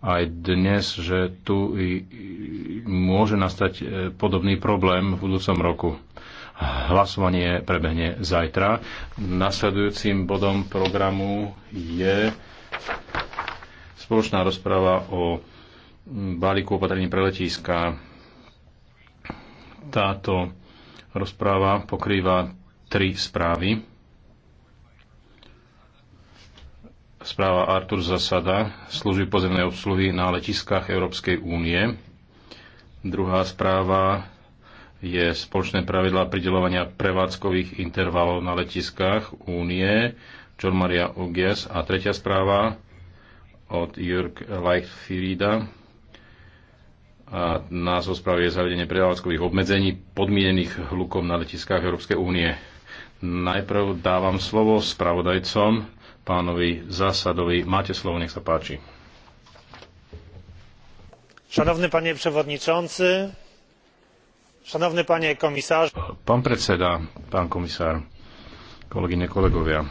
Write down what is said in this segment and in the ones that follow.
aj dnes, že tu môže nastať e, podobný problém v budúcom roku. Hlasovanie prebehne zajtra. Nasledujúcim bodom programu je spoločná rozprava o balíku opatrení pre letiska. Táto rozpráva pokrýva tri správy. správa Artur Zasada, služby pozemnej obsluhy na letiskách Európskej únie. Druhá správa je spoločné pravidla pridelovania prevádzkových intervalov na letiskách únie, John Maria Ugies. A tretia správa od Jörg Leichtfrieda. A názov správy je zavedenie prevádzkových obmedzení podmienených hlukom na letiskách Európskej únie. Najprv dávam slovo spravodajcom pánovi Zásadovi. Máte slovo, nech sa páči. Šanovný panie przewodniczący, šanovný panie komisár. Pan predseda, pán komisár, kolegyne, kolegovia.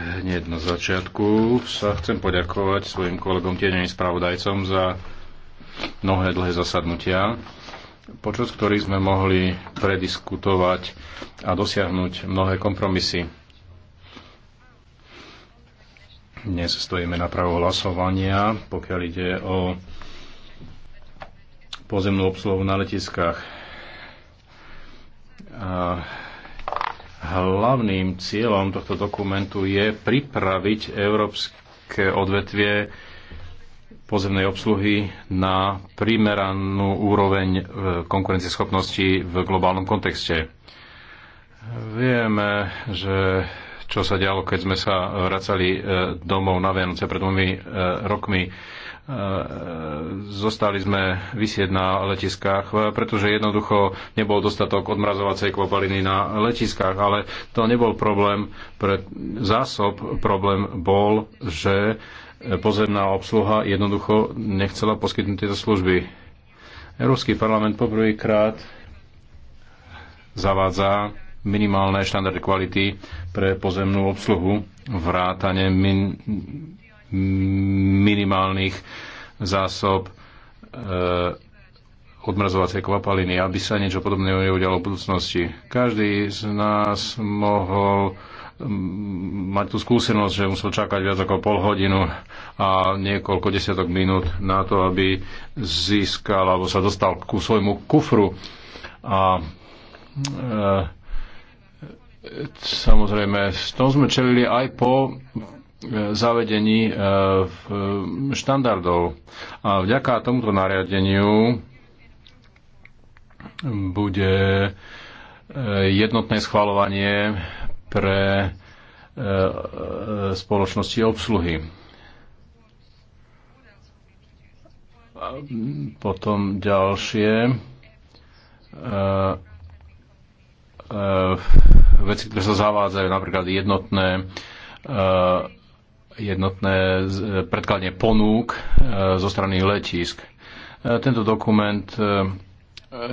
Hneď na začiatku sa chcem poďakovať svojim kolegom tieňovým spravodajcom za mnohé dlhé zasadnutia, počas ktorých sme mohli prediskutovať a dosiahnuť mnohé kompromisy. Dnes stojíme na pravo hlasovania, pokiaľ ide o pozemnú obsluhu na letiskách. A hlavným cieľom tohto dokumentu je pripraviť európske odvetvie pozemnej obsluhy na primeranú úroveň e, konkurencieschopnosti v globálnom kontexte. Vieme, že čo sa dialo, keď sme sa vracali e, domov na Vianoce pred dvomi e, rokmi. Zostali sme vysieť na letiskách, pretože jednoducho nebol dostatok odmrazovacej kvopaliny na letiskách, ale to nebol problém pre zásob. Problém bol, že pozemná obsluha jednoducho nechcela poskytnúť tieto služby. Európsky parlament poprvýkrát zavádza minimálne štandardy kvality pre pozemnú obsluhu, vrátane min, minimálnych zásob e, odmrzovacej kvapaliny, aby sa niečo podobného neudialo v budúcnosti. Každý z nás mohol e, mať tú skúsenosť, že musel čakať viac ako pol hodinu a niekoľko desiatok minút na to, aby získal alebo sa dostal ku svojmu kufru. A e, samozrejme, v tom sme čelili aj po e, zavedení e, e, štandardov. A vďaka tomuto nariadeniu bude jednotné schvalovanie pre e, e, spoločnosti obsluhy. Potom ďalšie e, veci, ktoré sa zavádzajú, napríklad jednotné, jednotné predkladne ponúk zo strany letisk. Tento dokument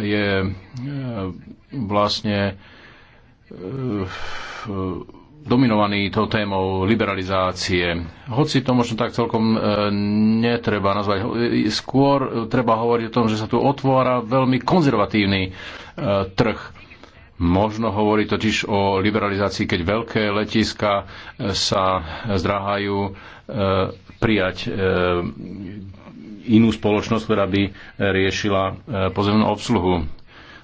je vlastne E, dominovaný tou témou liberalizácie. Hoci to možno tak celkom e, netreba nazvať. E, skôr treba hovoriť o tom, že sa tu otvára veľmi konzervatívny trh. Možno hovorí totiž o liberalizácii, keď veľké letiska sa zdráhajú prijať inú spoločnosť, ktorá by riešila pozemnú obsluhu.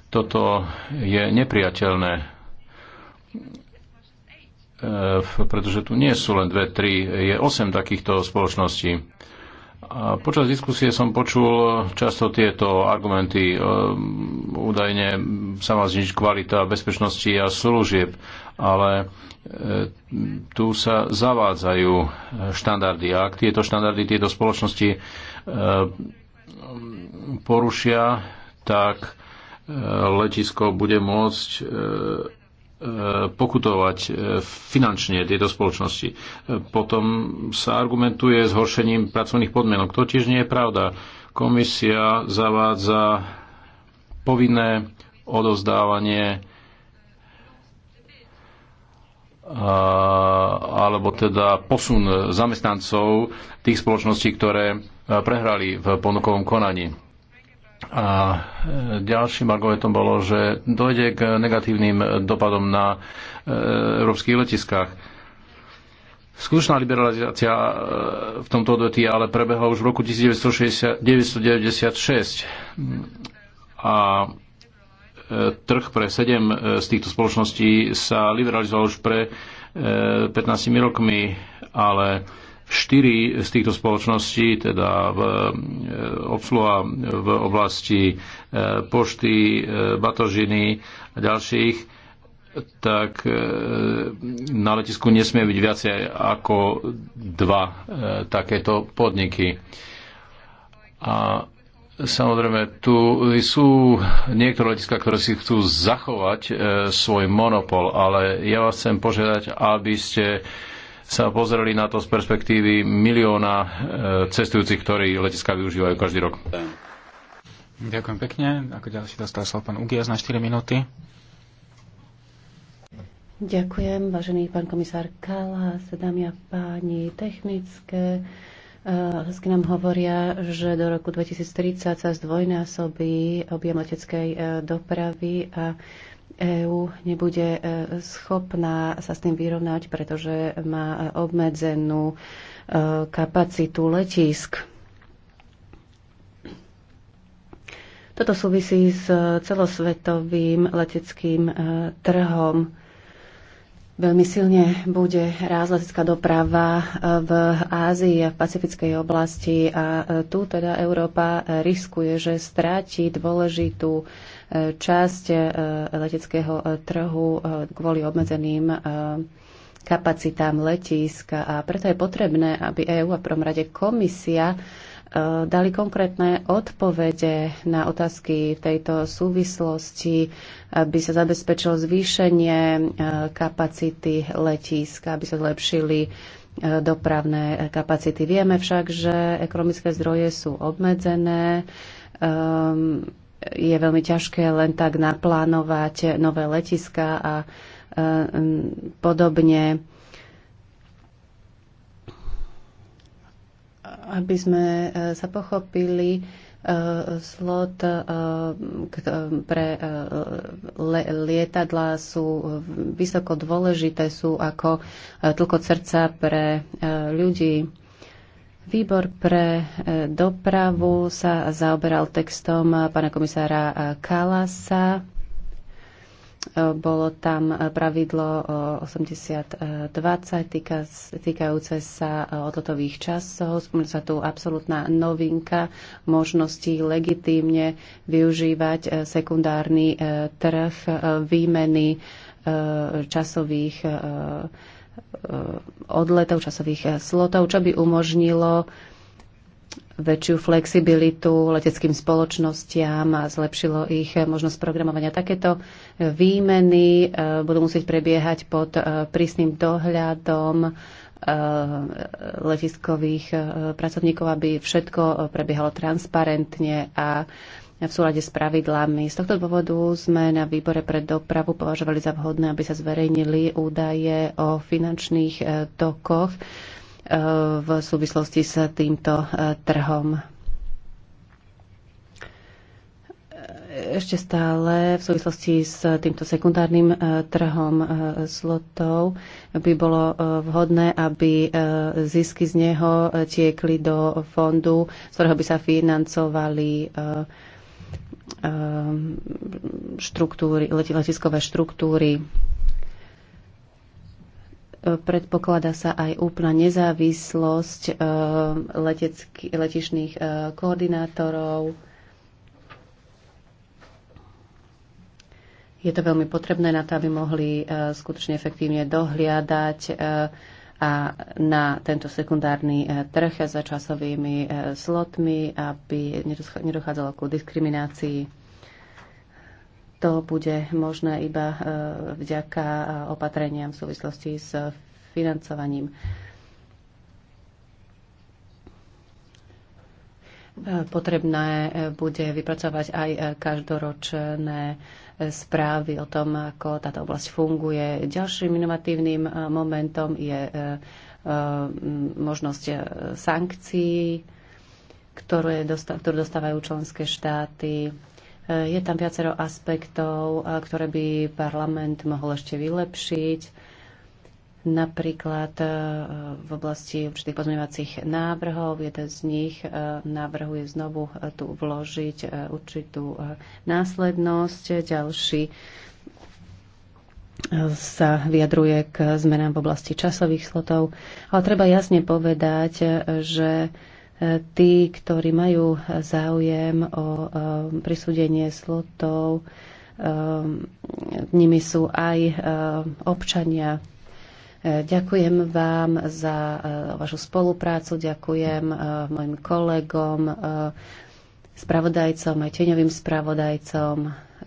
Toto je nepriateľné E, pretože tu nie sú len dve, tri, je osem takýchto spoločností. A počas diskusie som počul často tieto argumenty. E, údajne sa má znižiť kvalita bezpečnosti a služieb, ale e, tu sa zavádzajú štandardy. A ak tieto štandardy tieto spoločnosti porušia, tak letisko bude môcť E, pokutovať e, finančne tieto spoločnosti. E, potom sa argumentuje zhoršením pracovných podmienok. To tiež nie je pravda. Komisia zavádza povinné odozdávanie alebo teda posun zamestnancov tých spoločností, ktoré prehrali v ponukovom konaní. A ďalším argumentom bolo, že dojde k negatívnym dopadom na e, európskych letiskách. Skutočná liberalizácia e, v tomto odvetí ale prebehla už v roku 1996 a e, trh pre sedem z týchto spoločností sa liberalizoval už pre 15 rokmi, ale Štyri z týchto spoločností, teda v, e, obsluha v oblasti e, pošty, e, batožiny a ďalších, tak na letisku nesmie byť viacej ako dva takéto podniky. A Samozrejme, tu sú niektoré letiska, ktoré si chcú zachovať e, svoj monopol, ale ja vás chcem požiadať, aby ste e, sa pozreli na to z perspektívy milióna e, cestujúcich, ktorí letiská využívajú každý rok. Ďakujem pekne. Ako ďalší dostal slovo pán Ugias na 4 minúty. Ďakujem, vážený pán komisár Kalas, sedami a páni, technické Hezky nám hovoria, že do roku 2030 sa zdvojnásobí objem leteckej e, dopravy a EÚ nebude e, schopná sa s tým vyrovnať, pretože má e, obmedzenú e, kapacitu letísk. Toto súvisí s celosvetovým leteckým trhom. Veľmi silne bude letecká doprava v Ázii a v pacifickej oblasti a tu teda Európa riskuje, že stráti dôležitú časť e, leteckého e, trhu e, kvôli obmedzeným kapacitám letísk a preto je potrebné, aby EÚ a v prvom rade komisia dali konkrétne odpovede na otázky v tejto súvislosti, aby sa zabezpečilo zvýšenie kapacity letíska, aby sa zlepšili dopravné kapacity. Vieme však, že ekonomické zdroje sú obmedzené. Um, je veľmi ťažké len tak naplánovať nové letiska a e, podobne. Aby sme e, sa pochopili, slot e, pre lietadla sú vysoko dôležité, sú ako tlko srdca pre ľudí. Výbor pre e, dopravu sa zaoberal textom e, pána komisára e, Kalasa. Bolo tam pravidlo 80-20 týka, týkajúce sa odletových časov. Spomína sa tu absolútna novinka možností legitímne využívať sekundárny trh výmeny časových Eh, odletov, časových eh, slotov, čo by umožnilo väčšiu flexibilitu leteckým spoločnostiam a zlepšilo ich eh, možnosť programovania. Takéto výmeny budú musieť prebiehať pod prísnym dohľadom letiskových pracovníkov, aby všetko prebiehalo transparentne a v súlade s pravidlami. Z tohto dôvodu sme na výbore pre dopravu považovali za vhodné, aby sa zverejnili údaje o finančných e, tokoch e, v súvislosti s týmto e, trhom. Ešte stále v súvislosti s týmto sekundárnym trhom slotov by bolo vhodné, aby zisky z neho tiekli do fondu, z ktorého by sa financovali Ehm, štruktúry, letiskové štruktúry. E, Predpokladá sa aj úplná nezávislosť e, letecky, letišných e, koordinátorov. Je to veľmi potrebné na to, aby mohli skutočne efektívne dohliadať a na tento sekundárny e, trh za časovými e, slotmi, aby nedochádzalo ku diskriminácii. To bude možné iba e, vďaka opatreniam v súvislosti s financovaním. Potrebné bude vypracovať aj každoročné správy o tom, ako táto oblasť funguje. Ďalším inovatívnym eh, momentom je eh, eh, možnosť sankcií, ktoré dostávajú členské štáty. Je tam viacero aspektov, ktoré by parlament mohol ešte vylepšiť Napríklad e, v oblasti určitých pozmeňovacích návrhov, jeden z nich e, navrhuje znovu e, tu vložiť určitú následnosť. Ďalší sa vyjadruje k zmenám v oblasti časových slotov. Ale treba jasne povedať, že tí, ktorí majú záujem o prisúdenie slotov, nimi sú aj občania Ďakujem vám za eh, vašu spoluprácu, ďakujem eh, mojim kolegom, eh, spravodajcom, aj tieňovým spravodajcom,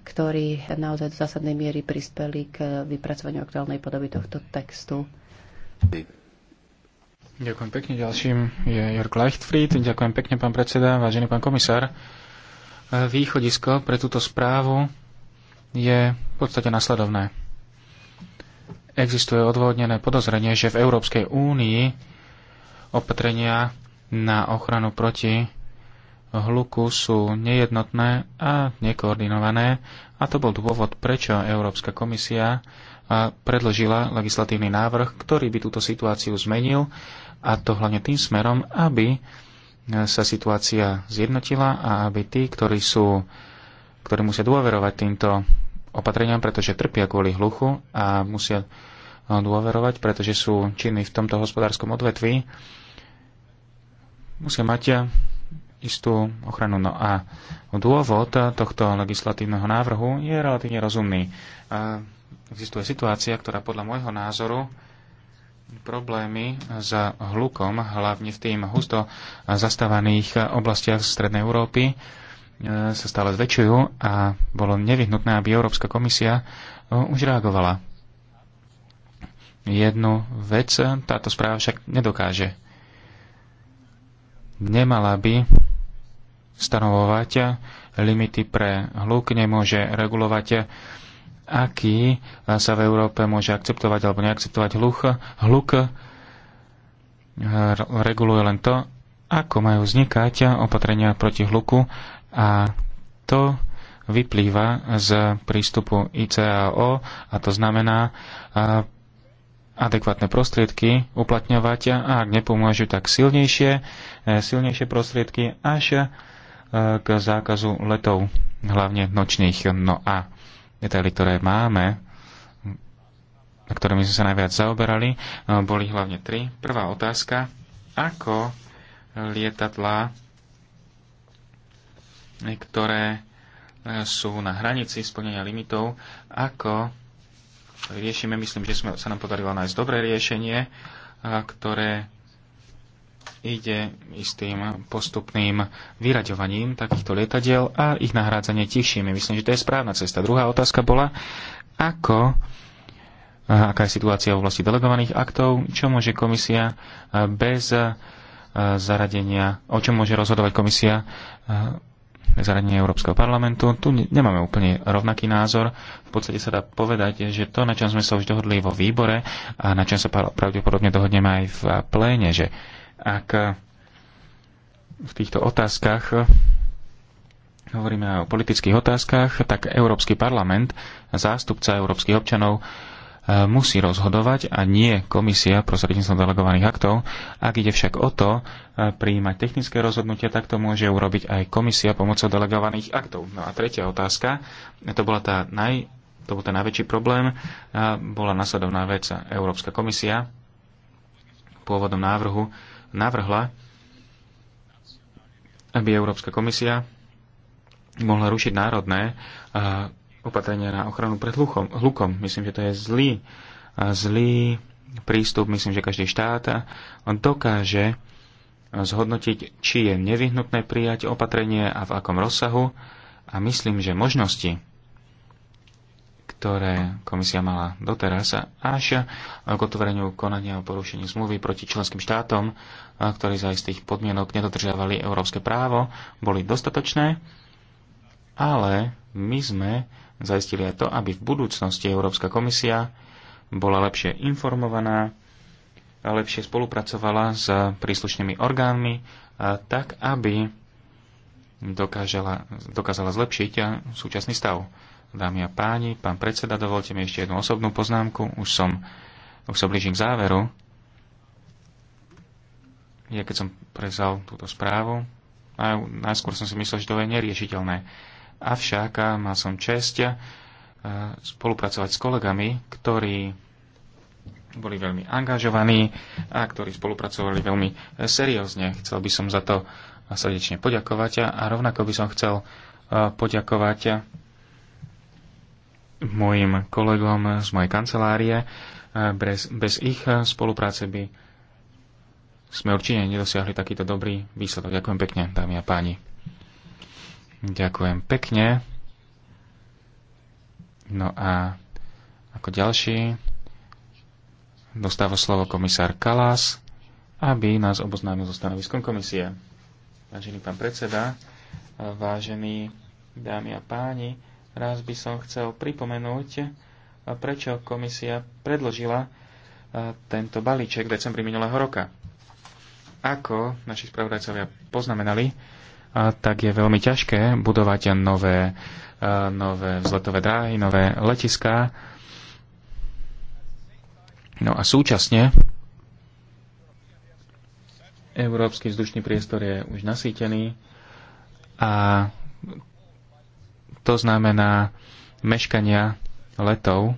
ktorí naozaj do zásadnej miery prispeli k vypracovaniu aktuálnej podoby tohto textu. Ďakujem pekne. Ďalším je Jörg Leichtfried. Ďakujem pekne, pán predseda, vážený pán komisár. Východisko pre túto správu je v podstate nasledovné existuje odvodnené podozrenie, že v Európskej únii opatrenia na ochranu proti hluku sú nejednotné a nekoordinované a to bol dôvod, prečo Európska komisia predložila legislatívny návrh, ktorý by túto situáciu zmenil a to hlavne tým smerom, aby sa situácia zjednotila a aby tí, ktorí sú ktorí musia dôverovať týmto opatreniam, pretože trpia kvôli hluchu a musia eh, dôverovať, pretože sú činní v tomto hospodárskom odvetví, musia mať eh, istú ochranu. No a dôvod eh, tohto legislatívneho návrhu je relatívne rozumný. A existuje situácia, ktorá podľa môjho názoru problémy s hlukom, hlavne v tým husto zastávaných oblastiach Strednej Európy, E, sa stále zväčšujú a bolo nevyhnutné, aby Európska komisia e, už reagovala. Jednu vec táto správa však nedokáže. Nemala by stanovovať limity pre hluk, nemôže regulovať aký sa v Európe môže akceptovať alebo neakceptovať hluk. Hluk e, reguluje len to, ako majú vznikať opatrenia proti hluku a to vyplýva z prístupu ICAO a to znamená adekvátne prostriedky uplatňovať a ak nepomôžu, tak silnejšie, e, silnejšie prostriedky až e, k zákazu letov, hlavne nočných. No a detaily, ktoré máme, ktorými sme sa najviac zaoberali, e, boli hlavne tri. Prvá otázka, ako lietadla ktoré e, sú na hranici splnenia limitov, ako riešime. Myslím, že sme, sa nám podarilo nájsť dobré riešenie, ktoré ide istým postupným vyraďovaním takýchto lietadiel a ich nahrádzanie tichšími. Myslím, že to je správna cesta. Druhá otázka bola, ako aká je situácia v oblasti delegovaných aktov, čo môže komisia bez zaradenia, o čom môže rozhodovať komisia zaradenie Európskeho parlamentu. Tu nemáme úplne rovnaký názor. V podstate sa dá povedať, že to, na čom sme sa už dohodli vo výbore a na čom sa pravdepodobne dohodneme aj v pléne, že ak eh, v týchto otázkach eh, hovoríme o politických otázkach, tak Európsky parlament, zástupca európskych občanov, E, musí rozhodovať a nie komisia prostredníctvom delegovaných aktov. Ak ide však o to e, prijímať technické rozhodnutia, tak to môže urobiť aj komisia pomocou delegovaných aktov. No a tretia otázka, to bola tá naj, to bol ten najväčší problém, e, bola nasledovná vec. Európska komisia v pôvodnom návrhu navrhla, aby Európska komisia mohla rušiť národné opatrenia na ochranu pred hlukom, hlukom. Myslím, že to je zlý, zlý prístup. Myslím, že každý štát dokáže zhodnotiť, či je nevyhnutné prijať opatrenie a v akom rozsahu. A myslím, že možnosti, ktoré komisia mala doteraz, až k otvoreniu konania o porušení zmluvy proti členským štátom, ktorí za istých podmienok nedodržiavali európske právo, boli dostatočné ale my sme zaistili aj to, aby v budúcnosti Európska komisia bola lepšie informovaná, lepšie spolupracovala s príslušnými orgánmi, tak aby dokážala, dokázala zlepšiť súčasný stav. Dámy a páni, pán predseda, dovolte mi ešte jednu osobnú poznámku. Už som, už som blížim k záveru. Ja keď som prezal túto správu, najskôr som si myslel, že to je neriešiteľné avšak mal som čest spolupracovať s kolegami, ktorí boli veľmi angažovaní a ktorí spolupracovali veľmi seriózne. Chcel by som za to srdečne poďakovať a rovnako by som chcel poďakovať mojim kolegom z mojej kancelárie. Bez, bez ich spolupráce by sme určite nedosiahli takýto dobrý výsledok. Ďakujem pekne, dámy a páni. Ďakujem pekne. No a ako ďalší dostáva slovo komisár Kalas, aby nás oboznámil so stanoviskom komisie. Vážený pán predseda, vážení dámy a páni, raz by som chcel pripomenúť, prečo komisia predložila e, tento balíček v decembri minulého roka. Ako naši spravodajcovia poznamenali, a tak je veľmi ťažké budovať nové, e, nové vzletové dráhy, nové letiská. No a súčasne európsky vzdušný priestor je už nasýtený a to znamená meškania letov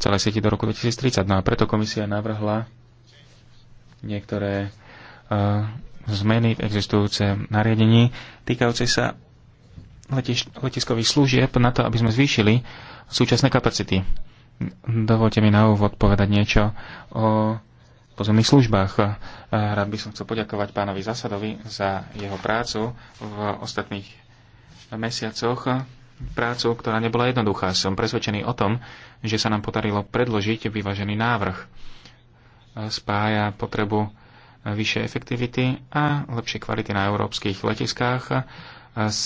celé siete do roku 2030. No a preto komisia navrhla niektoré uh, zmeny v existujúcem nariadení týkajúce sa letiš- letiskových služieb na to, aby sme zvýšili súčasné kapacity. Dovolte mi na úvod povedať niečo o pozemných službách. Eh, rád by som chcel poďakovať pánovi Zasadovi za jeho prácu v ostatných mesiacoch. Prácu, ktorá nebola jednoduchá. Som presvedčený o tom, že sa nám podarilo predložiť vyvážený návrh. Eh, spája potrebu vyššej efektivity a lepšie kvality na európskych letiskách s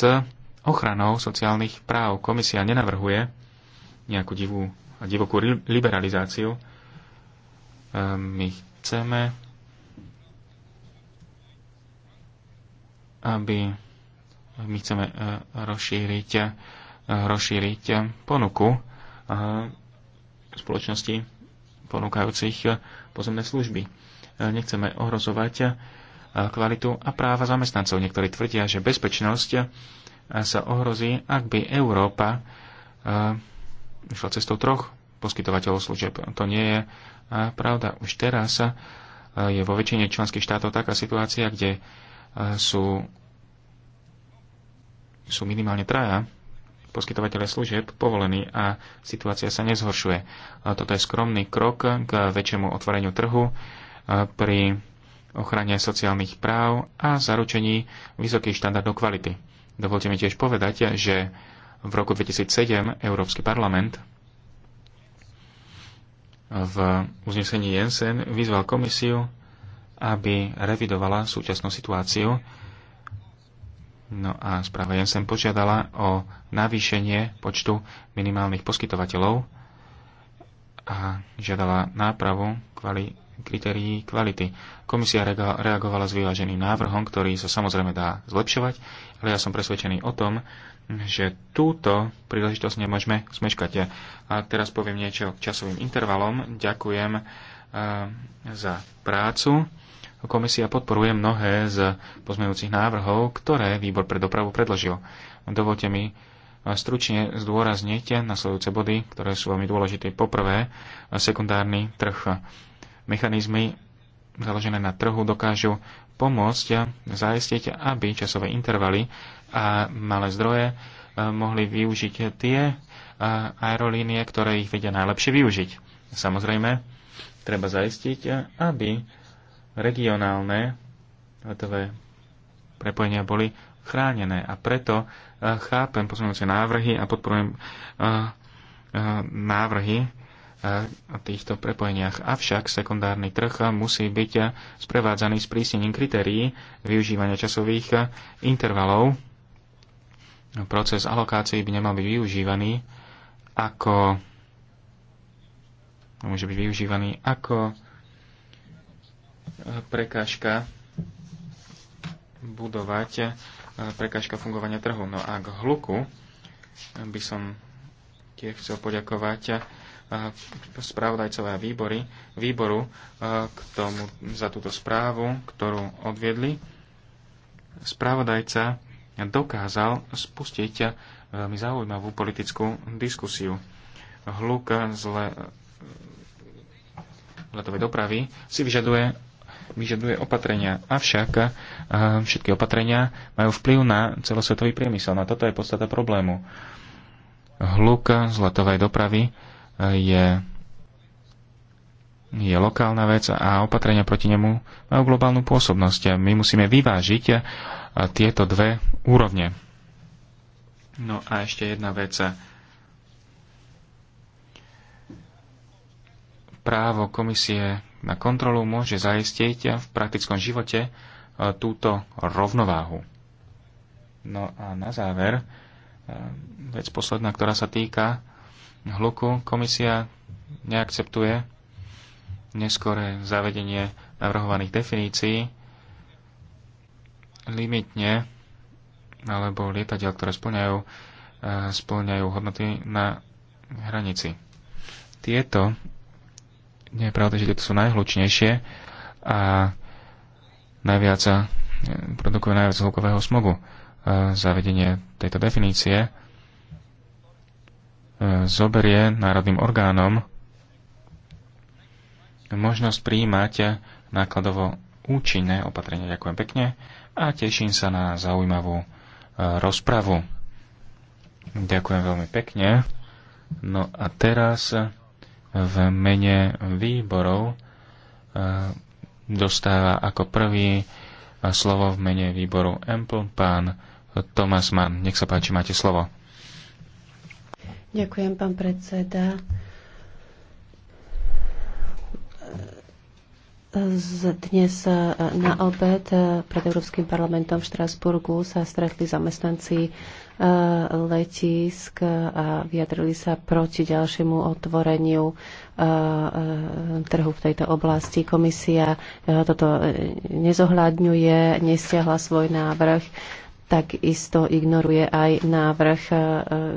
ochranou sociálnych práv. Komisia nenavrhuje nejakú divú, divokú liberalizáciu. Ehm, my chceme, aby my chceme e, rozšíriť, e, rozšíriť ponuku e, spoločnosti ponúkajúcich pozemné služby nechceme ohrozovať eh, kvalitu a práva zamestnancov. Niektorí tvrdia, že bezpečnosť eh, sa ohrozí, ak by Európa eh, išla cestou troch poskytovateľov služieb. To nie je pravda. Už teraz je vo väčšine členských štátov taká situácia, kde sú, sú minimálne traja poskytovateľe služieb povolení a situácia sa nezhoršuje. Toto je skromný krok k väčšiemu otvoreniu trhu pri ochrane sociálnych práv a zaručení vysokých štandardov kvality. Dovolte mi tiež povedať, že v roku 2007 Európsky parlament v uznesení Jensen vyzval komisiu, aby revidovala súčasnú situáciu. No a správa Jensen požiadala o navýšenie počtu minimálnych poskytovateľov a žiadala nápravu kvali kritérií kvality. Komisia reagovala s vyváženým návrhom, ktorý sa samozrejme dá zlepšovať, ale ja som presvedčený o tom, že túto príležitosť nemôžeme smeškať. A teraz poviem niečo k časovým intervalom. Ďakujem e, za prácu. Komisia podporuje mnohé z pozmejúcich návrhov, ktoré výbor pre dopravu predložil. Dovolte mi e, stručne zdôrazniť nasledujúce body, ktoré sú veľmi dôležité. Poprvé, sekundárny trh mechanizmy založené na trhu dokážu pomôcť a zaistiť, aby časové intervaly a malé zdroje e, mohli využiť tie e, aerolínie, ktoré ich vedia najlepšie využiť. Samozrejme, treba zaistiť, aby regionálne letové prepojenia boli chránené a preto e, chápem posunujúce návrhy a podporujem návrhy a týchto prepojeniach. Avšak sekundárny trh musí byť sprevádzaný s prísnením kritérií využívania časových intervalov. Proces alokácií by nemal byť využívaný ako môže byť využívaný ako prekážka budovať prekážka fungovania trhu. No a k hluku by som tiež chcel poďakovať spravodajcové výbory, výboru e, k tomu, za túto správu, ktorú odviedli. Spravodajca dokázal spustiť e, veľmi zaujímavú politickú diskusiu. Hluk z le... letovej dopravy si vyžaduje vyžaduje opatrenia. Avšak e, všetky opatrenia majú vplyv na celosvetový priemysel. Na toto je podstata problému. Hluk z letovej dopravy je, je lokálna vec a opatrenia proti nemu majú globálnu pôsobnosť. My musíme vyvážiť tieto dve úrovne. No a ešte jedna vec. Právo komisie na kontrolu môže zaistiť v praktickom živote túto rovnováhu. No a na záver, vec posledná, ktorá sa týka hluku komisia neakceptuje neskoré zavedenie navrhovaných definícií limitne alebo lietadiel, ktoré splňajú, e, splňajú hodnoty na hranici. Tieto, nie je pravda, že tieto sú najhlučnejšie a najviac e, produkujú najviac hlukového smogu. E, zavedenie tejto definície zoberie národným orgánom možnosť príjmať nákladovo účinné opatrenia. Ďakujem pekne a teším sa na zaujímavú e, rozpravu. Ďakujem veľmi pekne. No a teraz v mene výborov e, dostáva ako prvý slovo v mene výboru Empl pán Tomas Mann. Nech sa páči, máte slovo. Ďakujem, pán predseda. Dnes e, na obed e, pred Európskym parlamentom v Štrásburgu sa stretli zamestnanci e, letisk a vyjadrili sa proti ďalšiemu otvoreniu trhu v tejto oblasti. Komisia toto nezohľadňuje, nestiahla svoj návrh Takisto ignoruje aj návrh e,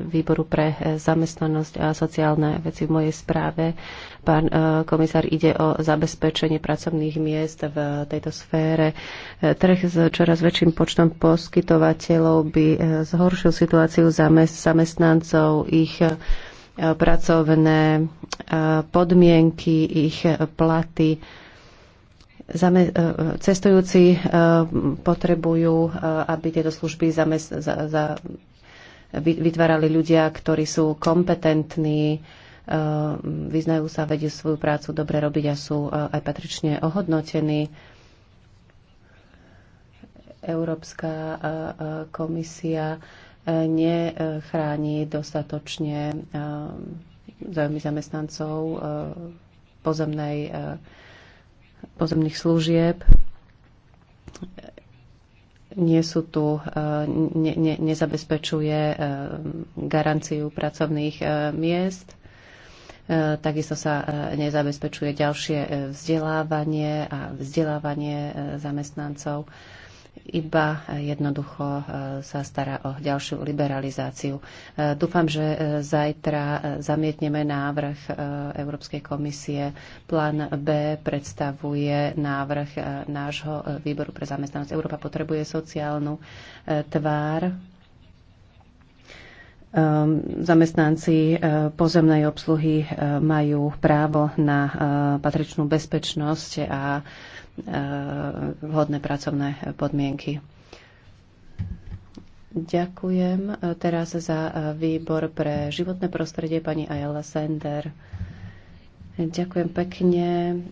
výboru pre e, zamestnanosť a sociálne veci v mojej správe. Pán e, komisár, ide o zabezpečenie pracovných miest v tejto sfére. Trh s čoraz väčším počtom poskytovateľov by zhoršil situáciu zamestnancov, ich pracovné podmienky, ich platy Zame, e, cestujúci e, potrebujú, e, aby tieto služby za, za, vytvárali ľudia, ktorí sú kompetentní, vyznajú sa, vedú svoju prácu dobre robiť a sú aj patrične ohodnotení. Európska komisia nechráni dostatočne záujmy zamestnancov pozemnej pozemných služieb. Nie sú tu, e, ne, ne, nezabezpečuje e, garanciu pracovných e, miest. Takisto sa nezabezpečuje ďalšie vzdelávanie a vzdelávanie zamestnancov iba jednoducho e, sa stará o ďalšiu liberalizáciu. E, dúfam, že e, zajtra zamietneme návrh Európskej komisie. Plán B predstavuje návrh nášho výboru pre zamestnanosť. Európa potrebuje sociálnu tvár ehm, zamestnanci pozemnej obsluhy majú právo na patričnú bezpečnosť a Eh, vhodné pracovné podmienky. Ďakujem eh, teraz za eh, výbor pre životné prostredie pani Ayala Sender. Ďakujem pekne,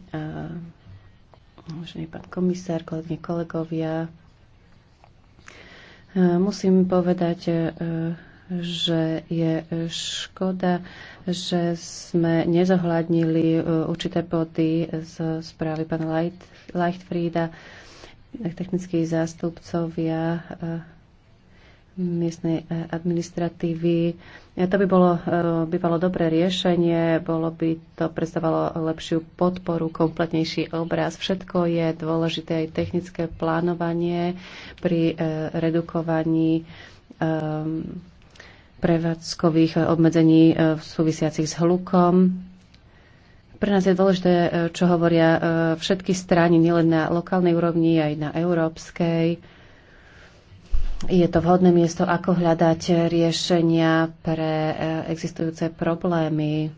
možný pán komisár, kolegy, kolegovia. Musím povedať, že je škoda, že sme nezohľadnili určité body z správy pána Light, Leichtfrieda, technickí zástupcovia eh, miestnej eh, administratívy. To by bolo eh, bývalo dobré riešenie, bolo by to predstavalo lepšiu podporu, kompletnejší obraz. Všetko je dôležité aj technické plánovanie pri redukovaní prevádzkových obmedzení súvisiacich s hlukom pre nás je dôležité, e, čo hovoria e, všetky strany, nielen na lokálnej úrovni, aj na európskej. Je to vhodné miesto, ako hľadať riešenia pre e, existujúce problémy.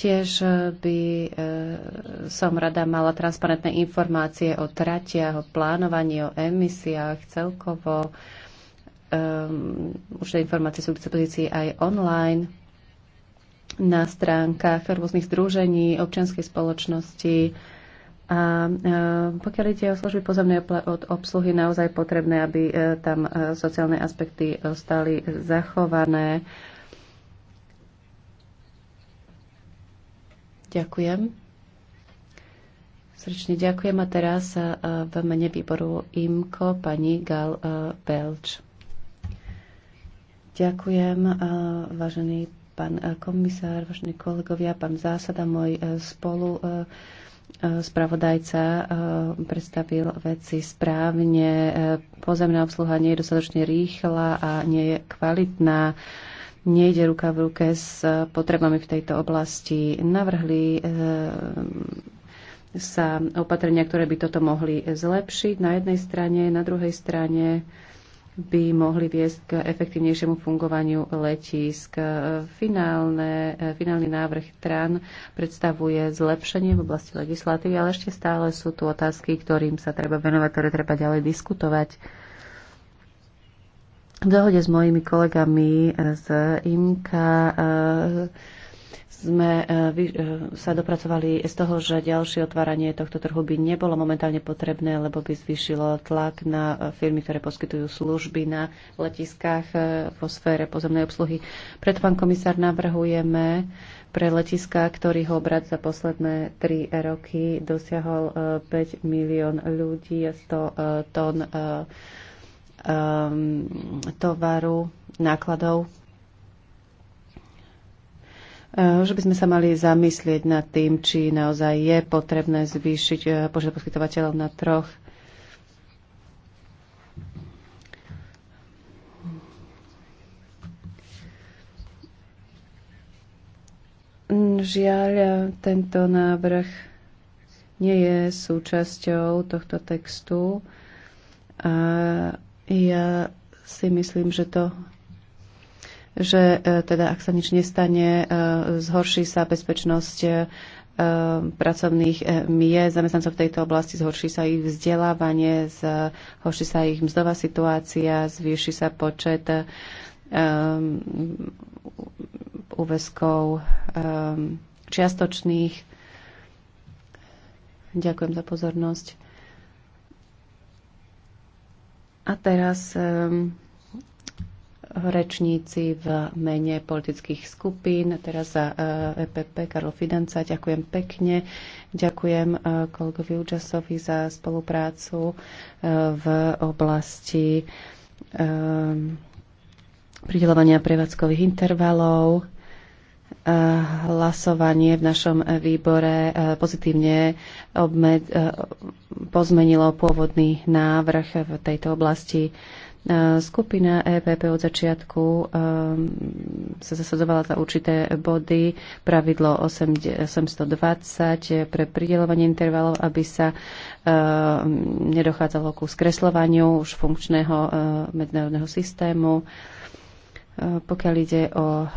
Tiež by som rada mala transparentné informácie o tratiach, o plánovaní, o emisiách celkovo. Ehm, už tie informácie sú k dispozícii aj online na stránkach rôznych združení občianskej spoločnosti. A e, pokiaľ ide o služby pozemnej od obsluhy, naozaj potrebné, aby e, tam e, sociálne aspekty stali zachované. Ďakujem. Srdečne ďakujem a teraz v mene výboru IMKO pani Gal Belč. Ďakujem, vážený pán eh, komisár, vážení kolegovia, pán Zásada, môj eh, spolu eh, spravodajca predstavil veci správne. Pozemná obsluha nie je dostatočne rýchla a nie je kvalitná. Nejde ruka v ruke s potrebami v tejto oblasti. Navrhli sa opatrenia, ktoré by toto mohli zlepšiť na jednej strane, na druhej strane by mohli viesť k efektívnejšiemu fungovaniu letísk. Finálne, finálny návrh TRAN predstavuje zlepšenie v oblasti legislatívy, ale ešte stále sú tu otázky, ktorým sa treba venovať, ktoré treba ďalej diskutovať. V dohode s mojimi kolegami z IMKA eh, sme e, e, sa dopracovali z toho, že ďalšie otváranie tohto trhu by nebolo momentálne potrebné, lebo by zvýšilo tlak na e, firmy, ktoré poskytujú služby na letiskách vo sfére pozemnej obsluhy. Preto, pán komisár, navrhujeme pre letiska, ktorých obrad za posledné tri roky dosiahol 5 milión ľudí a 100 tón tovaru, nákladov E, že by sme sa mali zamyslieť nad tým, či naozaj je potrebné zvýšiť e, počet poskytovateľov na troch. Žiaľ, e, tento návrh nie je súčasťou tohto textu. A ja si myslím, že to že e, teda ak sa nič nestane, e, zhorší sa bezpečnosť e, pracovných mie, zamestnancov v tejto oblasti, zhorší sa ich vzdelávanie, zhorší sa ich mzdová situácia, zvýši sa počet um, úväzkov um, čiastočných. Ďakujem za pozornosť. A teraz um, rečníci v mene politických skupín. Teraz za EPP e Karol Fidanca ďakujem pekne. Ďakujem e, kolegovi účasovi za spoluprácu e, v oblasti pridelovania prevádzkových intervalov. Hlasovanie v našom výbore pozitívne obmed, pozmenilo pôvodný návrh v tejto oblasti E, skupina EPP od začiatku e, sa zasadzovala za určité body, pravidlo 820 pre pridelovanie intervalov, aby sa e, nedochádzalo ku skreslovaniu už funkčného medzinárodného systému. Pokiaľ ide o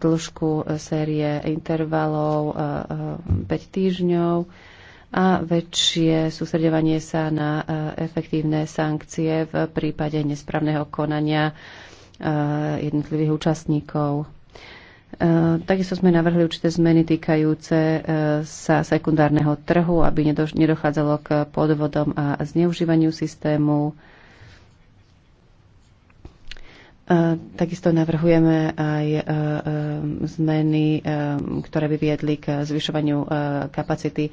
dĺžku série intervalov 5 týždňov, a väčšie sústredovanie sa na e, efektívne sankcie v prípade nesprávneho konania e, jednotlivých účastníkov. E, takisto sme navrhli určité zmeny týkajúce sa sekundárneho trhu, aby nedochádzalo k podvodom a zneužívaniu systému Takisto navrhujeme aj e, e, zmeny, e, ktoré by viedli k zvyšovaniu kapacity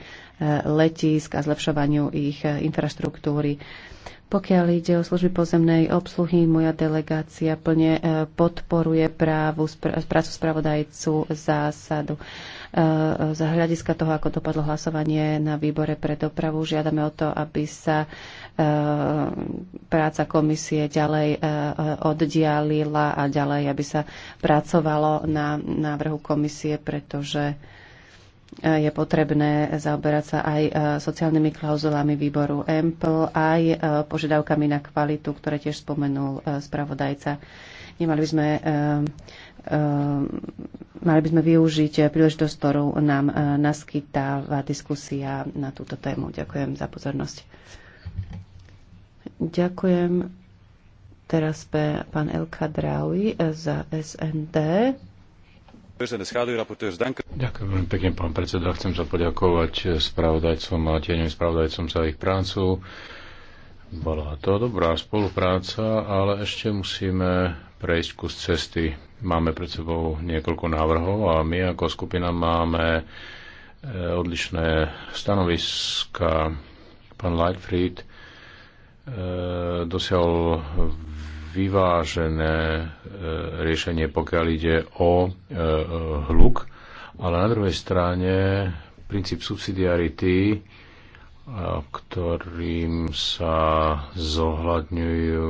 letísk a zlepšovaniu ich infraštruktúry. Pokiaľ ide o služby pozemnej obsluhy, moja delegácia plne podporuje právu, prácu spravodajcu zásadu. Eh, z hľadiska toho, ako dopadlo hlasovanie na výbore pre dopravu, žiadame o to, aby sa eh, práca komisie ďalej eh, oddialila a ďalej, aby sa pracovalo na návrhu komisie, pretože je potrebné zaoberať sa aj sociálnymi klauzulami výboru EMPL, aj požiadavkami na kvalitu, ktoré tiež spomenul spravodajca. Nemali by sme Ehm, mali by sme využiť príležitosť, ktorú nám e, naskytáva diskusia na túto tému. Ďakujem za pozornosť. Ďakujem teraz pre pán Elka Draui e, za SND. Ďakujem veľmi pekne, pán predseda. Chcem sa poďakovať spravodajcom a tieňovým spravodajcom za ich prácu. Bola to dobrá spolupráca, ale ešte musíme prejsť kus cesty Máme pred sebou niekoľko návrhov a my ako skupina máme e, odlišné stanoviska. Pán Lightfried e, dosiahol vyvážené e, riešenie, pokiaľ ide o hluk, ale na druhej strane princíp subsidiarity, ktorým sa zohľadňujú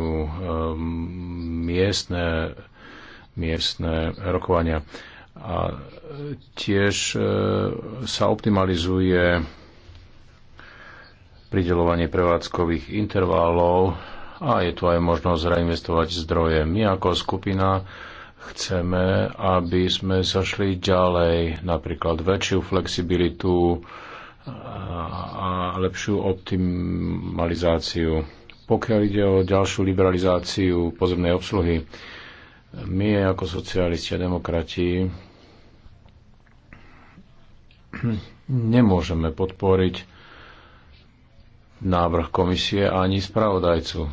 miestne miestne rokovania. A tiež e, sa optimalizuje pridelovanie prevádzkových intervalov a je tu aj možnosť reinvestovať zdroje. My ako skupina chceme, aby sme zašli ďalej, napríklad väčšiu flexibilitu a lepšiu optimalizáciu. Pokiaľ ide o ďalšiu liberalizáciu pozemnej obsluhy, my ako socialisti a demokrati nemôžeme podporiť návrh komisie ani spravodajcu.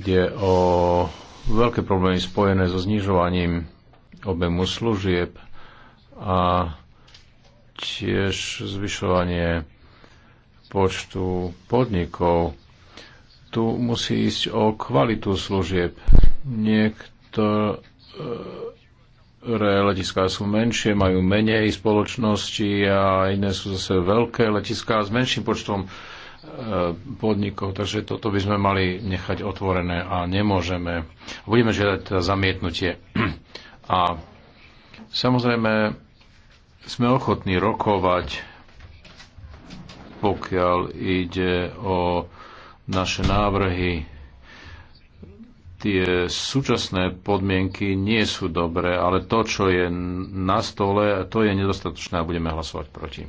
Ide o veľké problémy spojené so znižovaním objemu služieb a tiež zvyšovanie počtu podnikov, tu musí ísť o kvalitu služieb. Niektoré letiská sú menšie, majú menej spoločnosti a iné sú zase veľké letiská s menším počtom e, podnikov, takže toto by sme mali nechať otvorené a nemôžeme. Budeme žiadať teda zamietnutie. A samozrejme sme ochotní rokovať, pokiaľ ide o naše návrhy. Tie súčasné podmienky nie sú dobré, ale to, čo je na stole, to je nedostatočné a budeme hlasovať proti.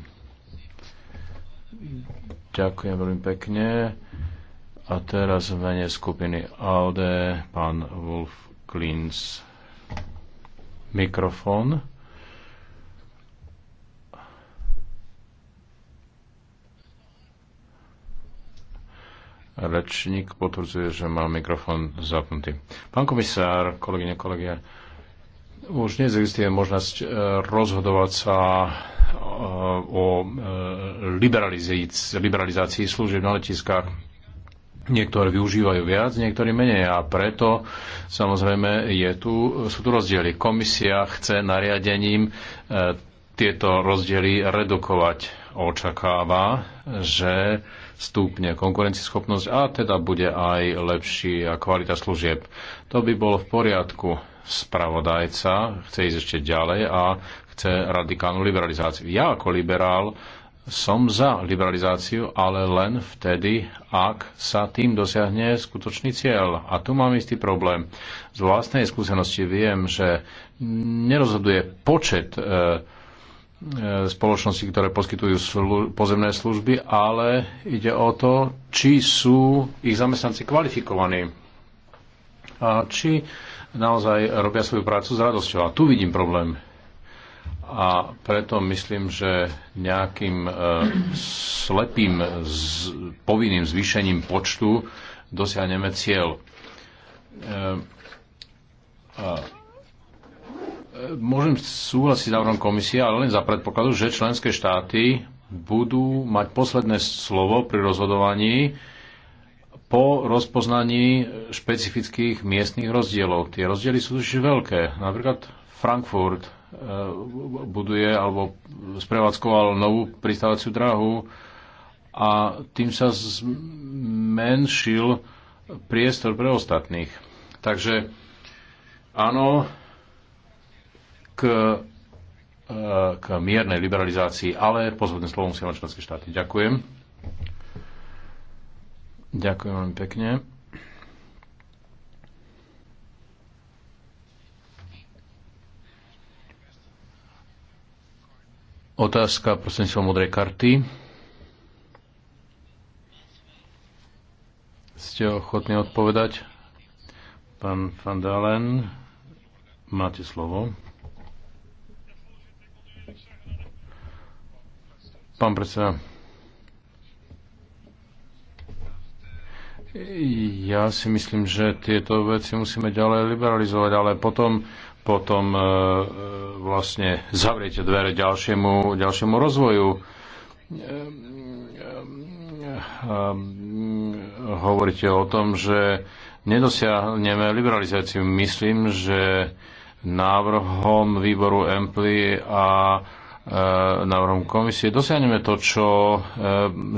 Ďakujem veľmi pekne. A teraz v mene skupiny Aud, pán Wolf Klins. Mikrofón. Rečník potvrdzuje, že mal mikrofón zapnutý. Pán komisár, kolegyne, kolegia, už dnes existuje možnosť e, rozhodovať sa e, o e, liberalizácii, služieb na letiskách. Niektoré využívajú viac, niektorí menej a preto samozrejme je tu, sú tu rozdiely. Komisia chce nariadením tieto rozdiely redukovať. Očakáva, že stúpne konkurencieschopnosť a teda bude aj lepší a kvalita služieb. To by bolo v poriadku. Spravodajca chce ísť ešte ďalej a chce radikálnu liberalizáciu. Ja ako liberál som za liberalizáciu, ale len vtedy, ak sa tým dosiahne skutočný cieľ. A tu mám istý problém. Z vlastnej skúsenosti viem, že nerozhoduje počet e, E, spoločnosti, ktoré poskytujú slu- pozemné služby, ale ide o to, či sú ich zamestnanci kvalifikovaní a či naozaj robia svoju prácu s radosťou. A tu vidím problém. A preto myslím, že nejakým e, slepým z, povinným zvýšením počtu dosiahneme cieľ. E, Môžem súhlasiť s návrhom komisie, ale len za predpokladu, že členské štáty budú mať posledné slovo pri rozhodovaní po rozpoznaní špecifických miestnych rozdielov. Tie rozdiely sú už veľké. Napríklad Frankfurt eh, buduje alebo sprevádzkoval novú pristávaciu drahu a tým sa zmenšil priestor pre ostatných. Takže áno, k, eh, k miernej liberalizácii, ale pozvodným slovo musia mať členské štáty. Ďakujem. Ďakujem veľmi pekne. Otázka prostredníctvom modrej karty. Ste ochotní odpovedať? Pán Van Dalen, máte slovo. Pán predseda, ja si myslím, že tieto veci musíme ďalej liberalizovať, ale potom, potom e, e vlastne zavriete dvere ďalšiemu, ďalšiemu rozvoju. E, e, e, hovoríte o tom, že nedosiahneme liberalizáciu. Myslím, že návrhom výboru EMPLY a úrovni e, komisie dosiahneme to, čo e,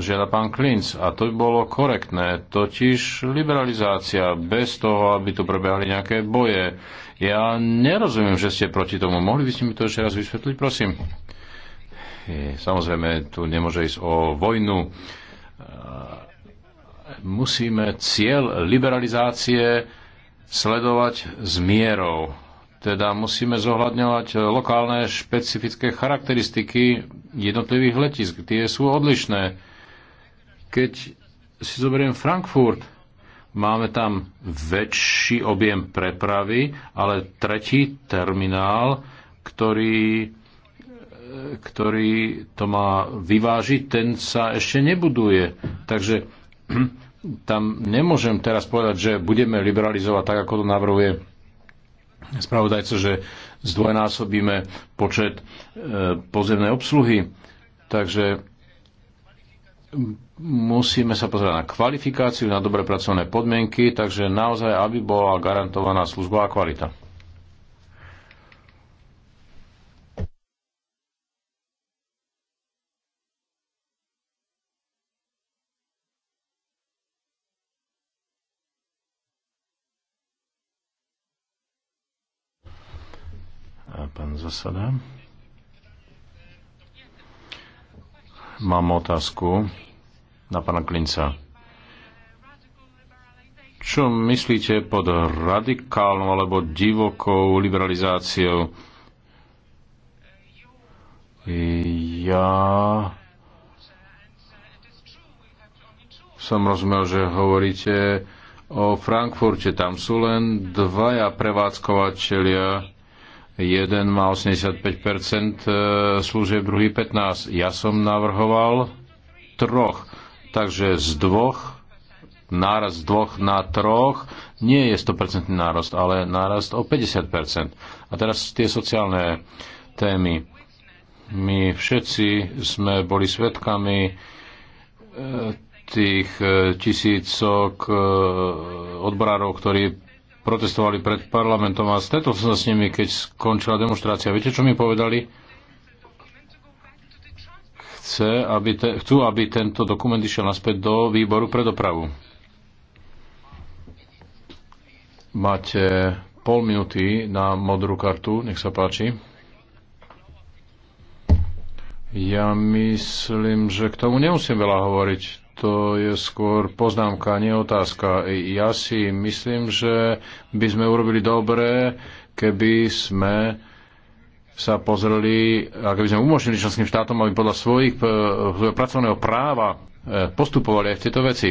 žiada pán Klinc. A to by bolo korektné, totiž liberalizácia bez toho, aby tu prebehali nejaké boje. Ja nerozumiem, že ste proti tomu. Mohli by ste mi to ešte raz vysvetliť, prosím? E, samozrejme, tu nemôže ísť o vojnu. Musíme cieľ liberalizácie sledovať s mierou teda musíme zohľadňovať e, lokálne špecifické charakteristiky jednotlivých letisk. Tie sú odlišné. Keď si zoberiem Frankfurt, máme tam väčší objem prepravy, ale tretí terminál, ktorý, e, ktorý to má vyvážiť, ten sa ešte nebuduje. Takže tam nemôžem teraz povedať, že budeme liberalizovať tak, ako to navrhuje spravodajcu, že zdvojnásobíme počet e, pozemnej obsluhy. Takže musíme sa pozerať na kvalifikáciu, na dobre pracovné podmienky, takže naozaj, aby bola garantovaná služba a kvalita. zasada. Mám otázku na pana Klinca. Čo myslíte pod radikálnou alebo divokou liberalizáciou? Ja som rozumel, že hovoríte o Frankfurte. Tam sú len dvaja prevádzkovateľia Jeden má 85% e, služieb, druhý 15%. Ja som navrhoval troch. Takže z dvoch, nárast z dvoch na troch nie je 100% nárast, ale nárast o 50%. A teraz tie sociálne témy. My všetci sme boli svetkami e, tých e, tisícok odborárov, ktorí protestovali pred parlamentom a stretol som sa s nimi, keď skončila demonstrácia. Viete, čo mi povedali? Chce, aby te, chcú, aby tento dokument išiel naspäť do výboru pre dopravu. Máte pol minúty na modrú kartu, nech sa páči. Ja myslím, že k tomu nemusím veľa hovoriť to je skôr poznámka, nie otázka. Ja si myslím, že by sme urobili dobre, keby sme sa pozreli, a keby sme umožnili členským štátom, aby podľa svojich, e, pracovného práva e, postupovali aj v tejto veci.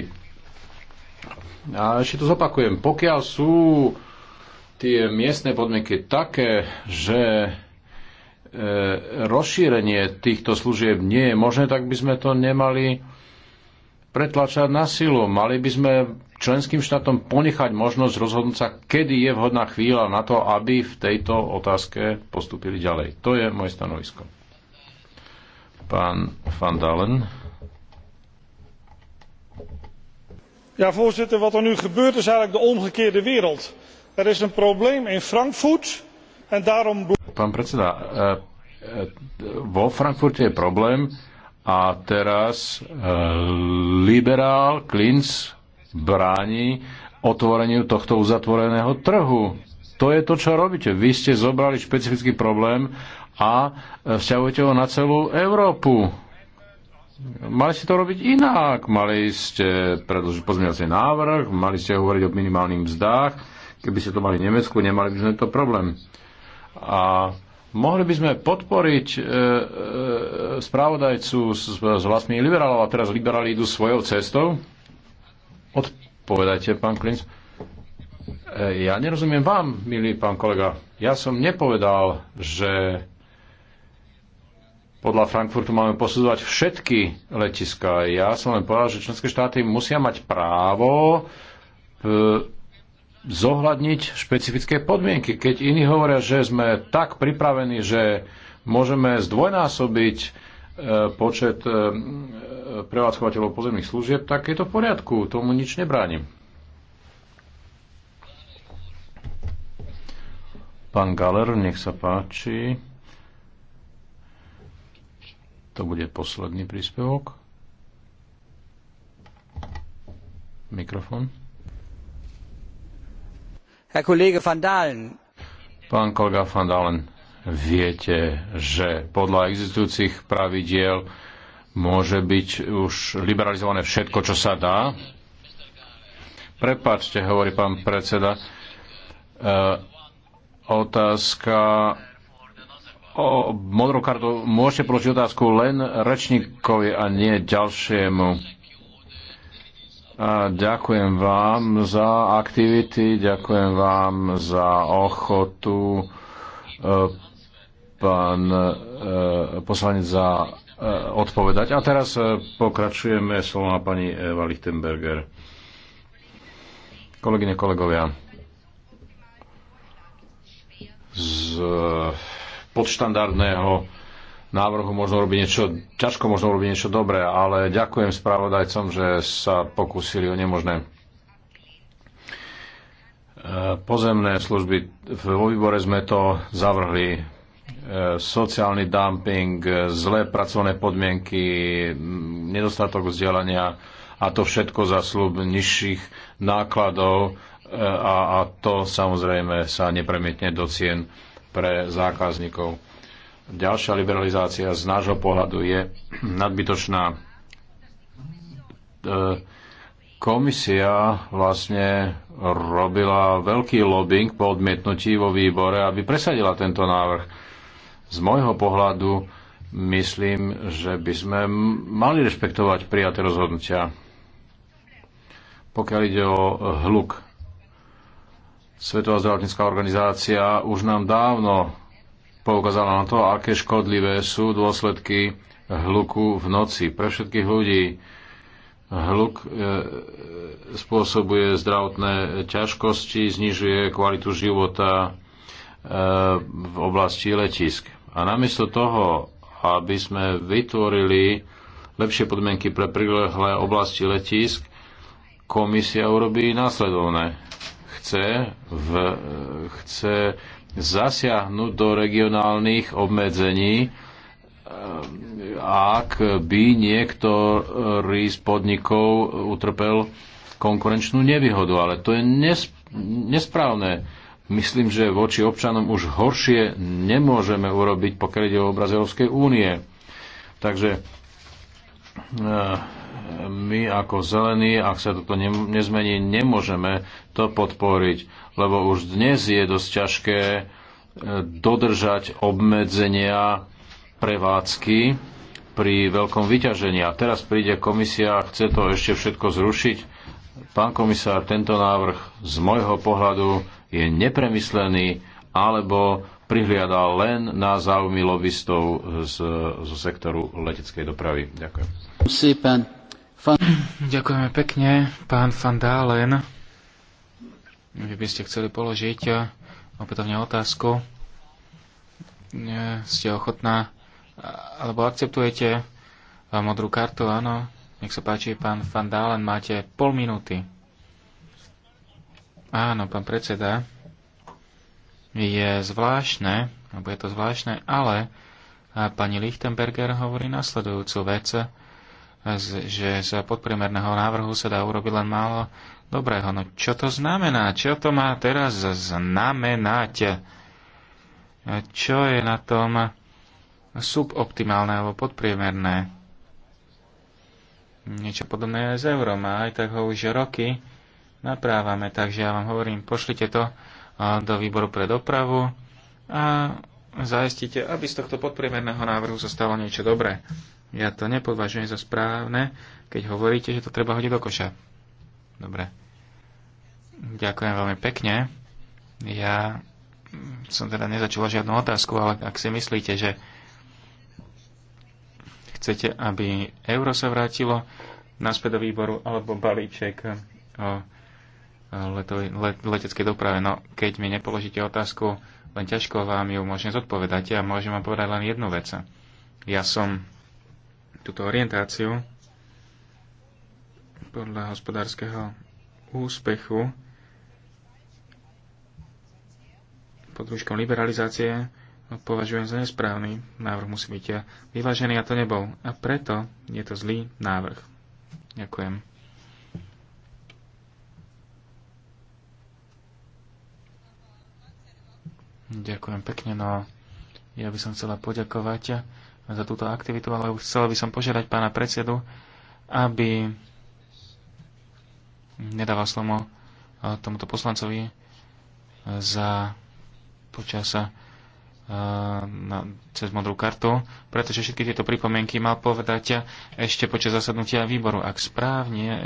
A ešte to zopakujem. Pokiaľ sú tie miestne podmienky také, že e, rozšírenie týchto služieb nie je možné, tak by sme to nemali pretlačať na silu. Mali by sme členským štátom ponechať možnosť rozhodnúť sa, kedy je vhodná chvíľa na to, aby v tejto otázke postupili ďalej. To je moje stanovisko. Pán Van Dalen. Ja, voorzitter, wat er nu gebeurt is eigenlijk de omgekeerde wereld. Er is een probleem in Frankfurt en daarom... Pán predseda, uh, uh, vo Frankfurte je problém, a teraz e, liberál Klins bráni otvoreniu tohto uzatvoreného trhu. To je to, čo robíte. Vy ste zobrali špecifický problém a e, vzťahujete ho na celú Európu. Mali ste to robiť inak. Mali ste predložiť pozmeňovací návrh, mali ste hovoriť o minimálnych mzdách. Keby ste to mali v Nemecku, nemali by sme to problém. A Mohli by sme podporiť e, e, spravodajcu s, s vlastmi liberálov a teraz liberáli idú svojou cestou? Odpovedajte, pán Klinc. E, ja nerozumiem vám, milý pán kolega. Ja som nepovedal, že podľa Frankfurtu máme posudzovať všetky letiska. Ja som len povedal, že členské štáty musia mať právo e, zohľadniť špecifické podmienky. Keď iní hovoria, že sme tak pripravení, že môžeme zdvojnásobiť e, počet e, e, prevádzkovateľov pozemných služieb, tak je to v poriadku, tomu nič nebránim. Pán Galer, nech sa páči. To bude posledný príspevok. Mikrofón. Herr Kollege van Dalen. Pán kolega van Dalen, viete, že podľa existujúcich pravidiel môže byť už liberalizované všetko, čo sa dá. Prepačte, hovorí pán predseda. E, otázka o modrú kartu. Môžete položiť otázku len rečníkovi a nie ďalšiemu. Ďakujem vám za aktivity, ďakujem vám za ochotu, e, pán e, poslanec, za e, odpovedať. A teraz pokračujeme na pani Eva Lichtenberger. Kolegyne, kolegovia, z podštandardného návrhu možno robiť niečo, ťažko možno robiť niečo dobré, ale ďakujem spravodajcom, že sa pokúsili o nemožné. E, pozemné služby, vo výbore sme to zavrhli. E, sociálny dumping, e, zlé pracovné podmienky, nedostatok vzdelania a to všetko za slub nižších nákladov a, a to samozrejme sa nepremietne do cien pre zákazníkov Ďalšia liberalizácia z nášho pohľadu je nadbytočná. E, komisia vlastne robila veľký lobbying po odmietnutí vo výbore, aby presadila tento návrh. Z môjho pohľadu myslím, že by sme mali rešpektovať prijaté rozhodnutia. Pokiaľ ide o hluk, Svetová zdravotnícká organizácia už nám dávno poukázala na to, aké škodlivé sú dôsledky hluku v noci pre všetkých ľudí. Hluk e, spôsobuje zdravotné ťažkosti, znižuje kvalitu života e, v oblasti letisk. A namiesto toho, aby sme vytvorili lepšie podmienky pre prilehlé oblasti letisk, komisia urobí následovné. Chce, v, e, chce zasiahnuť do regionálnych obmedzení, eh, ak by niektorý z podnikov utrpel konkurenčnú nevýhodu. Ale to je nesprávne. Myslím, že voči občanom už horšie nemôžeme urobiť, pokiaľ ide o obraz Európskej únie. Takže eh, my ako zelení, ak sa toto ne, nezmení, nemôžeme to podporiť, lebo už dnes je dosť ťažké e, dodržať obmedzenia prevádzky pri veľkom vyťažení. A teraz príde komisia a chce to ešte všetko zrušiť. Pán komisár, tento návrh z môjho pohľadu je nepremyslený alebo prihliada len na záujmy lobbystov z, zo sektoru leteckej dopravy. Ďakujem. Fan... Ďakujeme pekne, pán Van Dalen. Vy by ste chceli položiť eh, opätovne otázku. Nie Ste ochotná alebo akceptujete eh, modrú kartu? Áno. Nech sa páči, pán Van Dalen, máte pol minúty. Áno, pán predseda, je zvláštne, alebo je to zvláštne, ale eh, pani Lichtenberger hovorí nasledujúcu vec že z podpriemerného návrhu sa dá urobiť len málo dobrého. No čo to znamená? Čo to má teraz znamenať? Čo je na tom suboptimálne alebo podpriemerné? Niečo podobné je s eurom a aj tak ho už roky naprávame. Takže ja vám hovorím, pošlite to do výboru pre dopravu a zaistite, aby z tohto podpriemerného návrhu sa stalo niečo dobré. Ja to nepovažujem za správne, keď hovoríte, že to treba hodiť do koša. Dobre. Ďakujem veľmi pekne. Ja som teda nezačula žiadnu otázku, ale ak si myslíte, že chcete, aby euro sa vrátilo naspäť do výboru, alebo balíček o let, leteckej doprave. No, keď mi nepoložíte otázku, len ťažko vám ju môžem zodpovedať. Ja môžem vám povedať len jednu vec. Ja som túto orientáciu podľa hospodárskeho úspechu pod rúškom liberalizácie považujem za nesprávny. Návrh musí byť vyvážený a to nebol. A preto je to zlý návrh. Ďakujem. Ďakujem pekne, no ja by som chcela poďakovať za túto aktivitu, ale chcel by som požiadať pána predsedu, aby nedával slovo eh, tomuto poslancovi za počas eh, na, cez modrú kartu, pretože všetky tieto pripomienky mal povedať ešte počas zasadnutia výboru. Ak správne e,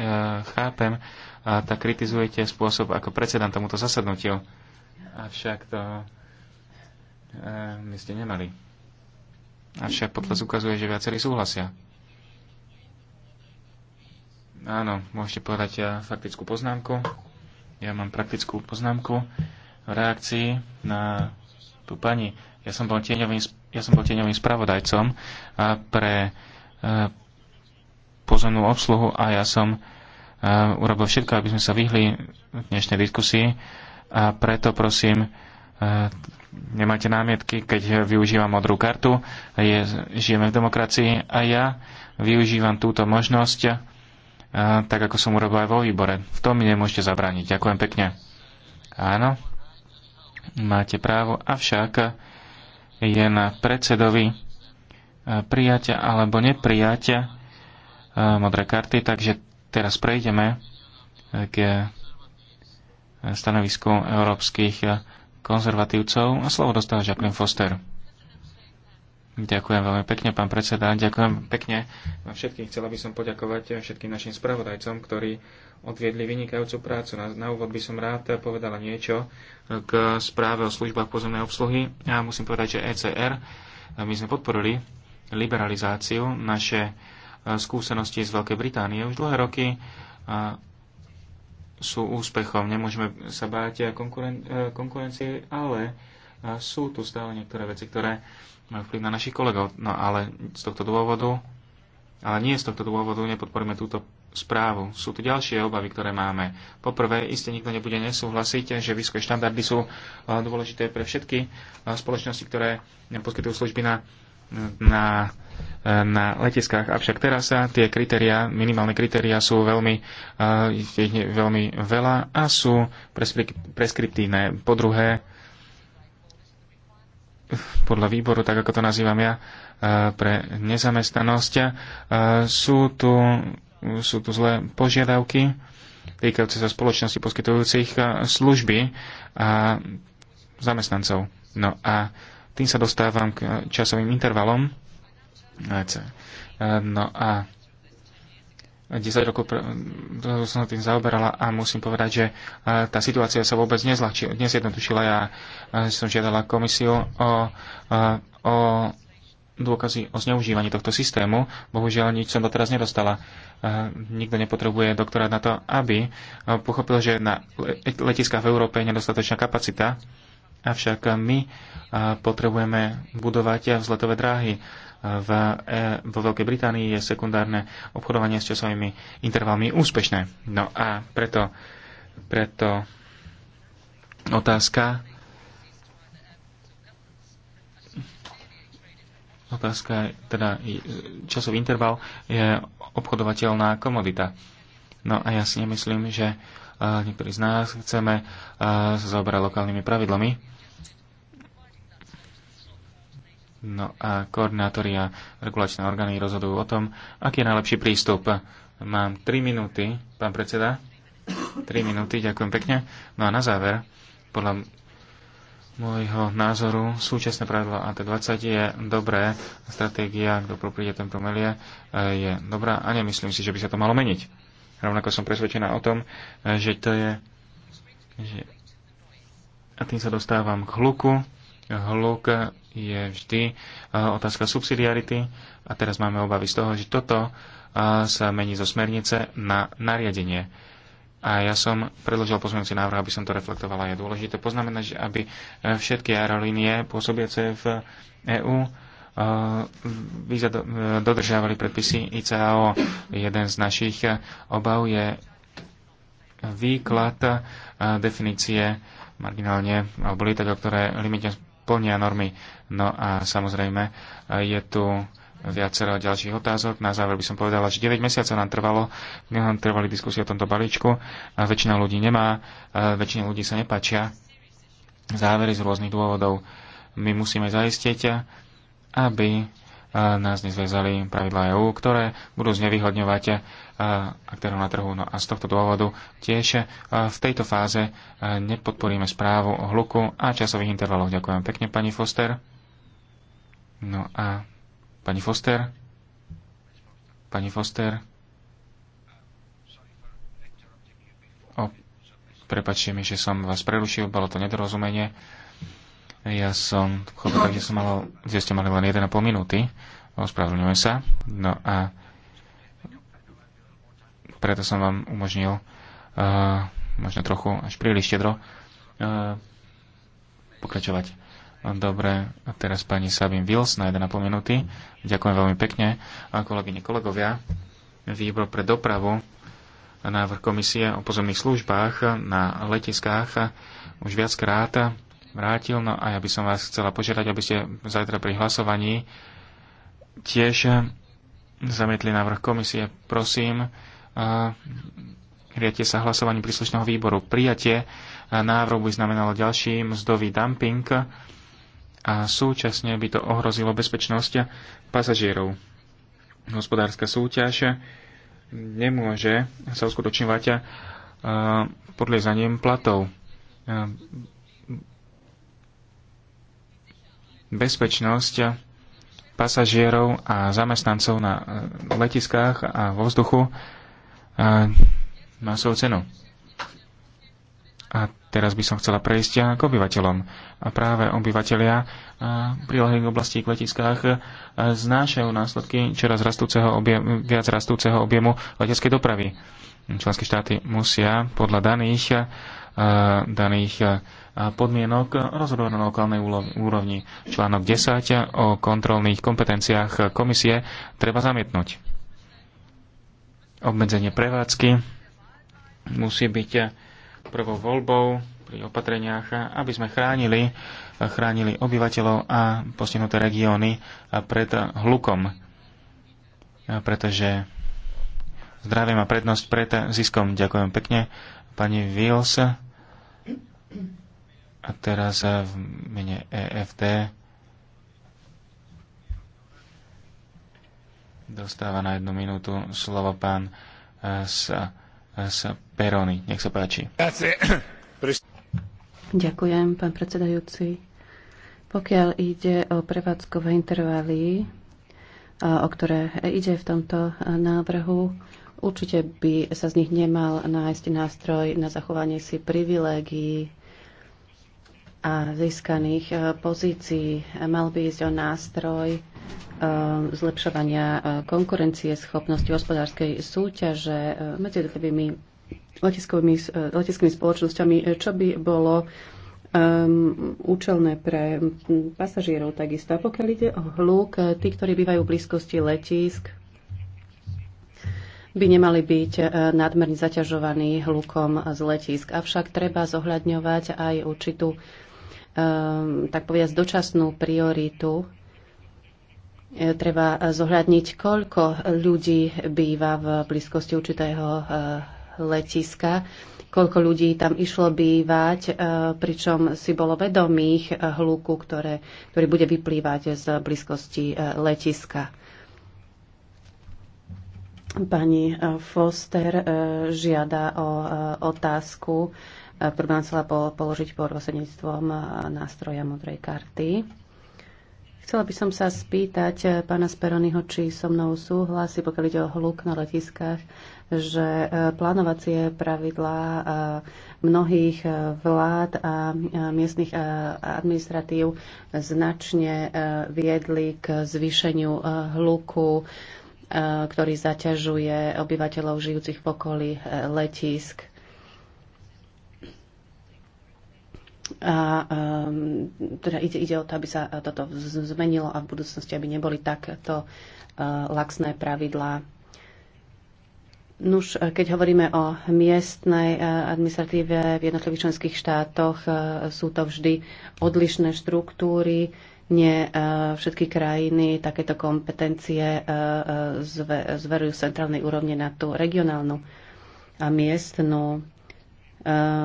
chápem, a, tak kritizujete spôsob, ako predsedám tomuto zasadnutiu. Avšak to e, by ste nemali. Avšak potlesk ukazuje, že viacerí súhlasia. Áno, môžete povedať ja faktickú poznámku. Ja mám praktickú poznámku v reakcii na tú pani. Ja som bol tieňovým, ja som bol tieňovým spravodajcom a pre e, pozornú obsluhu a ja som e, urobil všetko, aby sme sa vyhli v dnešnej diskusii a preto prosím E, nemáte námietky, keď využívam modrú kartu. Je, žijeme v demokracii a ja využívam túto možnosť, e, tak ako som urobil aj vo výbore. V tom mi nemôžete zabrániť. Ďakujem pekne. Áno, máte právo, avšak je na predsedovi e, prijatia alebo neprijatia modré karty, takže teraz prejdeme k stanovisku európskych konzervatívcov a slovo dostáva Jacqueline Foster. Ďakujem veľmi pekne, pán predseda. Ďakujem pekne a všetkým. Chcela by som poďakovať všetkým našim spravodajcom, ktorí odviedli vynikajúcu prácu. Na, na úvod by som rád povedala niečo k správe o službách pozemnej obsluhy. Ja musím povedať, že ECR, my sme podporili liberalizáciu. Naše e, skúsenosti z Veľkej Británie už dlhé roky sú úspechom. Nemôžeme sa báť konkuren- e, konkurencie, ale e, sú tu stále niektoré veci, ktoré majú vplyv na našich kolegov. No ale z tohto dôvodu, ale nie z tohto dôvodu nepodporíme túto správu. Sú tu ďalšie obavy, ktoré máme. Poprvé, iste nikto nebude nesúhlasiť, že vysoké štandardy sú e, dôležité pre všetky spoločnosti, ktoré poskytujú služby na na, na letiskách. Avšak teraz sa tie kritéria, minimálne kritéria sú veľmi, eh, veľmi veľa a sú preskriptívne. Po druhé, podľa výboru, tak ako to nazývam ja, eh, pre nezamestnanosť, eh, sú tu, sú tu zlé požiadavky týkajúce sa spoločnosti poskytujúcich služby a zamestnancov. No a tým sa dostávam k eh, časovým intervalom. Eh, no a 10 rokov pr- eh, som tým zaoberala a musím povedať, že tá situácia sa vôbec nezjednotušila. Ja som žiadala komisiu o, o dôkazy o zneužívaní tohto systému. Bohužiaľ, nič som doteraz nedostala. Nikto nepotrebuje doktorát na to, aby pochopil, že na letiskách v Európe je nedostatočná kapacita Avšak my potrebujeme budovať vzletové dráhy. V, e, vo Veľkej Británii je sekundárne obchodovanie s časovými intervalmi úspešné. No a preto, preto otázka otázka, teda e, časový interval je obchodovateľná komodita. No a ja si nemyslím, že niektorí z nás chceme sa zaoberať lokálnymi pravidlami. No a koordinátori a regulačné orgány rozhodujú o tom, aký je najlepší prístup. Mám 3 minúty, pán predseda. 3 minúty, ďakujem pekne. No a na záver, podľa môjho názoru súčasné pravidlo AT20 je dobré, stratégia, kto popríde, ten pomelie, je dobrá a nemyslím si, že by sa to malo meniť. Rovnako som presvedčená o tom, že to je... Že... A tým sa dostávam k hluku. Hluk je vždy e, otázka subsidiarity a teraz máme obavy z toho, že toto e, sa mení zo smernice na nariadenie. A ja som predložil pozmeňujúci návrh, aby som to reflektovala. Je dôležité poznamenať, že aby e, všetky aerolínie pôsobiace v EÚ dodržiavali predpisy ICAO. Jeden z našich e, obav je výklad e, definície marginálne alebo lietadlo, ktoré limitne plnia normy. No a samozrejme e, je tu viacero ďalších otázok. Na záver by som povedal, že 9 mesiacov nám trvalo, nám trvali diskusie o tomto balíčku. A väčšina ľudí nemá, väčšina ľudí sa nepačia, závery z rôznych dôvodov. My musíme zaistiť, aby e, nás nezviezali pravidla EÚ, ktoré budú znevýhodňovať e, aktérov na trhu. No a z tohto dôvodu tiež e, v tejto fáze nepodporíme správu o hluku a časových intervaloch. Ďakujem pekne, pani Foster. No a pani Foster? Pani Foster? O, prepačte mi, že som vás prerušil, bolo to nedorozumenie. Ja som pochopil že, som mal, že ste mali len 1,5 minúty. Ospravedlňujem sa. No a preto som vám umožnil uh, možno trochu až príliš štedro uh, pokračovať. Dobre, a teraz pani Sabin Wills na 1,5 minúty. Ďakujem veľmi pekne. A kolegyne, kolegovia, výbor pre dopravu návrh komisie o pozemných službách na letiskách už viackrát vrátil. No a ja by som vás chcela požiadať, aby ste zajtra pri hlasovaní tiež zamietli návrh komisie. Prosím, riadte sa hlasovaním príslušného výboru. Prijatie návrhu by znamenalo ďalší mzdový dumping a súčasne by to ohrozilo bezpečnosť pasažierov. Hospodárska súťaž nemôže sa uskutočňovať podliezaním platov. bezpečnosť pasažierov a zamestnancov na eh, letiskách a vo vzduchu eh, má svoju cenu. A teraz by som chcela prejsť eh, k obyvateľom. A práve obyvateľia prílohých oblastí k letiskách znášajú následky čoraz rastúceho objem, viac rastúceho objemu leteckej dopravy. Členské štáty musia podľa daných E, daných e, podmienok rozhodovať na lokálnej úrovni. Článok 10 o kontrolných kompetenciách komisie treba zamietnúť. Obmedzenie prevádzky musí byť prvou voľbou pri opatreniach, aby sme chránili, chránili obyvateľov a postihnuté regióny pred hlukom. Pretože zdravie má prednosť pred ziskom. Ďakujem pekne. Pani Wills a teraz eh, v mene EFD dostáva na jednu minútu slovo pán z, eh, z eh, Perony. Nech sa páči. Ďakujem, pán predsedajúci. Pokiaľ ide o prevádzkové intervaly, o ktoré ide v tomto návrhu, Určite by sa z nich nemal nájsť nástroj na zachovanie si privilégií a získaných eh, pozícií. Mal by ísť o nástroj eh, zlepšovania eh, konkurencie, schopnosti hospodárskej súťaže medzi jednotlivými leteckými, leteckými spoločnosťami, čo by bolo um, účelné pre pasažierov takisto. A pokiaľ ide o hľúk, tí, ktorí bývajú v blízkosti letísk, by nemali byť e, nadmerne zaťažovaní hlukom z letisk. Avšak treba zohľadňovať aj určitú, e, tak povedať, dočasnú prioritu. E, treba zohľadniť, koľko ľudí býva v blízkosti určitého letiska, koľko ľudí tam išlo bývať, pričom si bolo vedomých hluku, ktoré, ktorý bude vyplývať z blízkosti letiska. Pani eh, Foster eh, žiada o eh, otázku. Prvá vám chcela položiť prostredníctvom nástroja modrej karty. Chcela by som sa spýtať pána Speronyho, či so mnou súhlasí, pokiaľ ide o hluk na letiskách, že plánovacie pravidlá mnohých vlád a miestnych administratív značne viedli k zvýšeniu hluku E, ktorý zaťažuje obyvateľov žijúcich v okolí e, letísk. A e, teda ide, ide o to, aby sa toto zmenilo a v budúcnosti, aby neboli takto laxné pravidlá. Nuž, keď hovoríme o miestnej administratíve v jednotlivých členských štátoch, sú to vždy odlišné štruktúry, nie e, všetky krajiny takéto kompetencie e, e, zverujú z centrálnej úrovne na tú regionálnu a miestnu,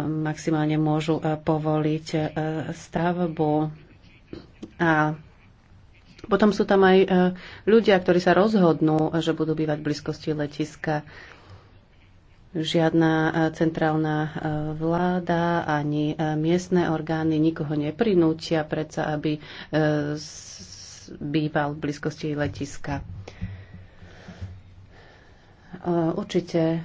Maximálne môžu povoliť stavbu a potom sú tam aj ľudia, ktorí sa rozhodnú, že budú bývať v blízkosti letiska Žiadna e, centrálna e, vláda ani e, miestne orgány nikoho neprinútia predsa, aby býval v blízkosti letiska. Určite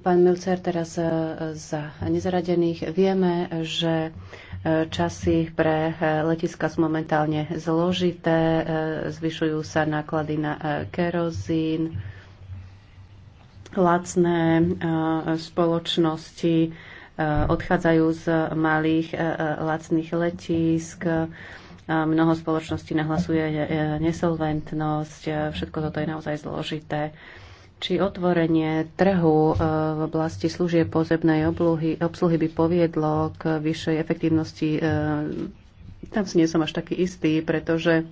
pán Milcer teraz za nezaradených vieme, že Časy pre eh, letiska sú momentálne zložité, eh, zvyšujú sa náklady na eh, kerozín, lacné spoločnosti odchádzajú z malých lacných letísk, mnoho spoločností nahlasuje nesolventnosť, všetko toto je naozaj zložité či otvorenie trhu eh, v oblasti služieb pozemnej obluhy, obsluhy by poviedlo k vyššej efektívnosti. Eh, tam si nie som až taký istý, pretože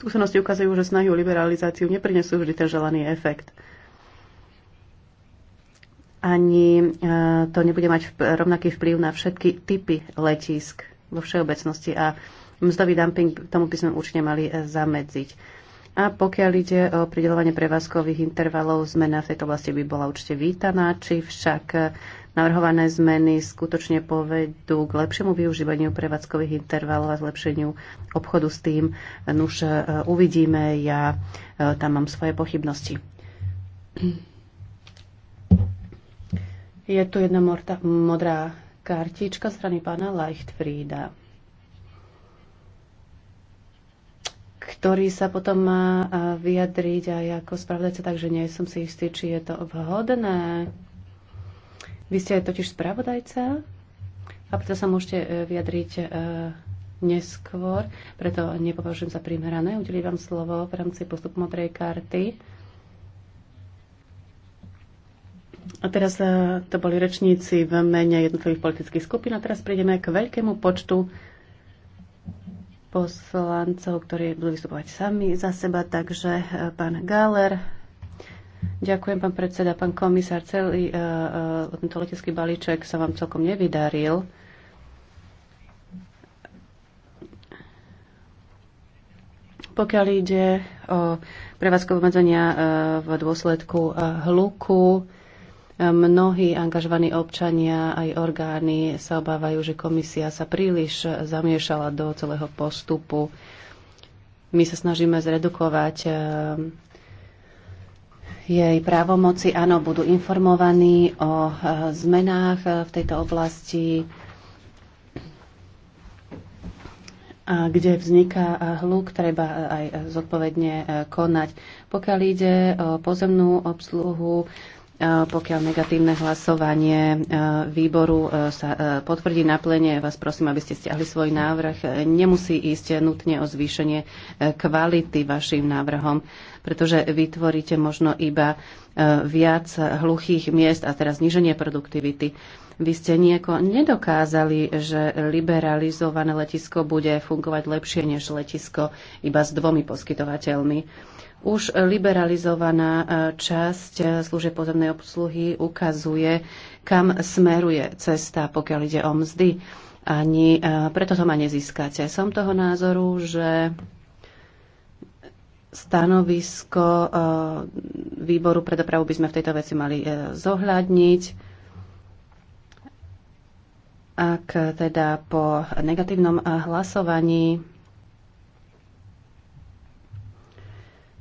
skúsenosti ukazujú, že snahy o liberalizáciu neprinesú vždy ten želaný efekt. Ani eh, to nebude mať rovnaký vplyv na všetky typy letísk vo všeobecnosti a mzdový dumping, tomu by sme určite mali zamedziť. A pokiaľ ide o pridelovanie prevázkových intervalov, zmena v tejto oblasti by bola určite vítaná, či však navrhované zmeny skutočne povedú k lepšiemu využívaniu prevádzkových intervalov a zlepšeniu obchodu s tým. Nuž e, uvidíme, ja e, tam mám svoje pochybnosti. Je tu jedna modrá kartička strany pána Leichtfrieda. ktorý sa potom má vyjadriť aj ako spravodajca, takže nie som si istý, či je to vhodné. Vy ste aj totiž spravodajca a preto sa môžete e, vyjadriť e, neskôr, preto nepovažujem za primerané. Udelím vám slovo v rámci postupu modrej karty. A teraz e, to boli rečníci v mene jednotlivých politických skupín a teraz prídeme k veľkému počtu poslancov, ktorí budú vystupovať sami za seba. Takže eh, pán galer, ďakujem pán predseda, pán komisár, celý uh, tento letecký balíček sa vám celkom nevydaril. Pokiaľ ide o prevádzkové obmedzenia v dôsledku hluku, Mnohí angažovaní občania aj orgány sa obávajú, že komisia sa príliš zamiešala do celého postupu. My sa snažíme zredukovať eh, jej právomoci. Áno, budú informovaní o eh, zmenách eh, v tejto oblasti, a kde vzniká hluk, treba aj zodpovedne konať. Pokiaľ ide o pozemnú obsluhu, E, pokiaľ negatívne hlasovanie e, výboru e, sa potvrdí na plene, vás prosím, aby ste stiahli svoj návrh. Nemusí ísť nutne o zvýšenie kvality vašim návrhom, pretože vytvoríte možno iba viac hluchých miest a teraz zniženie produktivity. Vy ste nieko nedokázali, že liberalizované letisko bude fungovať lepšie než letisko iba s dvomi poskytovateľmi už liberalizovaná e, časť e, služe pozemnej obsluhy ukazuje, kam smeruje cesta, pokiaľ ide o mzdy. Ani, e, preto to ma nezískate. Som toho názoru, že stanovisko výboru pre dopravu by sme v tejto veci mali zohľadniť. Ak teda po negatívnom hlasovaní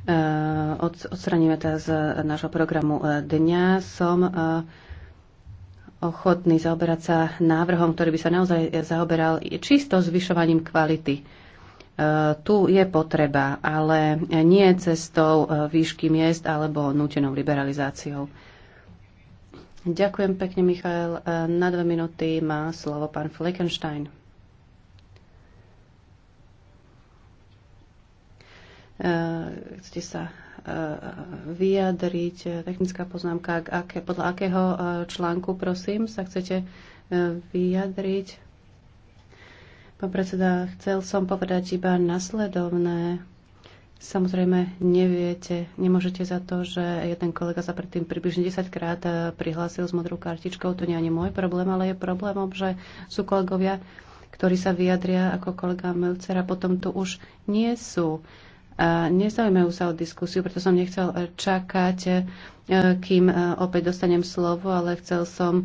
Eh, odstraníme teda z eh, nášho programu eh, dňa. Som ochotný zaoberať sa návrhom, ktorý by sa naozaj zaoberal čisto zvyšovaním kvality. Tu je potreba, ale nie cestou výšky miest alebo nútenou liberalizáciou. Ďakujem pekne, Michael. Na dve minúty má slovo pán Fleckenstein. Eh, chcete sa eh, vyjadriť. Technická poznámka, aké, podľa akého eh, článku, prosím, sa chcete vyjadriť. Pán predseda, chcel som povedať iba nasledovné. Samozrejme, neviete, nemôžete za to, že jeden kolega sa predtým približne 10 krát prihlásil s modrou kartičkou. To nie je ani môj problém, ale je problémom, že sú kolegovia, ktorí sa vyjadria ako kolega Melcera, potom tu už nie sú. Uh, a nezaujímajú sa o diskusiu, preto som nechcel čakať, e, kým e, opäť dostanem slovo, ale chcel som e,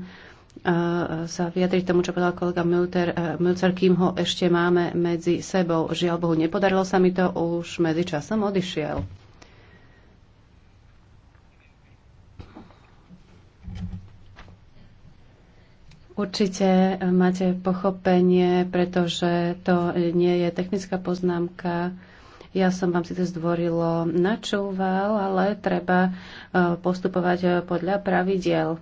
sa vyjadriť tomu, čo povedal kolega Milter, Milter, kým ho ešte máme medzi sebou. Žiaľ Bohu, nepodarilo sa mi to, už medzi časom odišiel. Určite máte pochopenie, pretože to nie je technická poznámka, ja som vám si to zdvorilo načúval, ale treba e, postupovať e, podľa pravidiel.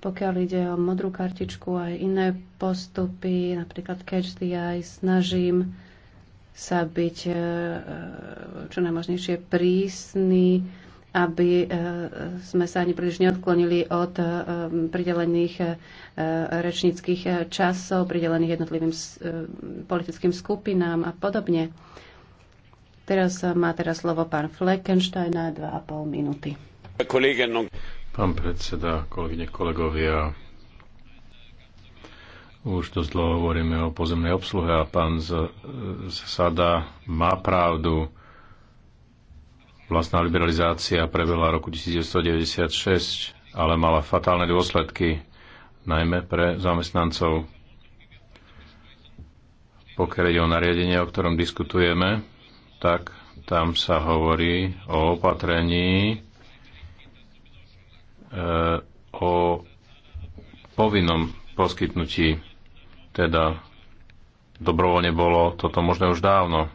Pokiaľ ide o modrú kartičku a iné postupy, napríklad catch the eye, snažím sa byť e, čo najmožnejšie prísny aby e, sme sa ani príliš neodklonili od e, pridelených e, rečníckých časov, pridelených jednotlivým politickým skupinám a podobne. Teraz má teraz slovo pán Fleckenstein na 2,5 minúty. Pán predseda, kolegyne, kolegovia, už dosť dlho hovoríme o pozemnej obsluhe a pán Sada má pravdu Vlastná liberalizácia prebehla roku 1996, ale mala fatálne dôsledky, najmä pre zamestnancov. Pokiaľ ide o nariadenie, o ktorom diskutujeme, tak tam sa hovorí o opatrení, eh, o povinnom poskytnutí, teda dobrovoľne bolo toto možné už dávno.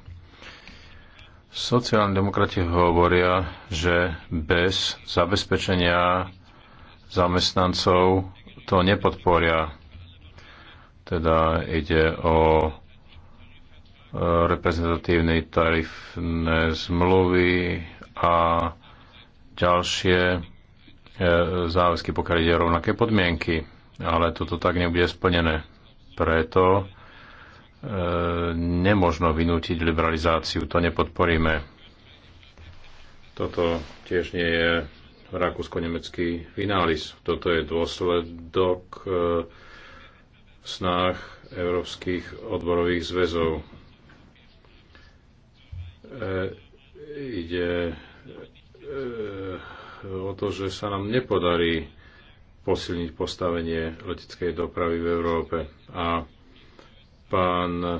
Sociálni demokrati hovoria, že bez zabezpečenia zamestnancov to nepodporia. Teda ide o e, reprezentatívne tarifné zmluvy a ďalšie e, záväzky, pokiaľ ide o rovnaké podmienky. Ale toto tak nebude splnené. Preto E, nemožno vynútiť liberalizáciu, to nepodporíme. Toto tiež nie je rakúsko-nemecký finális. Toto je dôsledok e, snách európskych odborových zväzov. E, ide o to, že sa nám nepodarí posilniť postavenie leteckej dopravy v Európe. A Pán e,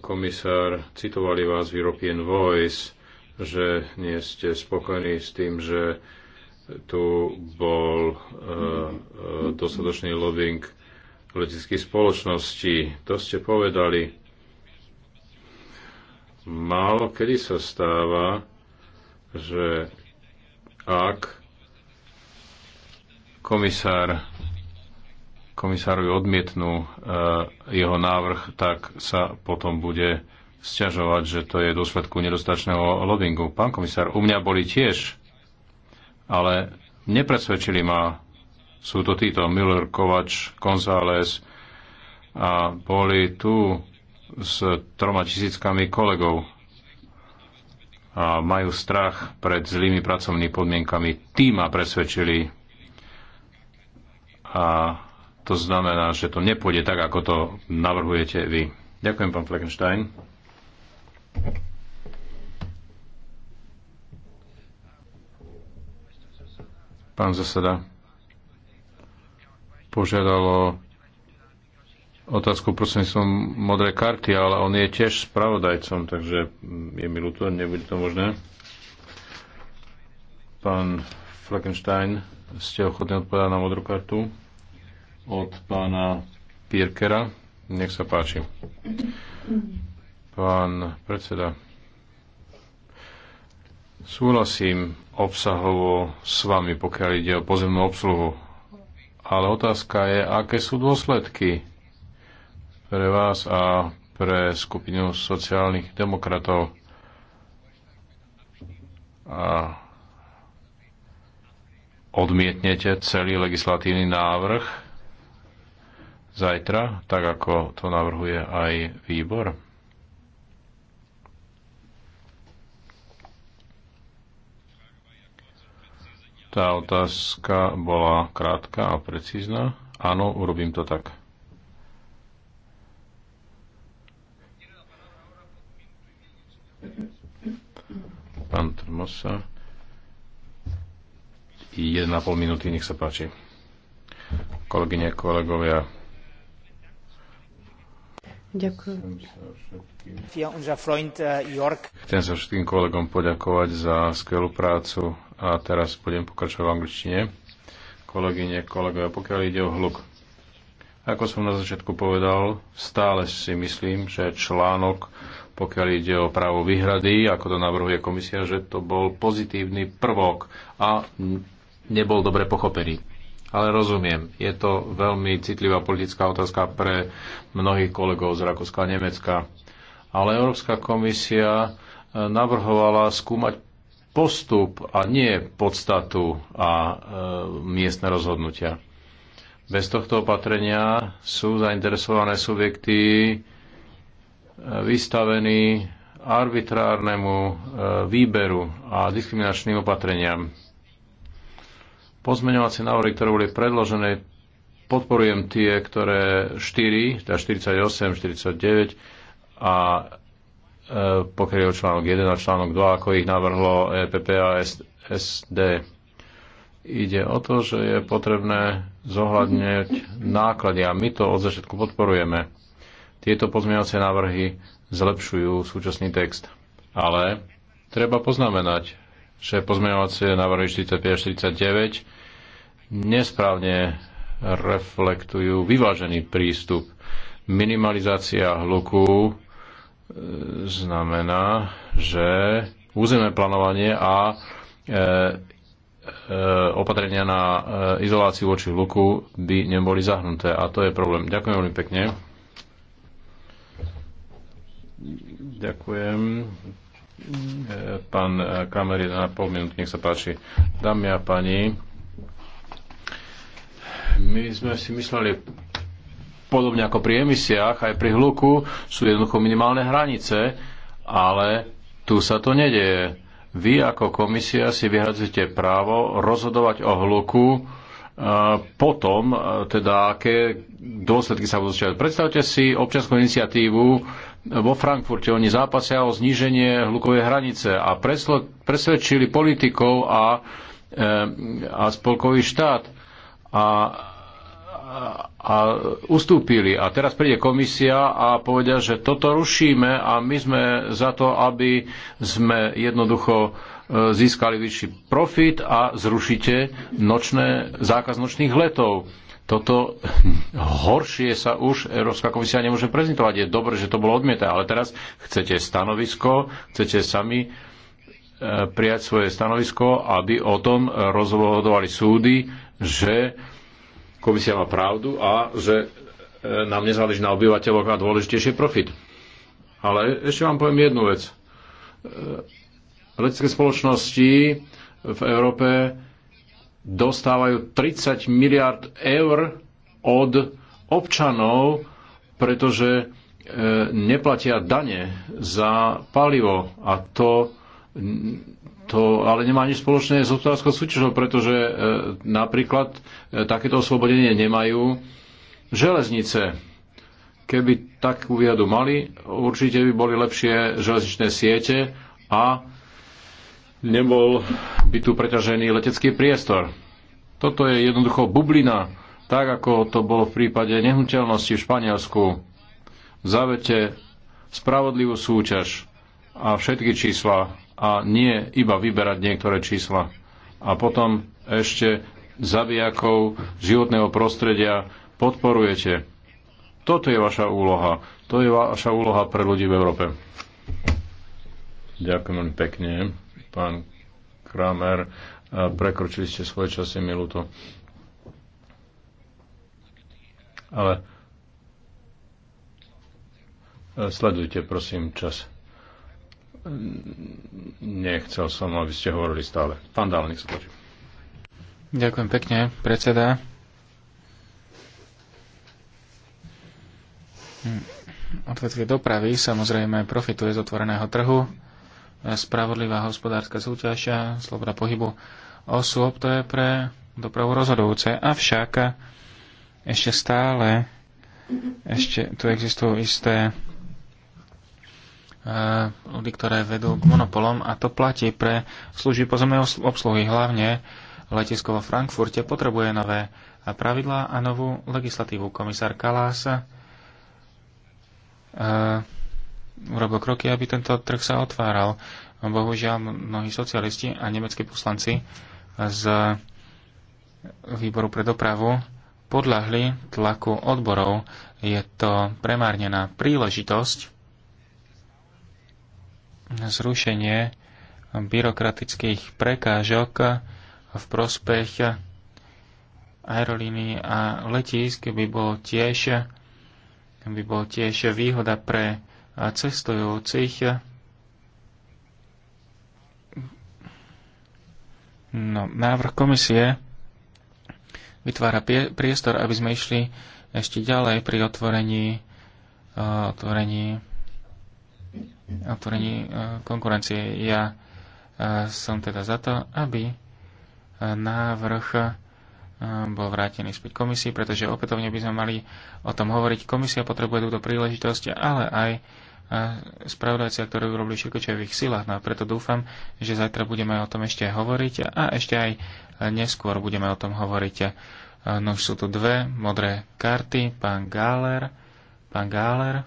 komisár, citovali vás v European Voice, že nie ste spokojní s tým, že tu bol e, e dostatočný lobbying leteckých spoločností. To ste povedali. Málo kedy sa stáva, že ak komisár komisárovi odmietnú e, jeho návrh, tak sa potom bude sťažovať, že to je dôsledku nedostačného lobbingu. Pán komisár, u mňa boli tiež, ale nepresvedčili ma, sú to títo Miller, Kovač, González a boli tu s troma tisíckami kolegov a majú strach pred zlými pracovnými podmienkami. Tí ma presvedčili a to znamená, že to nepôjde tak, ako to navrhujete vy. Ďakujem, pán Fleckenstein. Pán zaseda požiadalo otázku prosím som modré karty, ale on je tiež spravodajcom, takže mm, je mi ľúto, nebude to možné. Pán Fleckenstein, ste ochotní odpovedať na modrú kartu? od pána Pirkera. Nech sa páči. Pán predseda, súhlasím obsahovo s vami, pokiaľ ide o pozemnú obsluhu. Ale otázka je, aké sú dôsledky pre vás a pre skupinu sociálnych demokratov. A odmietnete celý legislatívny návrh zajtra, tak ako to navrhuje aj výbor? Tá otázka bola krátka a precízna. Áno, urobím to tak. Pán Trmosa. pol minúty, nech sa páči. Kolegyne, kolegovia, Ďakujem. Eh, Chcem sa všetkým kolegom poďakovať za skvelú prácu a teraz budem pokračovať v angličtine. Kolegyne, kolegovia, pokiaľ ide o hluk. Ako som na začiatku povedal, stále si myslím, že článok, pokiaľ ide o právo výhrady, ako to navrhuje komisia, že to bol pozitívny prvok a nebol dobre pochopený. Ale rozumiem, je to veľmi citlivá politická otázka pre mnohých kolegov z Rakúska a Nemecka. Ale Európska komisia e, navrhovala skúmať postup a nie podstatu a e, miestne rozhodnutia. Bez tohto opatrenia sú zainteresované subjekty e, vystavení arbitrárnemu e, výberu a diskriminačným opatreniam. Pozmeňovacie návrhy, ktoré boli predložené, podporujem tie, ktoré 4, teda 48, 49 a e, je článok 1 a článok 2, ako ich navrhlo EPP a SD. Ide o to, že je potrebné zohľadniť náklady a my to od začiatku podporujeme. Tieto pozmeňovacie návrhy zlepšujú súčasný text. Ale treba poznamenať, že pozmeňovacie návrhy 45 49 nesprávne reflektujú vyvážený prístup. Minimalizácia hluku e, znamená, že územné plánovanie a e, e, opatrenia na e, izoláciu voči hluku by neboli zahrnuté. A to je problém. Ďakujem veľmi pekne. Ďakujem. E, pán na pol minút, nech sa páči. Dámy a pani, my sme si mysleli, podobne ako pri emisiách, aj pri hluku sú jednoducho minimálne hranice, ale tu sa to nedeje. Vy ako komisia si vyhradzujete právo rozhodovať o hluku e, potom, e, teda aké dôsledky sa budú zčiať. Predstavte si občianskú iniciatívu vo Frankfurte. Oni zápasia o zníženie hlukovej hranice a presvedčili politikov a, e, a spolkový štát. A a ustúpili. A teraz príde komisia a povedia, že toto rušíme a my sme za to, aby sme jednoducho e, získali vyšší profit a zrušíte nočné, zákaz nočných letov. Toto horšie sa už Európska komisia nemôže prezentovať. Je dobré, že to bolo odmieta, ale teraz chcete stanovisko, chcete sami e, prijať svoje stanovisko, aby o tom rozhodovali súdy, že komisia má pravdu a že e, nám nezáleží na obyvateľoch a dôležitejšie profit. Ale ešte vám poviem jednu vec. E, letecké spoločnosti v Európe dostávajú 30 miliard eur od občanov, pretože e, neplatia dane za palivo a to to ale nemá nič spoločné s hospodárskou súťažou, pretože e, napríklad e, takéto oslobodenie nemajú železnice. Keby takú výhodu mali, určite by boli lepšie železničné siete a nebol by tu preťažený letecký priestor. Toto je jednoducho bublina, tak ako to bolo v prípade nehnuteľnosti v Španielsku. Zavete spravodlivú súťaž a všetky čísla a nie iba vyberať niektoré čísla. A potom ešte zabijakov životného prostredia podporujete. Toto je vaša úloha. To je vaša úloha pre ľudí v Európe. Ďakujem pekne, pán Kramer. Prekročili ste svoje časy, milú to. Ale e, sledujte, prosím, čas. Nechcel som, aby ste hovorili stále. Pán Dál, nech sa páči. Ďakujem pekne, predseda. Odvetvie dopravy samozrejme profituje z otvoreného trhu, spravodlivá hospodárska súťaž a sloboda pohybu osôb, to je pre dopravu rozhodujúce. Avšak ešte stále ešte tu existujú isté Eh, ľudí, ktoré vedú k monopolom a to platí pre služby pozemnej obsluhy, hlavne letisko vo Frankfurte potrebuje nové pravidlá a novú legislatívu. Komisár Kalás eh, urobil kroky, aby tento trh sa otváral. Bohužiaľ, mnohí socialisti a nemeckí poslanci z výboru pre dopravu podľahli tlaku odborov. Je to premárnená príležitosť zrušenie byrokratických prekážok v prospech aerolíny a letísk by bol tiež, by bol tiež výhoda pre cestujúcich. No, návrh komisie vytvára priestor, aby sme išli ešte ďalej pri otvorení, eh, otvorení otvorení e, konkurencie. Ja e, som teda za to, aby e, návrh bol vrátený späť komisii, pretože opätovne by sme mali o tom hovoriť. Komisia potrebuje túto príležitosť, ale aj spravodajcia, ktorí urobili všetko, čo je v ich silách. No a preto dúfam, že zajtra budeme o tom ešte hovoriť a ešte aj neskôr budeme o tom hovoriť. No už sú tu dve modré karty, pán Gáler, pán Gáler,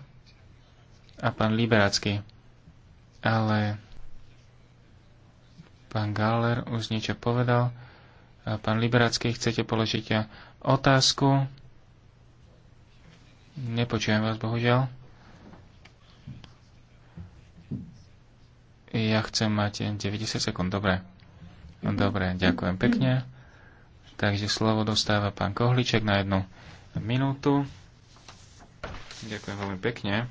a pán Liberacký. Ale pán Galler už niečo povedal. A pán Liberacký, chcete položiť otázku? Nepočujem vás, bohužiaľ. Ja chcem mať 90 sekúnd, dobre. Dobre, ďakujem pekne. Takže slovo dostáva pán Kohliček na jednu minútu. Ďakujem veľmi pekne.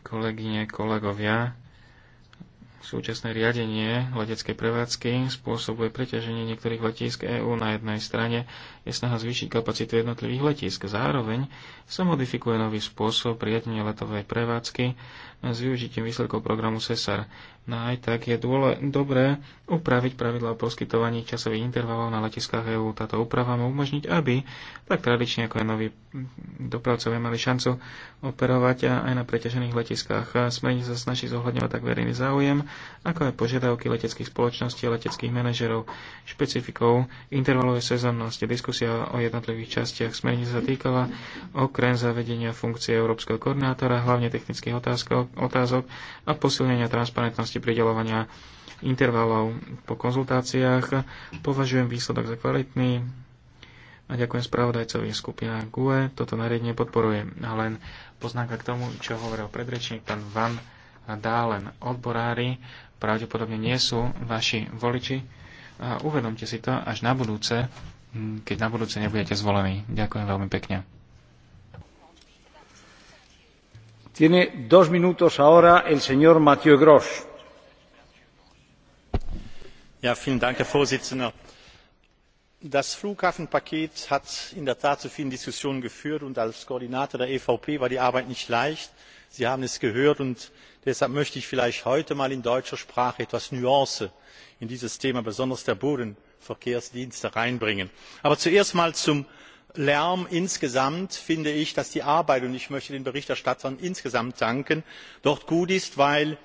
Kolegyne, kolegovia, súčasné riadenie leteckej prevádzky spôsobuje preťaženie niektorých letísk EÚ na jednej strane je snaha zvýšiť kapacitu jednotlivých letísk. Zároveň sa modifikuje nový spôsob riadenia letovej prevádzky s využitím výsledkov programu SESAR. No aj tak je dôle, dobré upraviť pravidla o poskytovaní časových intervalov na letiskách EU. Táto úprava má umožniť, aby tak tradične ako aj noví dopravcovia mali šancu operovať a aj na preťažených letiskách. Smerní sa snaží zohľadňovať tak verejný záujem, ako aj požiadavky leteckých spoločností a leteckých manažerov, špecifikov, intervalové sezónnosti. Diskusia o jednotlivých častiach smerní sa týkala okrem zavedenia funkcie európskeho koordinátora, hlavne technických otázkov otázok a posilnenia transparentnosti pridelovania intervalov po konzultáciách. Považujem výsledok za kvalitný a ďakujem spravodajcovi skupina GUE. Toto nariadenie podporuje. A len poznáka k tomu, čo hovoril predrečník pán Van Dálen. Odborári pravdepodobne nie sú vaši voliči. A uvedomte si to až na budúce, keď na budúce nebudete zvolení. Ďakujem veľmi pekne. Ja, Dank, herr präsident! das flughafenpaket hat in der tat zu vielen diskussionen geführt und als koordinator der evp war die arbeit nicht leicht. sie haben es gehört und deshalb möchte ich vielleicht heute einmal in deutscher sprache etwas nuance in dieses thema besonders der bodenverkehrsdienste hineinbringen. aber zuerst einmal zum lärm insgesamt finde ich dass die arbeit und ich möchte den berichterstattern insgesamt danken dort gut ist weil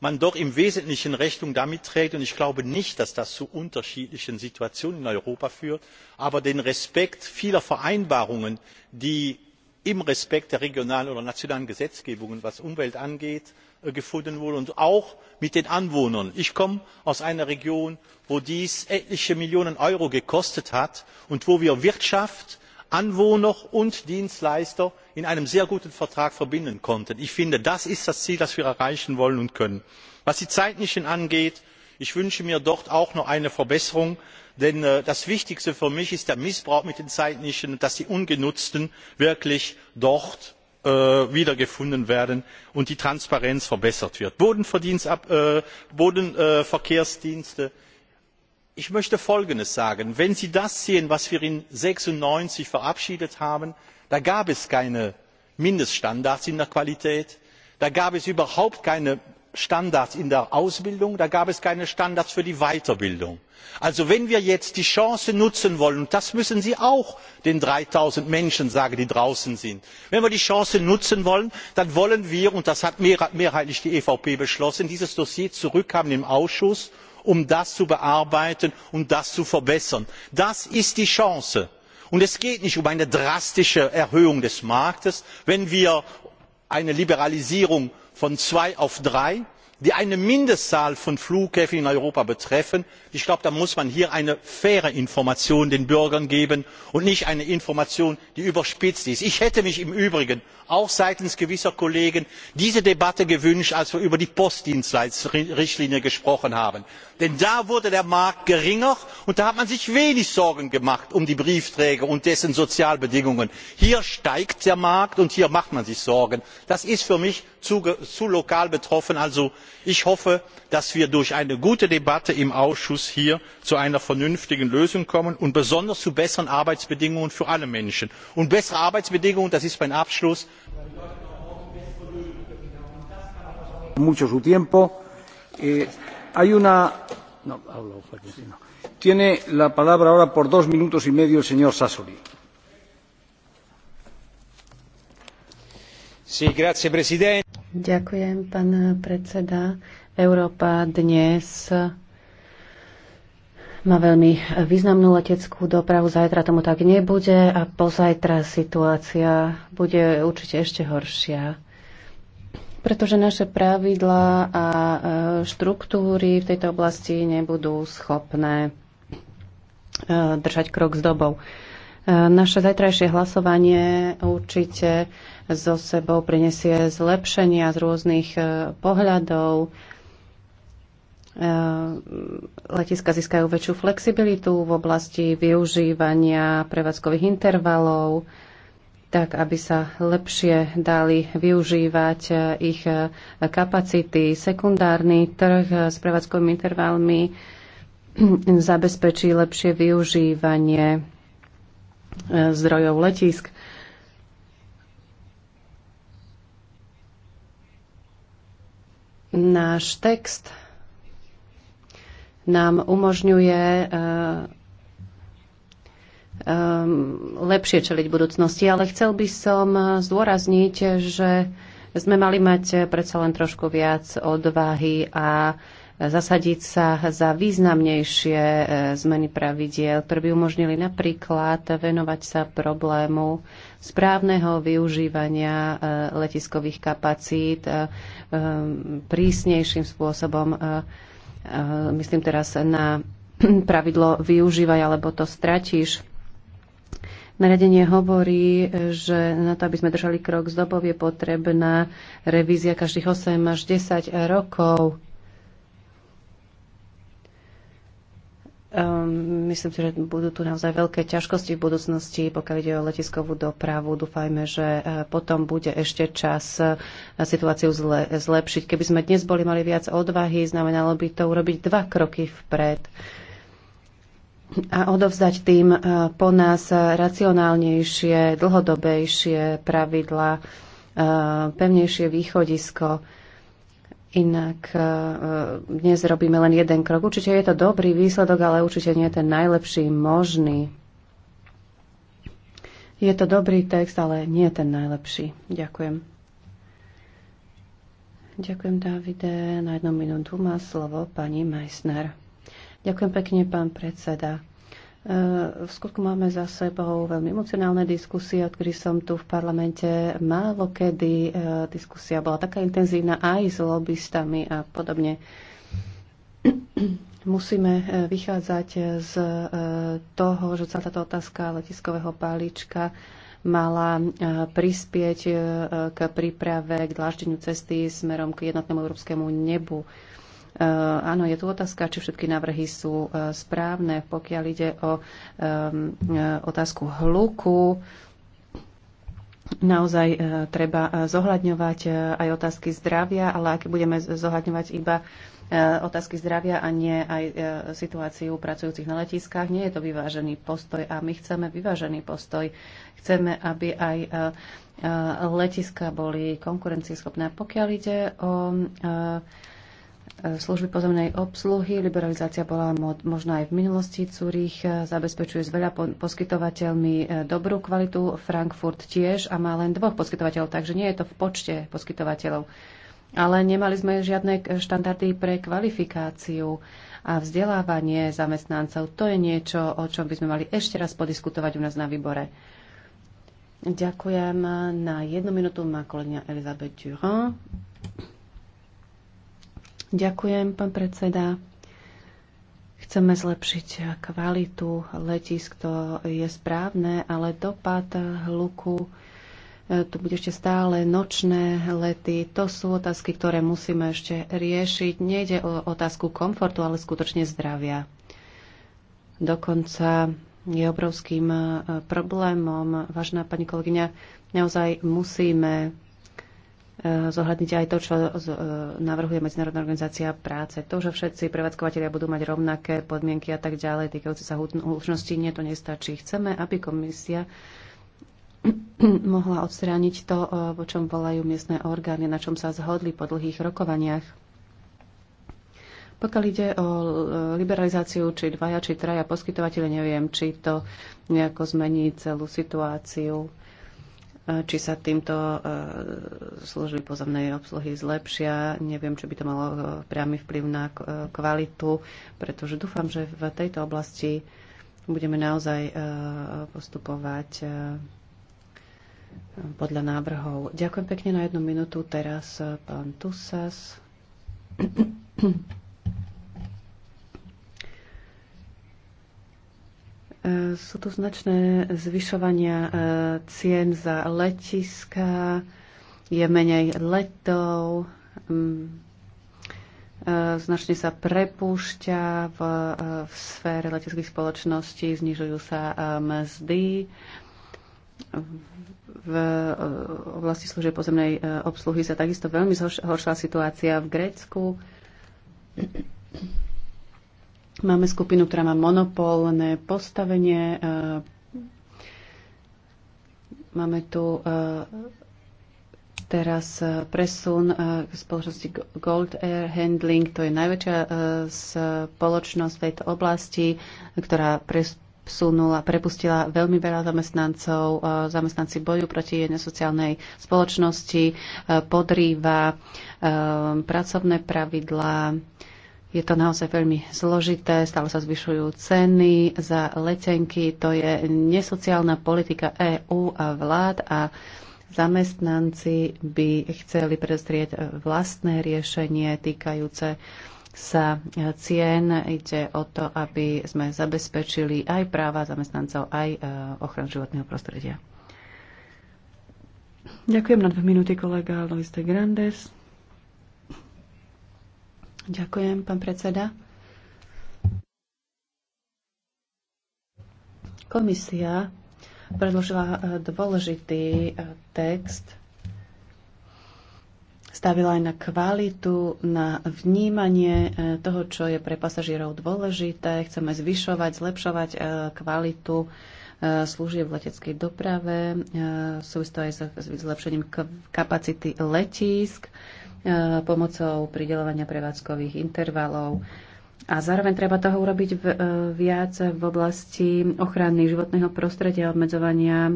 man doch im wesentlichen rechnung damit trägt und ich glaube nicht dass das zu unterschiedlichen situationen in europa führt aber den respekt vieler vereinbarungen die im respekt der regionalen oder nationalen gesetzgebungen was umwelt angeht äh, gefunden wurden und auch mit den anwohnern. ich komme aus einer region wo dies etliche millionen euro gekostet hat und wo wir wirtschaft anwohner und dienstleister in einem sehr guten vertrag verbinden konnten. ich finde das ist das ziel das wir erreichen wollen und können. was die zeitlichen angeht ich wünsche mir dort auch noch eine verbesserung denn äh, das wichtigste für mich ist der missbrauch mit den zeitnichen dass die ungenutzten wirklich dort äh, wiedergefunden werden und die transparenz verbessert wird. bodenverkehrsdienste ich möchte folgendes sagen wenn sie das sehen was wir eintausendneunhundertsechsundneunzig verabschiedet haben da gab es keine mindeststandards in der qualität da gab es überhaupt keine standards in der ausbildung da gab es keine standards für die weiterbildung. also wenn wir jetzt die chance nutzen wollen und das müssen sie auch den null menschen sagen die draußen sind wenn wir die Chance nutzen wollen, dann wollen wir und das hat mehrheitlich die evp beschlossen dieses dossier im ausschuss um das zu bearbeiten und um zu verbessern. das ist die chance! es geht nicht um eine drastische erhöhung des marktes wenn wir eine liberalisierung von zwei auf drei die eine mindestzahl von flughäfen in europa betreffen ich glaube, da muss man hier eine faire information den bürgern geben und nicht eine information die überspitzt ist. ich hätte mich im übrigen auch seitens gewisser kollegen diese debatte gewünscht als wir über die postdienstleistungsrichtlinie gesprochen haben denn da wurde der markt geringer und da hat man sich wenig sorgen gemacht um die briefträger und deren sozialbedingungen. hier steigt der markt und hier macht man sich sorgen. das ist für mich zu lokal betroffen. ich hoffe dass wir durch eine gute debatte im ausschuss zu einer vernünftigen lösung kommen und besonders zu besseren arbeitsbedingungen für alle menschen. und bessere arbeitsbedingungen das ist mein abschluss bedeuten auch bessere löhne. Európa dnes má veľmi významnú leteckú dopravu, zajtra tomu tak nebude a pozajtra situácia bude určite ešte horšia. Pretože naše pravidlá a e, štruktúry v tejto oblasti nebudú schopné e, držať krok s dobou. E, naše zajtrajšie hlasovanie určite so sebou prinesie zlepšenia z rôznych pohľadov Eh, letiska získajú väčšiu flexibilitu v oblasti využívania prevádzkových intervalov, tak aby sa lepšie dali využívať eh, ich eh, kapacity. Sekundárny trh s prevádzkovými intervalmi zabezpečí lepšie využívanie zdrojov letisk. Náš text nám umožňuje eh, eh, lepšie čeliť budúcnosti. Ale chcel by som zdôrazniť, že sme mali mať predsa len trošku viac odvahy a zasadiť sa za významnejšie eh, zmeny pravidiel, ktoré by umožnili napríklad venovať sa problému správneho využívania letiskových kapacít prísnejším spôsobom Eh, myslím teraz na pravidlo využívaj alebo to stratíš. Naradenie hovorí, že na to, aby sme držali krok s dobou, je potrebná revízia každých 8 až 10 rokov. Um, myslím si, že budú tu naozaj veľké ťažkosti v budúcnosti, pokiaľ ide o letiskovú dopravu. Dúfajme, že e, potom bude ešte čas e, situáciu zle, zlepšiť. Keby sme dnes boli mali viac odvahy, znamenalo by to urobiť dva kroky vpred a odovzdať tým e, po nás racionálnejšie, dlhodobejšie pravidla, pevnejšie východisko Inak e, e, dnes robíme len jeden krok. Určite je to dobrý výsledok, ale určite nie je ten najlepší možný. Je to dobrý text, ale nie je ten najlepší. Ďakujem. Ďakujem, Davide. Na jednu minútu má slovo pani Meissner. Ďakujem pekne, pán predseda. V skutku máme za sebou veľmi emocionálne diskusie, odkedy som tu v parlamente. Málo kedy e, diskusia bola taká intenzívna aj s lobbystami a podobne. Musíme e, vychádzať z e, toho, že celá táto otázka letiskového palička mala prispieť k príprave, k dláždeniu cesty smerom k jednotnému európskemu nebu. Eh, áno, je tu otázka, či všetky návrhy sú eh, správne. Pokiaľ ide o eh, otázku hluku, naozaj treba zohľadňovať aj otázky zdravia, ale ak budeme zohľadňovať iba otázky zdravia a nie aj situáciu pracujúcich na letiskách. Nie je to vyvážený postoj a my chceme vyvážený postoj. Chceme, aby aj letiska boli konkurencieschopné. Pokiaľ ide o služby pozemnej obsluhy. Liberalizácia bola možná aj v minulosti. Cúrich eh, zabezpečuje s veľa poskytovateľmi eh, dobrú kvalitu, Frankfurt tiež a má len dvoch poskytovateľov, takže nie je to v počte poskytovateľov. Ale nemali sme žiadne eh, štandardy pre kvalifikáciu a vzdelávanie zamestnancov. To je niečo, o čom by sme mali ešte raz podiskutovať u nás na výbore. Ďakujem. Na jednu minútu má kolegyňa Elizabeth Durand. Ďakujem, pán predseda. Chceme zlepšiť kvalitu letisk, to je správne, ale dopad hluku, e, tu bude ešte stále nočné lety, to sú otázky, ktoré musíme ešte riešiť. Nejde o otázku komfortu, ale skutočne zdravia. Dokonca je obrovským e, problémom. Vážená pani kolegyňa, naozaj musíme zohľadnite aj to, čo e, navrhuje Medzinárodná organizácia práce. To, že všetci prevádzkovateľia budú mať rovnaké podmienky a tak ďalej, týkajúce sa hlučnosti, nie, to nestačí. Chceme, aby komisia mohla odstrániť to, e, po čom volajú miestne orgány, na čom sa zhodli po dlhých rokovaniach. Pokiaľ ide o liberalizáciu, či dvaja, či traja poskytovateľe, neviem, či to nejako zmení celú situáciu či sa týmto e, služby pozemnej obsluhy zlepšia. Neviem, či by to malo e, priamy vplyv na e, kvalitu, pretože dúfam, že v tejto oblasti budeme naozaj postupovať podľa návrhov. Ďakujem pekne na jednu minútu. Teraz pán Tusas. Sú tu značné zvyšovania e, cien za letiska, je menej letov, e, značne sa prepúšťa v, e, v sfére leteckých spoločností, znižujú sa mzdy. V oblasti služieb pozemnej obsluhy sa takisto veľmi zhoršila situácia v Grécku. Máme skupinu, ktorá má monopolné postavenie. E, máme tu e, teraz e, presun k spoločnosti Gold Air Handling. To je najväčšia spoločnosť v tejto oblasti, ktorá presunula, prepustila veľmi veľa zamestnancov. Zamestnanci bojujú proti sociálnej spoločnosti, podrýva pracovné pravidlá, je to naozaj veľmi zložité, stále sa zvyšujú ceny za letenky. To je nesociálna politika EÚ a vlád a zamestnanci by chceli predostrieť vlastné riešenie týkajúce sa cien. Ide o to, aby sme zabezpečili aj práva zamestnancov, aj e, ochranu životného prostredia. Ďakujem na dve minúty kolega Lois de Grandes. Ďakujem, pán predseda. Komisia predložila e, dôležitý e, text. Stavila aj na kvalitu, na vnímanie e, toho, čo je pre pasažierov dôležité. Chceme zvyšovať, zlepšovať kvalitu služieb v leteckej doprave. Súvisí to aj s zlepšením kapacity letísk E, pomocou pridelovania prevádzkových intervalov. A zároveň treba toho urobiť e, viac v oblasti ochrany životného prostredia, obmedzovania e,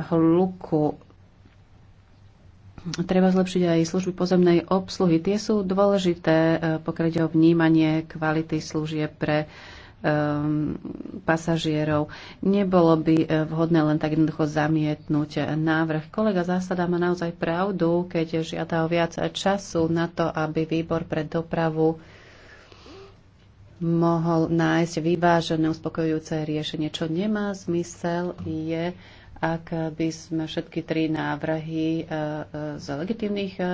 hluku. Treba zlepšiť aj služby pozemnej obsluhy. Tie sú dôležité, pokiaľ ide o vnímanie kvality služieb pre Um, pasažierov. Nebolo by uh, vhodné len tak jednoducho zamietnúť návrh. Kolega Zásada má naozaj pravdu, keď žiada o viac času na to, aby výbor pre dopravu mohol nájsť vyvážené, uspokojujúce riešenie. Čo nemá zmysel je ak by sme všetky tri návrhy e, e, z legitimných e,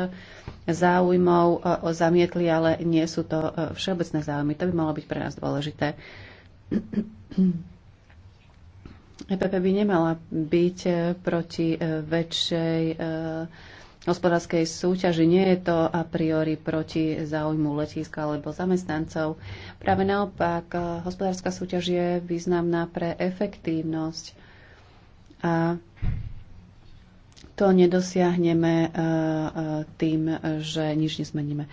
záujmov zamietli, ale nie sú to všeobecné záujmy. To by malo byť pre nás dôležité. EPP by nemala byť proti väčšej hospodárskej súťaži. Nie je to a priori proti záujmu letiska alebo zamestnancov. Práve naopak, hospodárska súťaž je významná pre efektívnosť a to nedosiahneme e, e, tým, že nič nezmeníme.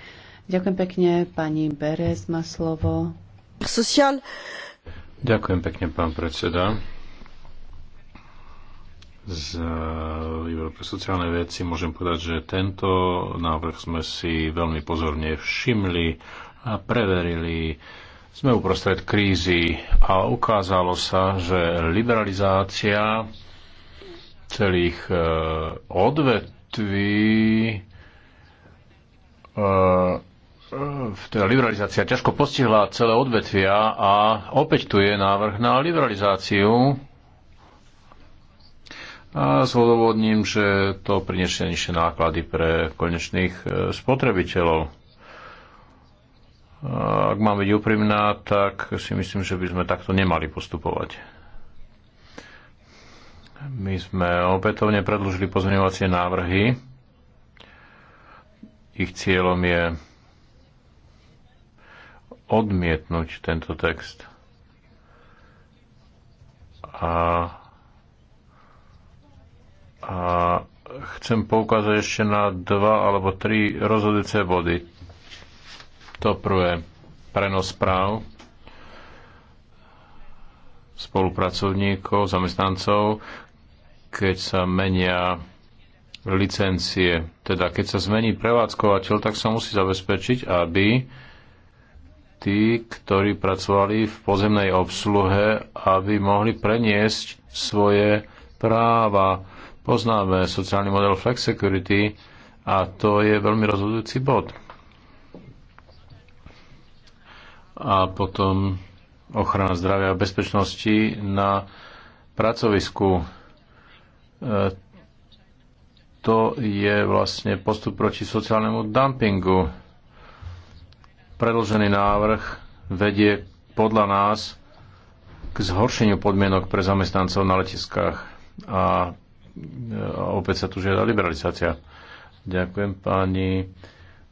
Ďakujem pekne, pani Berez má slovo. Sociál. Ďakujem pekne, pán predseda. Z e, výboru pre sociálne veci môžem povedať, že tento návrh sme si veľmi pozorne všimli a preverili. Sme uprostred krízy a ukázalo sa, že liberalizácia celých e, odvetví e, e, teda liberalizácia ťažko postihla celé odvetvia a opäť tu je návrh na liberalizáciu a s že to priniesie nižšie náklady pre konečných spotrebiteľov. Ak mám byť úprimná, tak si myslím, že by sme takto nemali postupovať. My sme opätovne predložili pozmeňovacie návrhy. Ich cieľom je odmietnúť tento text. A, a chcem poukázať ešte na dva alebo tri rozhodujúce body. To prvé, prenos práv spolupracovníkov, zamestnancov, keď sa menia licencie. Teda keď sa zmení prevádzkovateľ, tak sa musí zabezpečiť, aby tí, ktorí pracovali v pozemnej obsluhe, aby mohli preniesť svoje práva. Poznáme sociálny model Flex Security a to je veľmi rozhodujúci bod. A potom ochrana zdravia a bezpečnosti na pracovisku. E, to je vlastne postup proti sociálnemu dumpingu. Predložený návrh vedie podľa nás k zhoršeniu podmienok pre zamestnancov na letiskách a e, opäť sa tu žiada liberalizácia. Ďakujem pani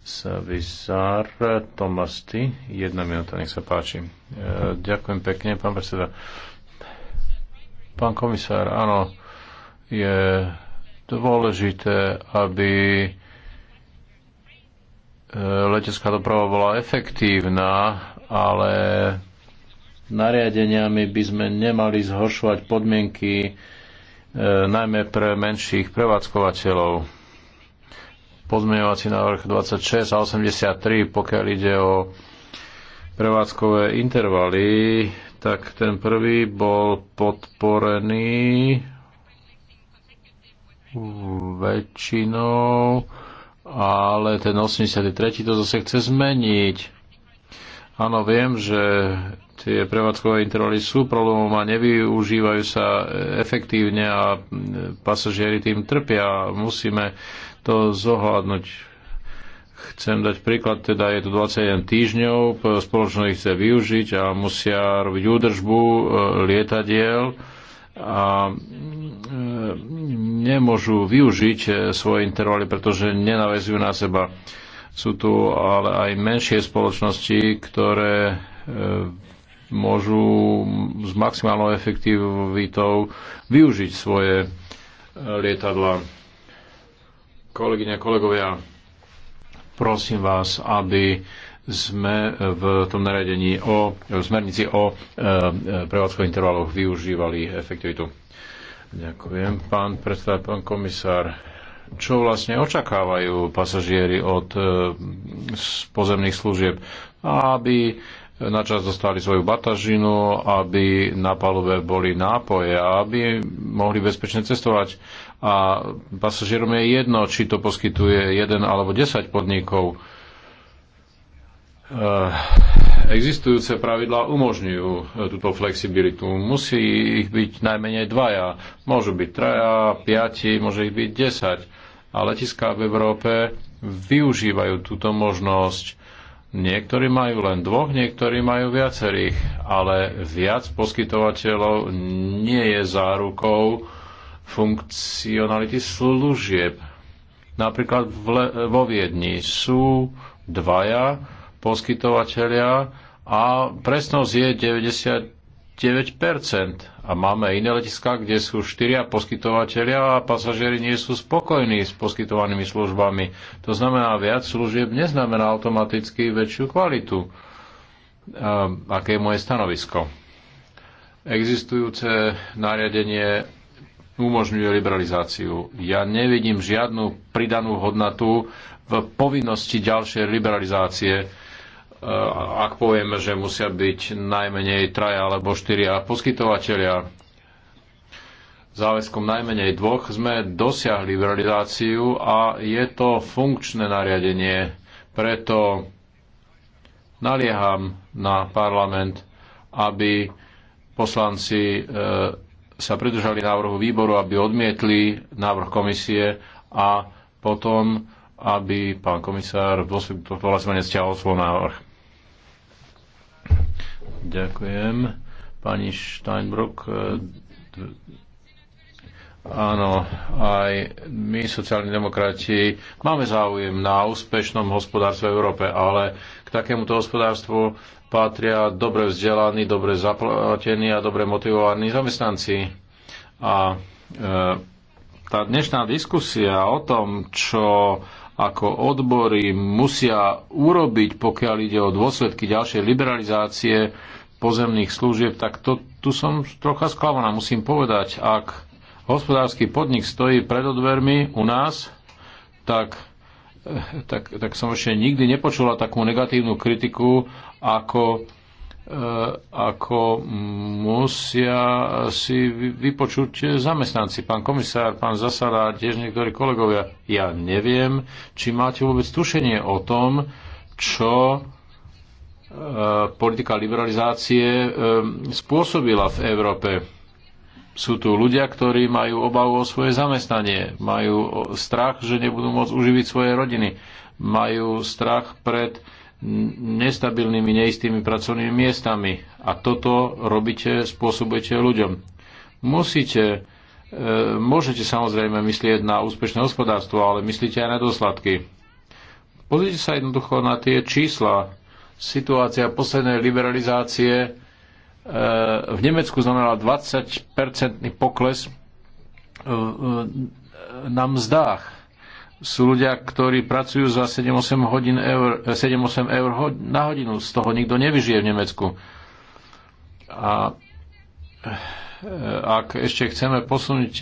Savisar Tomasty. Jedna minúta, nech sa páči. E, ďakujem pekne, pán predseda. Pán komisár, áno, je dôležité, aby e, letecká doprava bola efektívna, ale nariadeniami by sme nemali zhoršovať podmienky e, najmä pre menších prevádzkovateľov pozmeňovací návrh 26 a 83, pokiaľ ide o prevádzkové intervaly, tak ten prvý bol podporený väčšinou, ale ten 83. to zase chce zmeniť. Áno, viem, že tie prevádzkové intervaly sú problémom a nevyužívajú sa efektívne a pasažieri tým trpia. Musíme to zohľadnúť. Chcem dať príklad, teda je tu 21 týždňov, spoločnosť ich chce využiť a musia robiť údržbu e, lietadiel a mm, e, nemôžu využiť e, svoje intervaly, pretože nenavezujú na seba. Sú tu ale aj menšie spoločnosti, ktoré môžu s maximálnou efektivitou využiť svoje lietadla Kolegyne, kolegovia, prosím vás, aby sme v tom naredení o v smernici o e, e, prevádzkových intervaloch využívali efektivitu. Ďakujem. Pán predseda, pán komisár, čo vlastne očakávajú pasažieri od e, pozemných služieb, aby načas dostali svoju batažinu, aby na palube boli nápoje, aby mohli bezpečne cestovať a pasažierom je jedno, či to poskytuje jeden alebo 10 podnikov. E, existujúce pravidlá umožňujú e, túto flexibilitu. Musí ich byť najmenej dvaja. Môžu byť traja, piati, môže ich byť 10. A letiská v Európe využívajú túto možnosť. Niektorí majú len dvoch, niektorí majú viacerých, ale viac poskytovateľov nie je zárukou funkcionality služieb. Napríklad v Le- vo Viedni sú dvaja poskytovateľia a presnosť je 99% a máme iné letiska, kde sú štyria poskytovateľia a pasažieri nie sú spokojní s poskytovanými službami. To znamená, viac služieb neznamená automaticky väčšiu kvalitu. Aké je moje stanovisko? Existujúce nariadenie umožňuje liberalizáciu. Ja nevidím žiadnu pridanú hodnotu v povinnosti ďalšej liberalizácie, e, ak povieme, že musia byť najmenej traja alebo štyria poskytovateľia. Záväzkom najmenej dvoch sme dosiahli liberalizáciu a je to funkčné nariadenie. Preto nalieham na parlament, aby poslanci e, sa pridržali návrhu výboru, aby odmietli návrh komisie a potom, aby pán komisár v dôsledku tohto hlasovania stiahol svoj návrh. Ďakujem. Pani Steinbrück, e, Áno, aj my, sociálni demokrati, máme záujem na úspešnom hospodárstve v Európe, ale k takémuto hospodárstvu patria dobre vzdelaní, dobre zaplatení a dobre motivovaní zamestnanci. A e, tá dnešná diskusia o tom, čo ako odbory musia urobiť, pokiaľ ide o dôsledky ďalšej liberalizácie pozemných služieb, tak to, tu som trocha sklamaná. Musím povedať, ak hospodársky podnik stojí pred odvermi u nás, tak tak, tak som ešte nikdy nepočula takú negatívnu kritiku, ako, e, ako musia si vypočuť zamestnanci. Pán komisár, pán Zasada, tiež niektorí kolegovia. Ja neviem, či máte vôbec tušenie o tom, čo e, politika liberalizácie e, spôsobila v Európe sú tu ľudia, ktorí majú obavu o svoje zamestnanie, majú strach, že nebudú môcť uživiť svoje rodiny, majú strach pred nestabilnými, neistými pracovnými miestami. A toto robíte, spôsobujete ľuďom. Musíte, e, môžete samozrejme myslieť na úspešné hospodárstvo, ale myslíte aj na dôsledky. Pozrite sa jednoducho na tie čísla. Situácia poslednej liberalizácie Eh, v Nemecku znamenala 20-percentný pokles eh, eh, na mzdách. Sú ľudia, ktorí pracujú za 7-8 hodín eur, 7-8 eur na hodinu. Z toho nikto nevyžije v Nemecku. A ak ešte chceme posunúť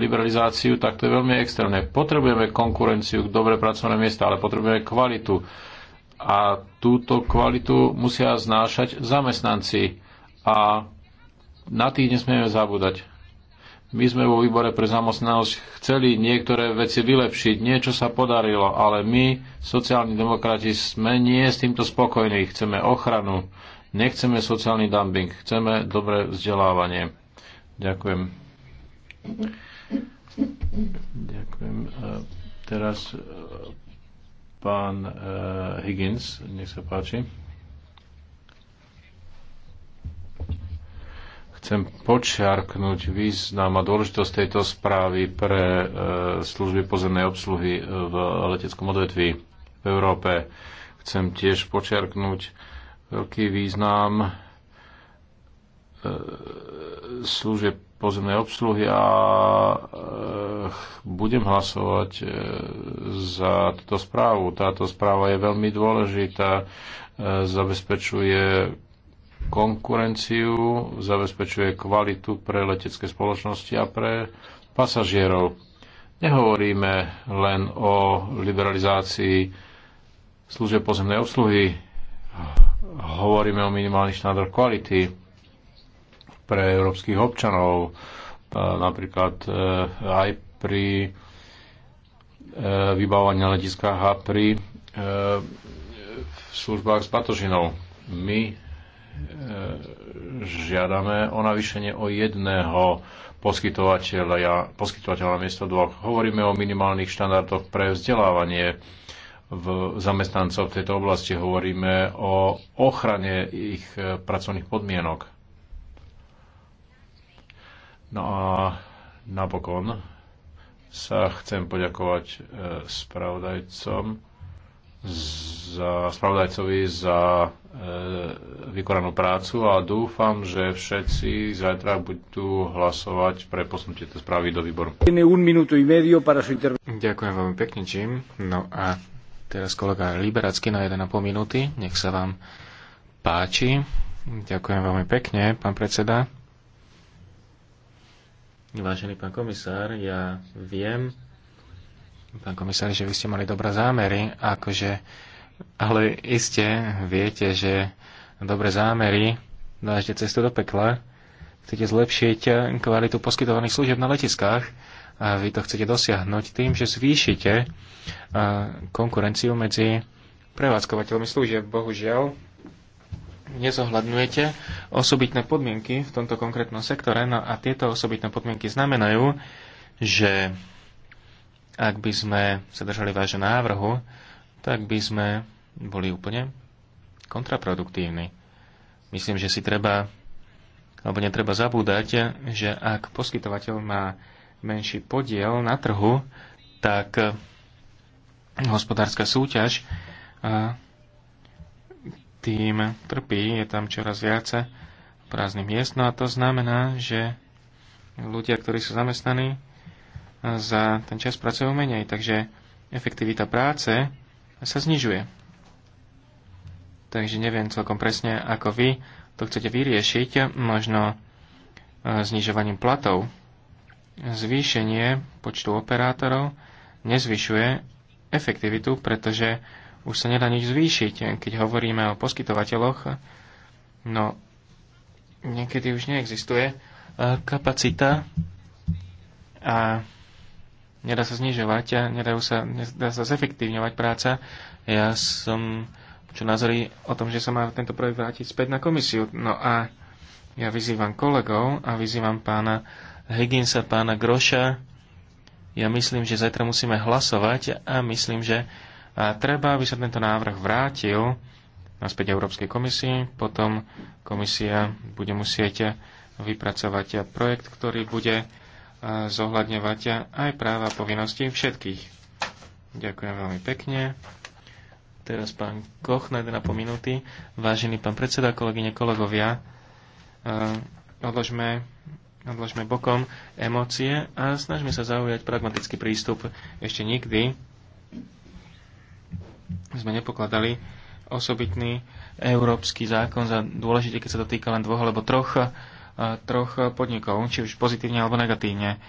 liberalizáciu, tak to je veľmi extrémne. Potrebujeme konkurenciu, dobre pracovné miesta, ale potrebujeme kvalitu a túto kvalitu musia znášať zamestnanci a na tých nesmieme zabúdať. My sme vo výbore pre zamestnanosť chceli niektoré veci vylepšiť, niečo sa podarilo, ale my, sociálni demokrati, sme nie s týmto spokojní. Chceme ochranu, nechceme sociálny dumping, chceme dobré vzdelávanie. Ďakujem. Ďakujem. E, teraz e, Pán eh, Higgins, nech sa páči. chcem počiarknúť význam a dôležitosť tejto správy pre eh, služby pozemnej obsluhy eh, v leteckom odvetví v Európe. Chcem tiež počiarknúť veľký význam služieb pozemnej obsluhy a eh, budem hlasovať eh, za túto správu. Táto správa je veľmi dôležitá, eh, zabezpečuje konkurenciu, zabezpečuje kvalitu pre letecké spoločnosti a pre pasažierov. Nehovoríme len o liberalizácii služieb pozemnej obsluhy, hovoríme o minimálnych štandardoch kvality pre európskych občanov, e, napríklad e, aj pri e, vybavovaní na letiskách a pri službách s patožinou. My žiadame o navýšenie o jedného poskytovateľa, poskytovateľa miesto dvoch. Hovoríme o minimálnych štandardoch pre vzdelávanie v zamestnancov v tejto oblasti. Hovoríme o ochrane ich pracovných podmienok. No a napokon sa chcem poďakovať e, spravodajcom za, spravodajcovi za e, vykonanú prácu a dúfam, že všetci zajtra budú hlasovať pre posunutie tej správy do výboru. Ďakujem veľmi pekne, Jim. No a teraz kolega Liberacký na 1,5 minúty. Nech sa vám páči. Ďakujem veľmi pekne, pán predseda. Vážený pán komisár, ja viem, pán komisár, že vy ste mali dobré zámery, akože, ale iste viete, že dobré zámery dážde cestu do pekla, chcete zlepšiť kvalitu poskytovaných služieb na letiskách a vy to chcete dosiahnuť tým, že zvýšite konkurenciu medzi prevádzkovateľmi služieb. Bohužiaľ, nezohľadňujete osobitné podmienky v tomto konkrétnom sektore. No a tieto osobitné podmienky znamenajú, že ak by sme sa držali vášho návrhu, tak by sme boli úplne kontraproduktívni. Myslím, že si treba, alebo netreba zabúdať, že ak poskytovateľ má menší podiel na trhu, tak hospodárska súťaž tým trpí, je tam čoraz viac prázdnych miest. No a to znamená, že ľudia, ktorí sú zamestnaní, za ten čas pracujú menej, takže efektivita práce sa znižuje. Takže neviem celkom presne, ako vy to chcete vyriešiť, možno e, znižovaním platov. Zvýšenie počtu operátorov nezvyšuje efektivitu, pretože už sa nedá nič zvýšiť, keď hovoríme o poskytovateľoch. No, niekedy už neexistuje eh, kapacita a nedá sa znižovať a nedajú sa, nedá sa zefektívňovať práca. Ja som čo názory o tom, že sa má tento projekt vrátiť späť na komisiu. No a ja vyzývam kolegov a vyzývam pána Higginsa, pána Groša. Ja myslím, že zajtra musíme hlasovať a myslím, že a treba, aby sa tento návrh vrátil naspäť Európskej komisii. Potom komisia bude musieť vypracovať projekt, ktorý bude e, zohľadňovať aj práva a povinnosti všetkých. Ďakujem veľmi pekne. Teraz pán Koch na po minúty. Vážený pán predseda, kolegyne, kolegovia, e, odložme, odložme bokom emócie a snažme sa zaujať pragmatický prístup. Ešte nikdy sme nepokladali osobitný európsky zákon za dôležité, keď sa to týka len dvoch alebo troch, eh, troch podnikov, či už pozitívne alebo negatívne.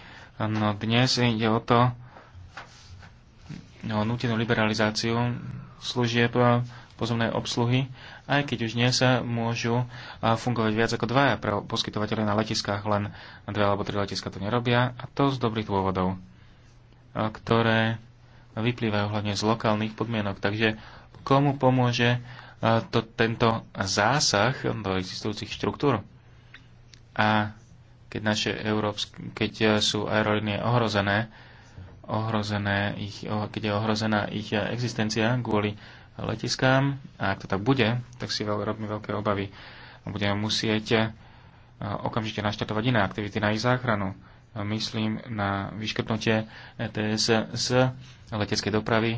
No dnes ide o to, o nutenú liberalizáciu služieb eh, pozemnej obsluhy, aj keď už dnes môžu eh, fungovať viac ako dvaja poskytovateľe na letiskách, len dve alebo tri letiska to nerobia, a to z dobrých dôvodov, ktoré vyplývajú hlavne z lokálnych podmienok. Takže komu pomôže e, to, tento zásah do existujúcich štruktúr? A keď, naše európske, keď sú aerolínie ohrozené, ohrozené ich, keď je ohrozená ich existencia kvôli letiskám, a ak to tak bude, tak si veľ, robíme veľké obavy. Budeme musieť e, okamžite naštartovať iné aktivity na ich záchranu myslím na vyškrtnutie ETS z leteckej dopravy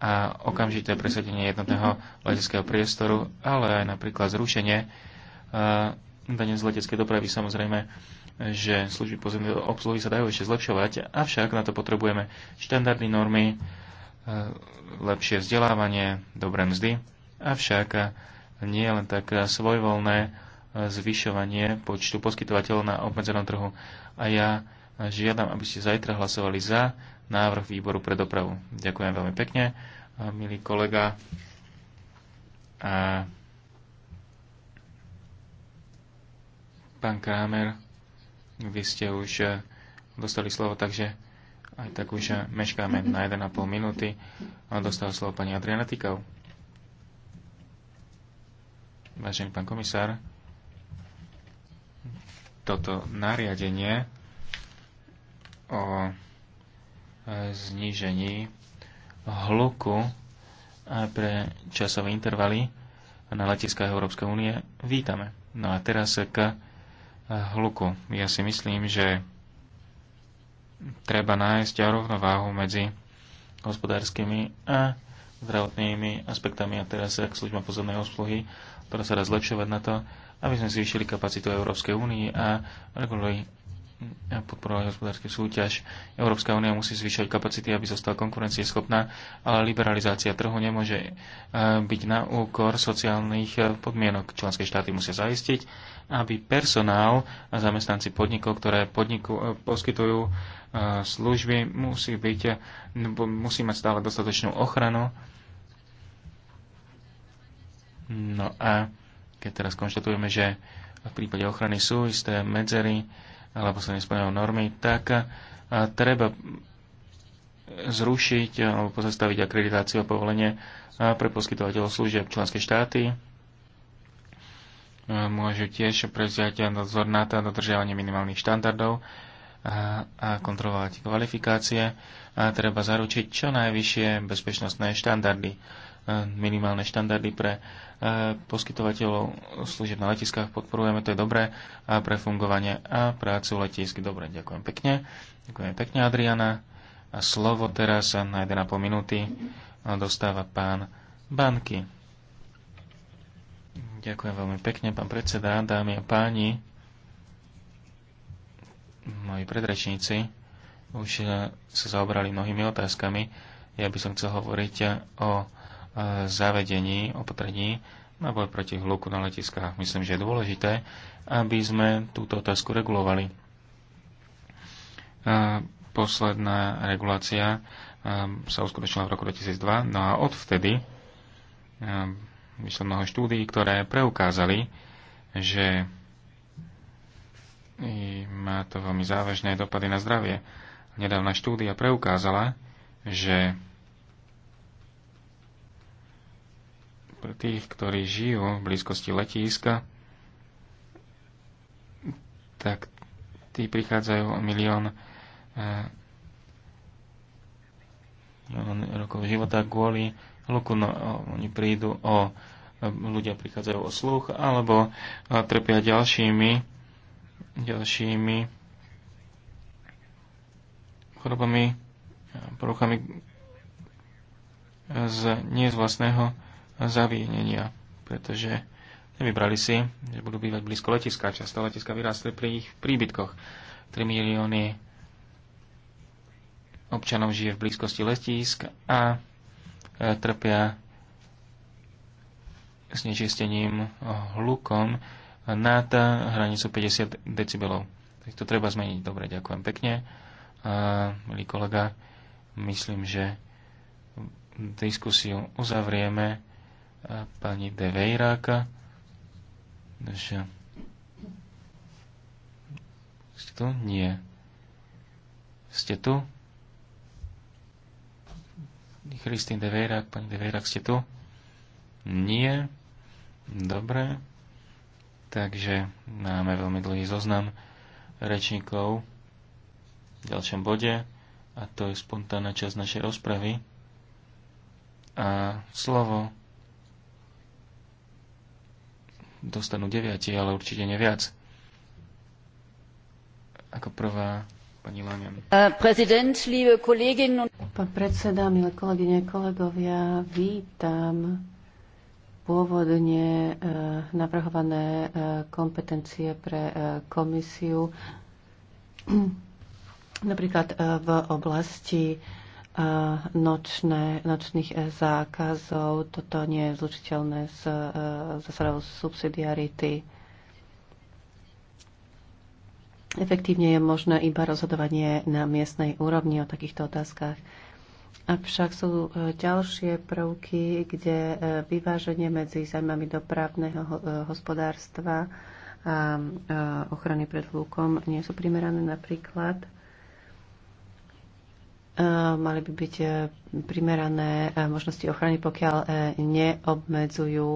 a okamžité presadenie jednotného leteckého priestoru, ale aj napríklad zrušenie eh, dane z leteckej dopravy samozrejme, že služby pozemnej obsluhy sa dajú ešte zlepšovať, avšak na to potrebujeme štandardy normy, eh, lepšie vzdelávanie, dobré mzdy, avšak nie len tak svojvoľné zvyšovanie počtu poskytovateľov na obmedzenom trhu. A ja žiadam, aby ste zajtra hlasovali za návrh výboru pre dopravu. Ďakujem veľmi pekne, milý kolega. A pán Kramer, vy ste už e, dostali slovo, takže aj tak už e, meškáme na 1,5 minúty. Dostal slovo pani Adriana Tikau. Vážený pán komisár, toto nariadenie o e, znížení hluku aj e, pre časové intervaly na letiskách Európskej únie vítame. No a teraz k e, hluku. Ja si myslím, že treba nájsť rovnováhu medzi hospodárskymi a zdravotnými aspektami a teraz k službám pozornej obsluhy, ktorá sa dá zlepšovať na to, aby sme zvýšili kapacitu Európskej únie a regulovali podporovať hospodárskú súťaž. Európska únia musí zvyšovať kapacity, aby zostala konkurencieschopná, ale liberalizácia trhu nemôže e, byť na úkor sociálnych e, podmienok. Členské štáty musia zaistiť, aby personál a zamestnanci podnikov, ktoré podniku, e, poskytujú služby, musí, byť, musí mať stále dostatočnú ochranu. No a keď teraz konštatujeme, že v prípade ochrany sú isté medzery alebo sa nesplňujú normy, tak a treba zrušiť alebo pozastaviť akreditáciu a povolenie pre poskytovateľov služieb členské štáty. Môžu tiež prevziať dozor to dodržiavanie minimálnych štandardov a kontrolovať kvalifikácie a treba zaručiť čo najvyššie bezpečnostné štandardy. E, minimálne štandardy pre e, poskytovateľov služieb na letiskách. Podporujeme, to je dobré a pre fungovanie a prácu letisk. Dobre, ďakujem pekne. Ďakujem pekne, Adriana. A slovo teraz na 1,5 minúty e, dostáva pán Banky. Ďakujem veľmi pekne, pán predseda, dámy a páni, moji predrečníci už sa zaobrali mnohými otázkami. Ja by som chcel hovoriť o E, zavedení opatrení na boj proti hluku na letiskách. Myslím, že je dôležité, aby sme túto otázku regulovali. E, posledná regulácia e, sa uskutočnila v roku 2002, no a odvtedy vyšlo mnoho štúdií, ktoré preukázali, že má to veľmi závažné dopady na zdravie. Nedávna štúdia preukázala, že pre tých, ktorí žijú v blízkosti letiska, tak tí prichádzajú o milión eh, rokov života kvôli luku, No, oni prídu o ľudia prichádzajú o sluch alebo eh, trpia ďalšími ďalšími chorobami eh, poruchami z, nie z vlastného zavínenia, pretože nevybrali si, že budú bývať blízko letiska. Často letiska vyrástli pri ich príbytkoch. 3 milióny občanov žije v blízkosti letísk a e, trpia znečistením hlukom nad hranicu 50 decibelov. Tak to treba zmeniť. Dobre, ďakujem pekne. A, milý kolega, myslím, že diskusiu uzavrieme a pani De Vejráka. Takže... Ste tu? Nie. Ste tu? Christín De Vejrák, pani De Vejrák, ste tu? Nie. Dobre. Takže máme veľmi dlhý zoznam rečníkov v ďalšom bode a to je spontánna časť našej rozpravy. A slovo dostanú deviatie, ale určite neviac. Ako prvá pani Langen. Pán predseda, milé kolegyne, kolegovia, vítam pôvodne eh, navrhované eh, kompetencie pre eh, komisiu napríklad v oblasti nočné, nočných e, zákazov. Toto nie je zlučiteľné s e, zásadou subsidiarity. Efektívne je možné iba rozhodovanie na miestnej úrovni o takýchto otázkach. Avšak sú e, ďalšie prvky, kde vyváženie medzi zájmami dopravného hospodárstva a ochrany pred hľukom nie sú primerané napríklad E, mali by byť e, primerané e, možnosti ochrany, pokiaľ neobmedzujú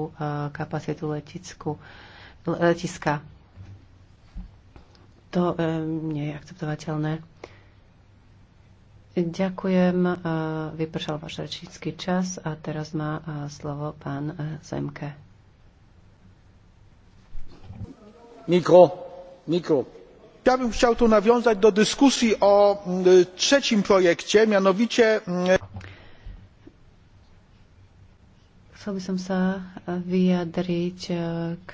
kapacitu letisku, letiska. To nie je akceptovateľné. Ďakujem. Vypršal váš rečnícky čas a teraz má slovo pán Zemke. Mikro. Mikro ja bym chciał tu nawiązać do dyskusji o mm, trzecim projekcie mianowicie mm, Chcel by som sa vyjadriť e, k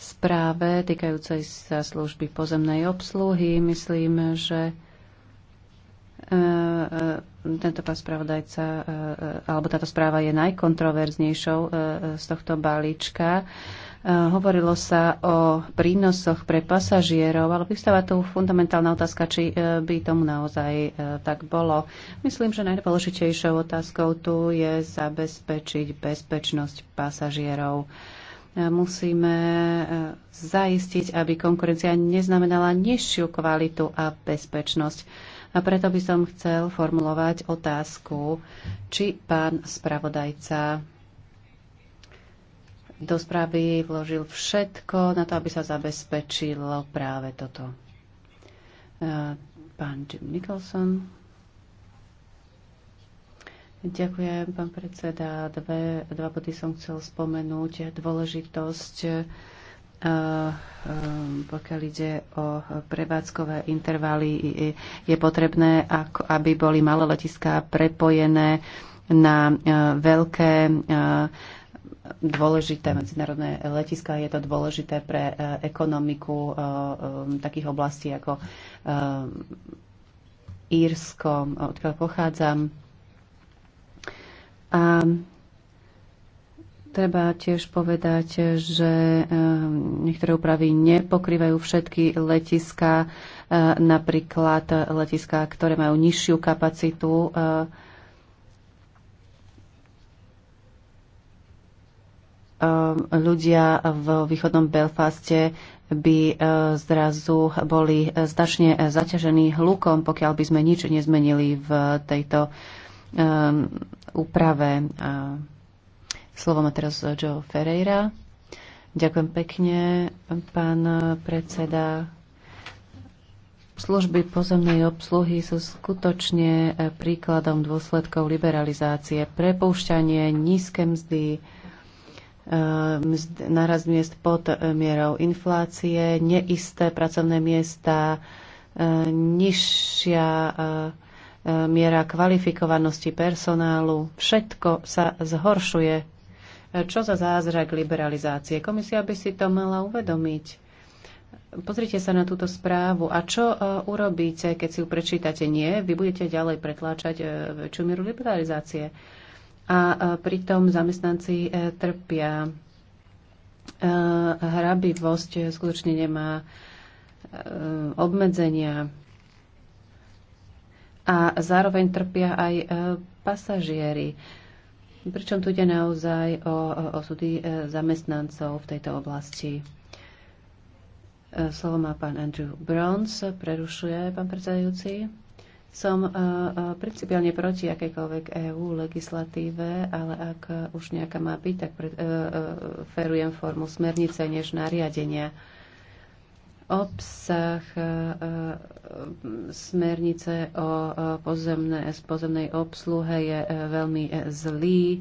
správe týkajúcej sa služby pozemnej obsluhy. Myslím, že e, e, tento pán spravodajca, alebo táto správa je najkontroverznejšou z tohto balíčka. Eh, hovorilo sa o prínosoch pre pasažierov, ale vystáva tu fundamentálna otázka, či eh, by tomu naozaj eh, tak bolo. Myslím, že najdôležitejšou otázkou tu je zabezpečiť bezpečnosť pasažierov musíme zaistiť, aby konkurencia neznamenala nižšiu kvalitu a bezpečnosť. A preto by som chcel formulovať otázku, či pán spravodajca do správy vložil všetko na to, aby sa zabezpečilo práve toto. E, pán Jim Nicholson. Ďakujem, pán predseda. Dve, dva body som chcel spomenúť. Dôležitosť, e, e, pokiaľ ide o prevádzkové intervaly, je potrebné, aby boli malé letiská prepojené na veľké dôležité medzinárodné letiska, je to dôležité pre e, ekonomiku e, e, takých oblastí ako Írsko, odkiaľ pochádzam. A treba tiež povedať, že niektoré úpravy nepokrývajú všetky letiska, napríklad letiská, ktoré majú nižšiu kapacitu Ehm, ľudia v východnom Belfaste by e, zrazu boli značne e, zaťažení hlukom, pokiaľ by sme nič nezmenili v tejto ehm, úprave. Slovo má teraz Joe Ferreira. Ďakujem pekne, pán predseda. Služby pozemnej obsluhy sú skutočne e, príkladom dôsledkov liberalizácie. Prepúšťanie, nízke mzdy, Ehm, naraz miest pod eh, mierou inflácie, neisté pracovné miesta, eh, nižšia eh, miera kvalifikovanosti personálu. Všetko sa zhoršuje. Čo za zázrak liberalizácie? Komisia by si to mala uvedomiť. Pozrite sa na túto správu. A čo urobíte, keď si ju prečítate? Nie, vy budete ďalej pretláčať väčšiu mieru liberalizácie a e, pritom zamestnanci e, trpia. E, hrabivosť skutočne nemá obmedzenia a zároveň trpia aj pasažieri. Pričom tu ide naozaj o osudy zamestnancov v tejto oblasti. Slovo má pán Andrew Browns, prerušuje pán predsedajúci. Som e, e, principiálne proti akékoľvek EÚ legislatíve, ale ak už nejaká má byť, tak uh, ferujem formu smernice než nariadenia. Obsah smernice o pozemnej obsluhe je veľmi zlý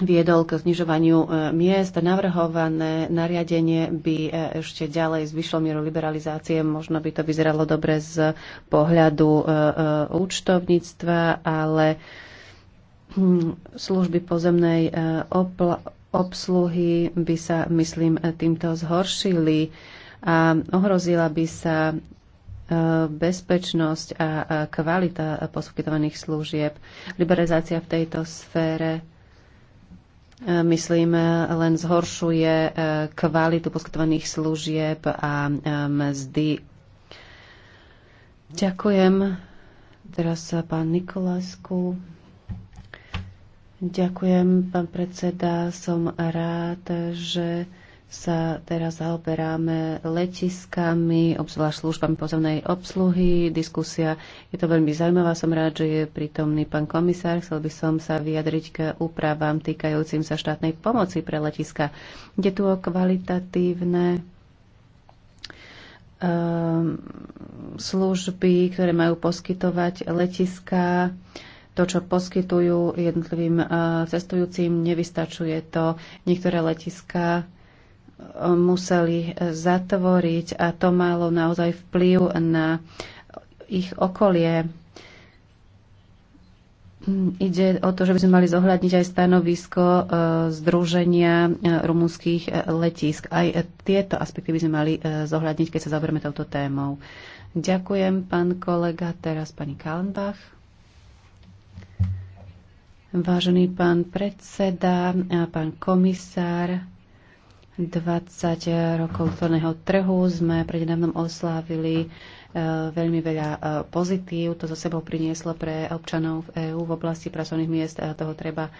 viedol k znižovaniu e, miest. Navrhované nariadenie by e, ešte ďalej zvyšlo mieru liberalizácie. Možno by to vyzeralo dobre z pohľadu e, účtovníctva, ale hm, služby pozemnej obsluhy by sa, myslím, týmto zhoršili a ohrozila by sa bezpečnosť a kvalita poskytovaných služieb. Liberalizácia v tejto sfére myslím, len zhoršuje e, kvalitu poskytovaných služieb a e, mzdy. Ďakujem. Teraz e, pán Nikolásku. Ďakujem, pán predseda. Som rád, že sa teraz zaoberáme letiskami, obzvlášť službami pozemnej obsluhy. Diskusia je to veľmi zaujímavá. Som rád, že je prítomný pán komisár. Chcel by som sa vyjadriť k úpravám týkajúcim sa štátnej pomoci pre letiska. Je tu o kvalitatívne um, služby, ktoré majú poskytovať letiska to, čo poskytujú jednotlivým eh, cestujúcim, nevystačuje to. Niektoré letiska museli zatvoriť a to malo naozaj vplyv na ich okolie. Ide o to, že by sme mali zohľadniť aj stanovisko e, Združenia e, rumúnskych e, letísk. Aj tieto aspekty by sme mali zohľadniť, keď sa zaoberieme touto témou. Ďakujem, pán kolega. Teraz pani Kalnbach. Vážený pán predseda, pán komisár, 20 rokov vnútorného trhu sme prednedávnom oslávili e, veľmi veľa e, pozitív. To za sebou prinieslo pre občanov v EÚ v oblasti pracovných miest. a Toho treba e,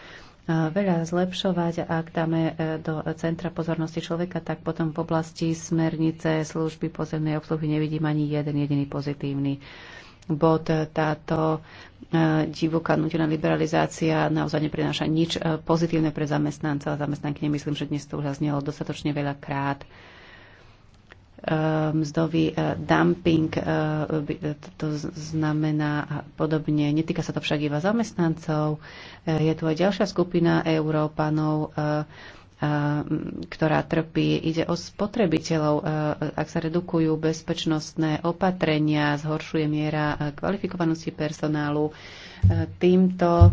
veľa zlepšovať. Ak dáme do centra pozornosti človeka, tak potom v oblasti smernice služby pozemnej obsluhy nevidím ani jeden jediný pozitívny bod e, táto e, divoká nutená liberalizácia naozaj neprináša nič e, pozitívne pre zamestnanca a zamestnanky. Myslím, že dnes to už zaznelo dostatočne veľa krát. Mzdový dumping to znamená podobne. Netýka sa to však iba zamestnancov. Je tu aj ďalšia skupina Európanov, ktorá trpí. Ide o spotrebiteľov. Ak sa redukujú bezpečnostné opatrenia, zhoršuje miera kvalifikovanosti personálu. Týmto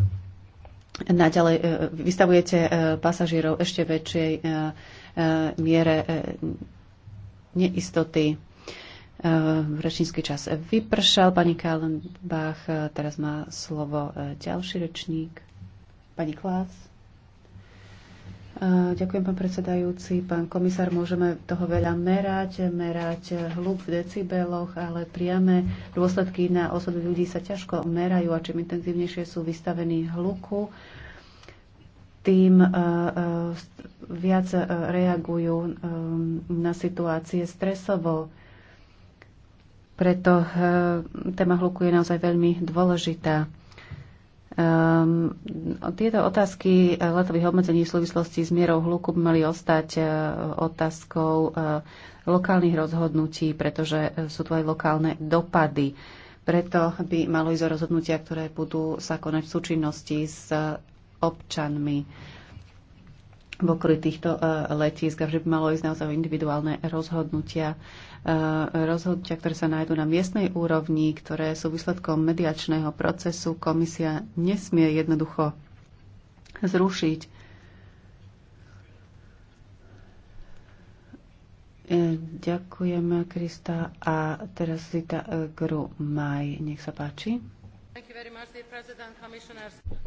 naďalej e, vystavujete e, pasažierov ešte väčšej e, miere neistoty. Rečnícky čas vypršal. Pani Kalenbach, teraz má slovo ďalší rečník. Pani Klas. Eh, ďakujem, pán predsedajúci. Pán komisár, môžeme toho veľa merať, merať hluk v decibeloch, ale priame dôsledky na osoby ľudí sa ťažko merajú a čím intenzívnejšie sú vystavení hluku, tým eh, eh, viac reagujú na situácie stresovo. Preto téma hluku je naozaj veľmi dôležitá. Um, tieto otázky eh, letových obmedzení v súvislosti s mierou hluku by mali ostať uh, otázkou uh, lokálnych rozhodnutí, pretože sú tu aj lokálne dopady. Preto by malo ísť o rozhodnutia, ktoré budú sa konať v súčinnosti s občanmi v okolí týchto letísk a že by malo ísť naozaj o individuálne rozhodnutia. Uh, Eh, rozhodnutia, ktoré sa nájdú na miestnej úrovni, ktoré sú výsledkom mediačného procesu, komisia nesmie jednoducho zrušiť. Eh, ďakujeme, Krista. A teraz Zita eh, Gru Maj. Nech sa páči.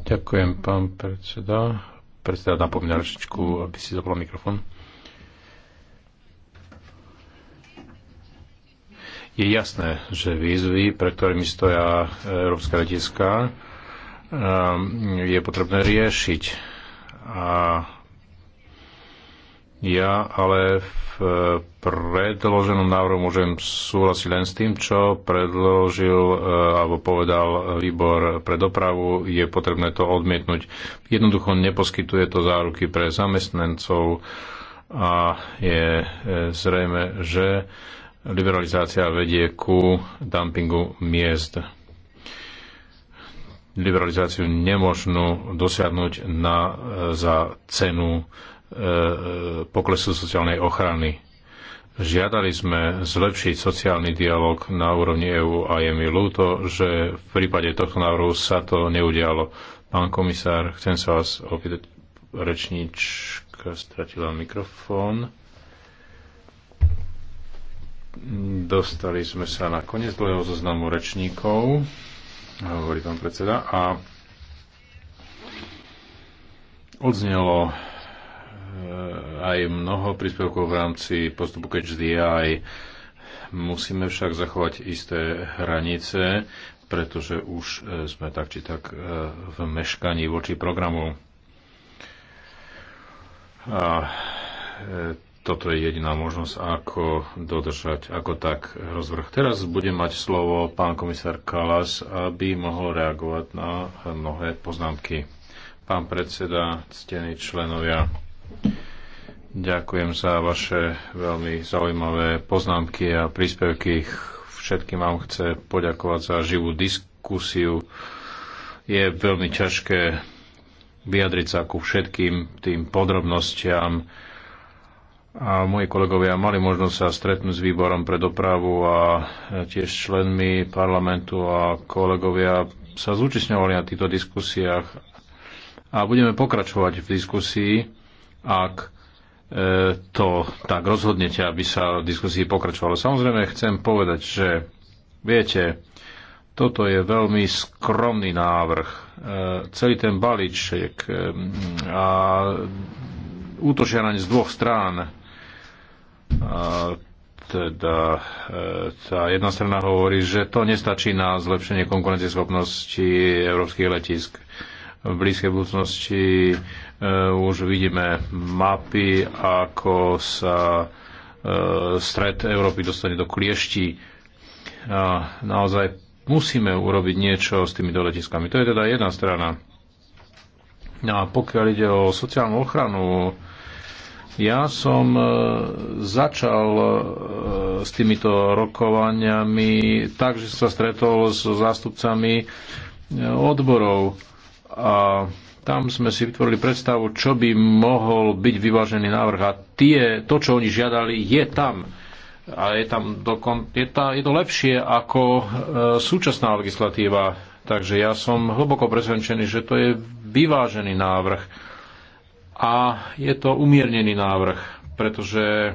Ďakujem, pán predseda. Predseda, dám povinne aby si zapol mikrofón. Je jasné, že výzvy, pre ktorými stoja európska letiska, um, je potrebné riešiť. A ja ale v predloženom návrhu môžem súhlasiť len s tým, čo predložil e, alebo povedal výbor pre dopravu. Je potrebné to odmietnúť. Jednoducho neposkytuje to záruky pre zamestnancov a je e, zrejme, že Liberalizácia vedie ku dumpingu miest. Liberalizáciu nemôžno dosiahnuť na, za cenu e, poklesu sociálnej ochrany. Žiadali sme zlepšiť sociálny dialog na úrovni EÚ a je mi ľúto, že v prípade tohto návrhu sa to neudialo. Pán komisár, chcem sa vás opýtať, rečnička stratila mikrofón. Dostali sme sa na koniec dlhého zoznamu rečníkov, hovorí pán predseda, a odznelo eh, aj mnoho príspevkov v rámci postupu Catch the Eye. Musíme však zachovať isté hranice, pretože už eh, sme tak či tak eh, v meškaní voči programu. A toto je jediná možnosť, ako dodržať ako tak rozvrh. Teraz bude mať slovo pán komisár Kalas, aby mohol reagovať na mnohé poznámky. Pán predseda, ctení členovia, ďakujem za vaše veľmi zaujímavé poznámky a príspevky. Všetkým vám chce poďakovať za živú diskusiu. Je veľmi ťažké vyjadriť sa ku všetkým tým podrobnostiam, a moji kolegovia mali možnosť sa stretnúť s výborom pre dopravu a tiež členmi parlamentu a kolegovia sa zúčastňovali na týchto diskusiách a budeme pokračovať v diskusii, ak e, to tak rozhodnete, aby sa v diskusii pokračovalo. Samozrejme chcem povedať, že viete, toto je veľmi skromný návrh. E, celý ten balíček e, a útočia naň z dvoch strán a teda e, tá jedna strana hovorí, že to nestačí na zlepšenie konkurencieschopnosti európskych letisk. V blízkej budúcnosti e, už vidíme mapy, ako sa e, stred Európy dostane do klieští. A naozaj musíme urobiť niečo s týmito letiskami. To je teda jedna strana. No a pokiaľ ide o sociálnu ochranu, ja som e, začal e, s týmito rokovaniami tak, že sa stretol s zástupcami e, odborov a tam sme si vytvorili predstavu, čo by mohol byť vyvážený návrh. A tie, to, čo oni žiadali, je tam. A je, tam dokon, je, tá, je to lepšie ako súčasná legislatíva. Takže ja som hlboko presvedčený, že to je vyvážený návrh a je to umiernený návrh, pretože eh,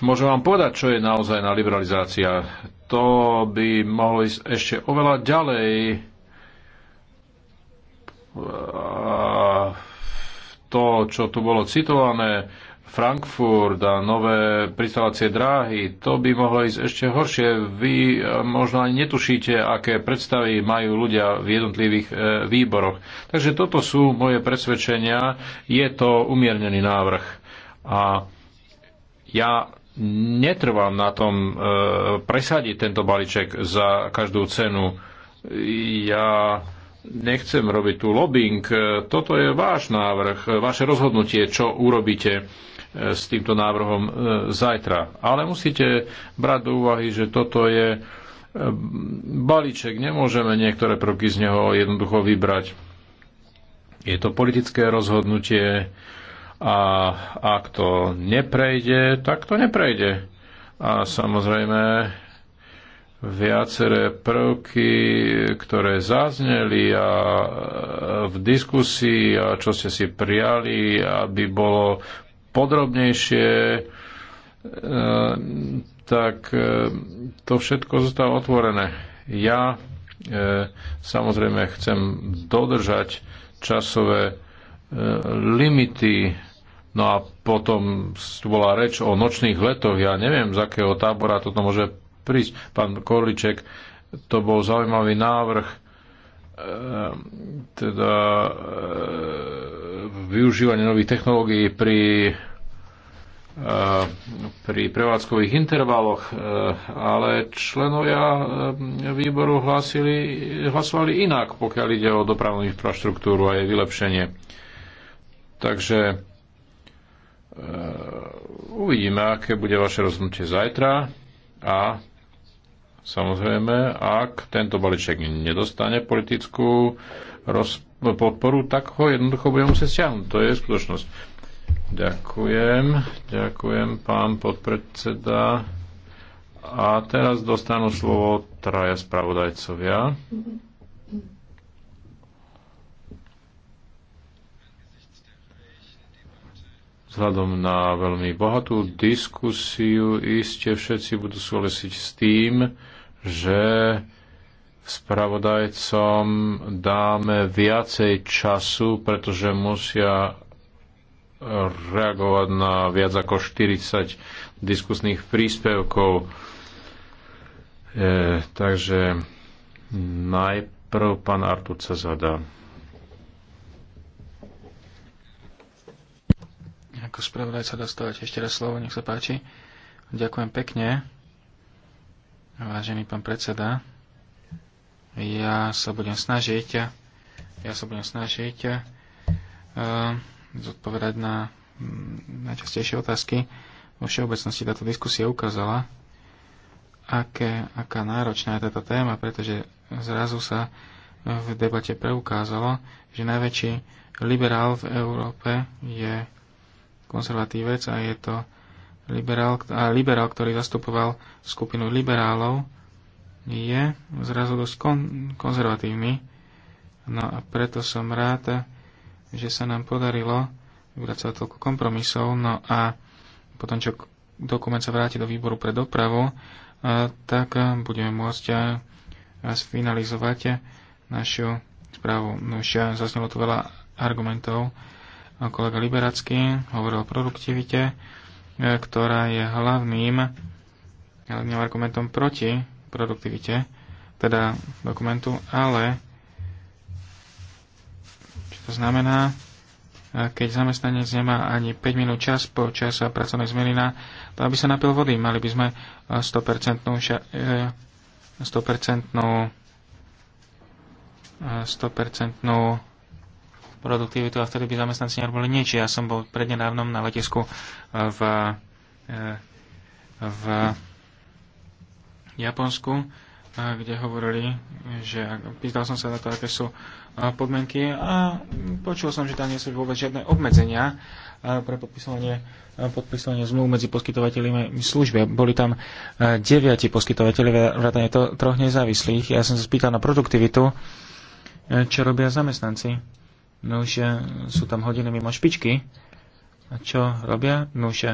môžem vám povedať, čo je naozaj na liberalizácia. To by mohlo ísť ešte oveľa ďalej. A to, čo tu bolo citované, Frankfurt a nové pristávacie dráhy, to by mohlo ísť ešte horšie. Vy eh, možno ani netušíte, aké predstavy majú ľudia v jednotlivých eh, výboroch. Takže toto sú moje presvedčenia. Je to umiernený návrh. A ja netrvám na tom e, presadiť tento balíček za každú cenu. Ja nechcem robiť tu lobbying. Toto je váš návrh, vaše rozhodnutie, čo urobíte s týmto návrhom e, zajtra. Ale musíte brať do úvahy, že toto je e, balíček, nemôžeme niektoré prvky z neho jednoducho vybrať. Je to politické rozhodnutie a ak to neprejde, tak to neprejde. A samozrejme viaceré prvky, ktoré zazneli a e, v diskusii a čo ste si prijali, aby bolo podrobnejšie, e, tak e, to všetko zostáva otvorené. Ja e, samozrejme chcem dodržať časové limity. No a potom bola reč o nočných letoch. Ja neviem, z akého tábora toto môže prísť. Pán Korliček, to bol zaujímavý návrh Ehm, teda ehm, využívanie nových technológií pri ehm, pri prevádzkových intervaloch, ale členovia výboru hlasili, hlasovali inak, pokiaľ ide o dopravnú infraštruktúru a jej vylepšenie. Takže uvidíme, aké bude vaše rozhodnutie zajtra a Samozrejme, ak tento balíček nedostane politickú roz- podporu, tak ho jednoducho budeme musieť stiahnuť. To je skutočnosť. Ďakujem. Ďakujem, pán podpredseda. A teraz dostanú slovo traja spravodajcovia. Mm-hmm. Vzhľadom na veľmi bohatú diskusiu iste všetci budú súhlasiť s tým, že spravodajcom dáme viacej času, pretože musia reagovať na viac ako 40 diskusných príspevkov. E, takže najprv pán Artur Cezada. ako spravodajca dostávať ešte raz slovo, nech sa páči. Ďakujem pekne, vážený pán predseda. Ja sa budem snažiť, ja sa budem snažiť uh, zodpovedať na mm, najčastejšie otázky. Vo všeobecnosti táto diskusia ukázala, aké, aká náročná je táto téma, pretože zrazu sa v debate preukázalo, že najväčší liberál v Európe je konzervatívec a je to liberál, a liberál, ktorý zastupoval skupinu liberálov, je zrazu dosť kon- konzervatívny. No a preto som rád, že sa nám podarilo vybrať sa toľko kompromisov. No a potom, čo dokument sa vráti do výboru pre dopravu, tak budeme môcť sfinalizovať našu správu. No Už zaznelo tu veľa argumentov kolega Liberacký hovoril o produktivite, e, ktorá je hlavným, hlavným argumentom proti produktivite, teda dokumentu, ale čo to znamená, e, keď zamestnanec nemá ani 5 minút čas po čase pracovnej zmeny na to, aby sa napil vody. Mali by sme 100%, 100%, 100% produktivitu a vtedy by zamestnanci nerobili nič. Ja som bol prednedávnom na letisku eh, v, eh, eh, v Japonsku, kde hovorili, že pýtal som sa na to, aké sú podmienky a počul som, že tam nie sú vôbec žiadne obmedzenia pre podpisovanie, podpisovanie zmluv medzi poskytovateľmi služby. Boli tam deviati poskytovateľi, vrátane to, troch nezávislých. Ja som sa spýtal na produktivitu, čo robia zamestnanci Nože, sú tam hodiny mimo špičky. A čo robia? Nuž,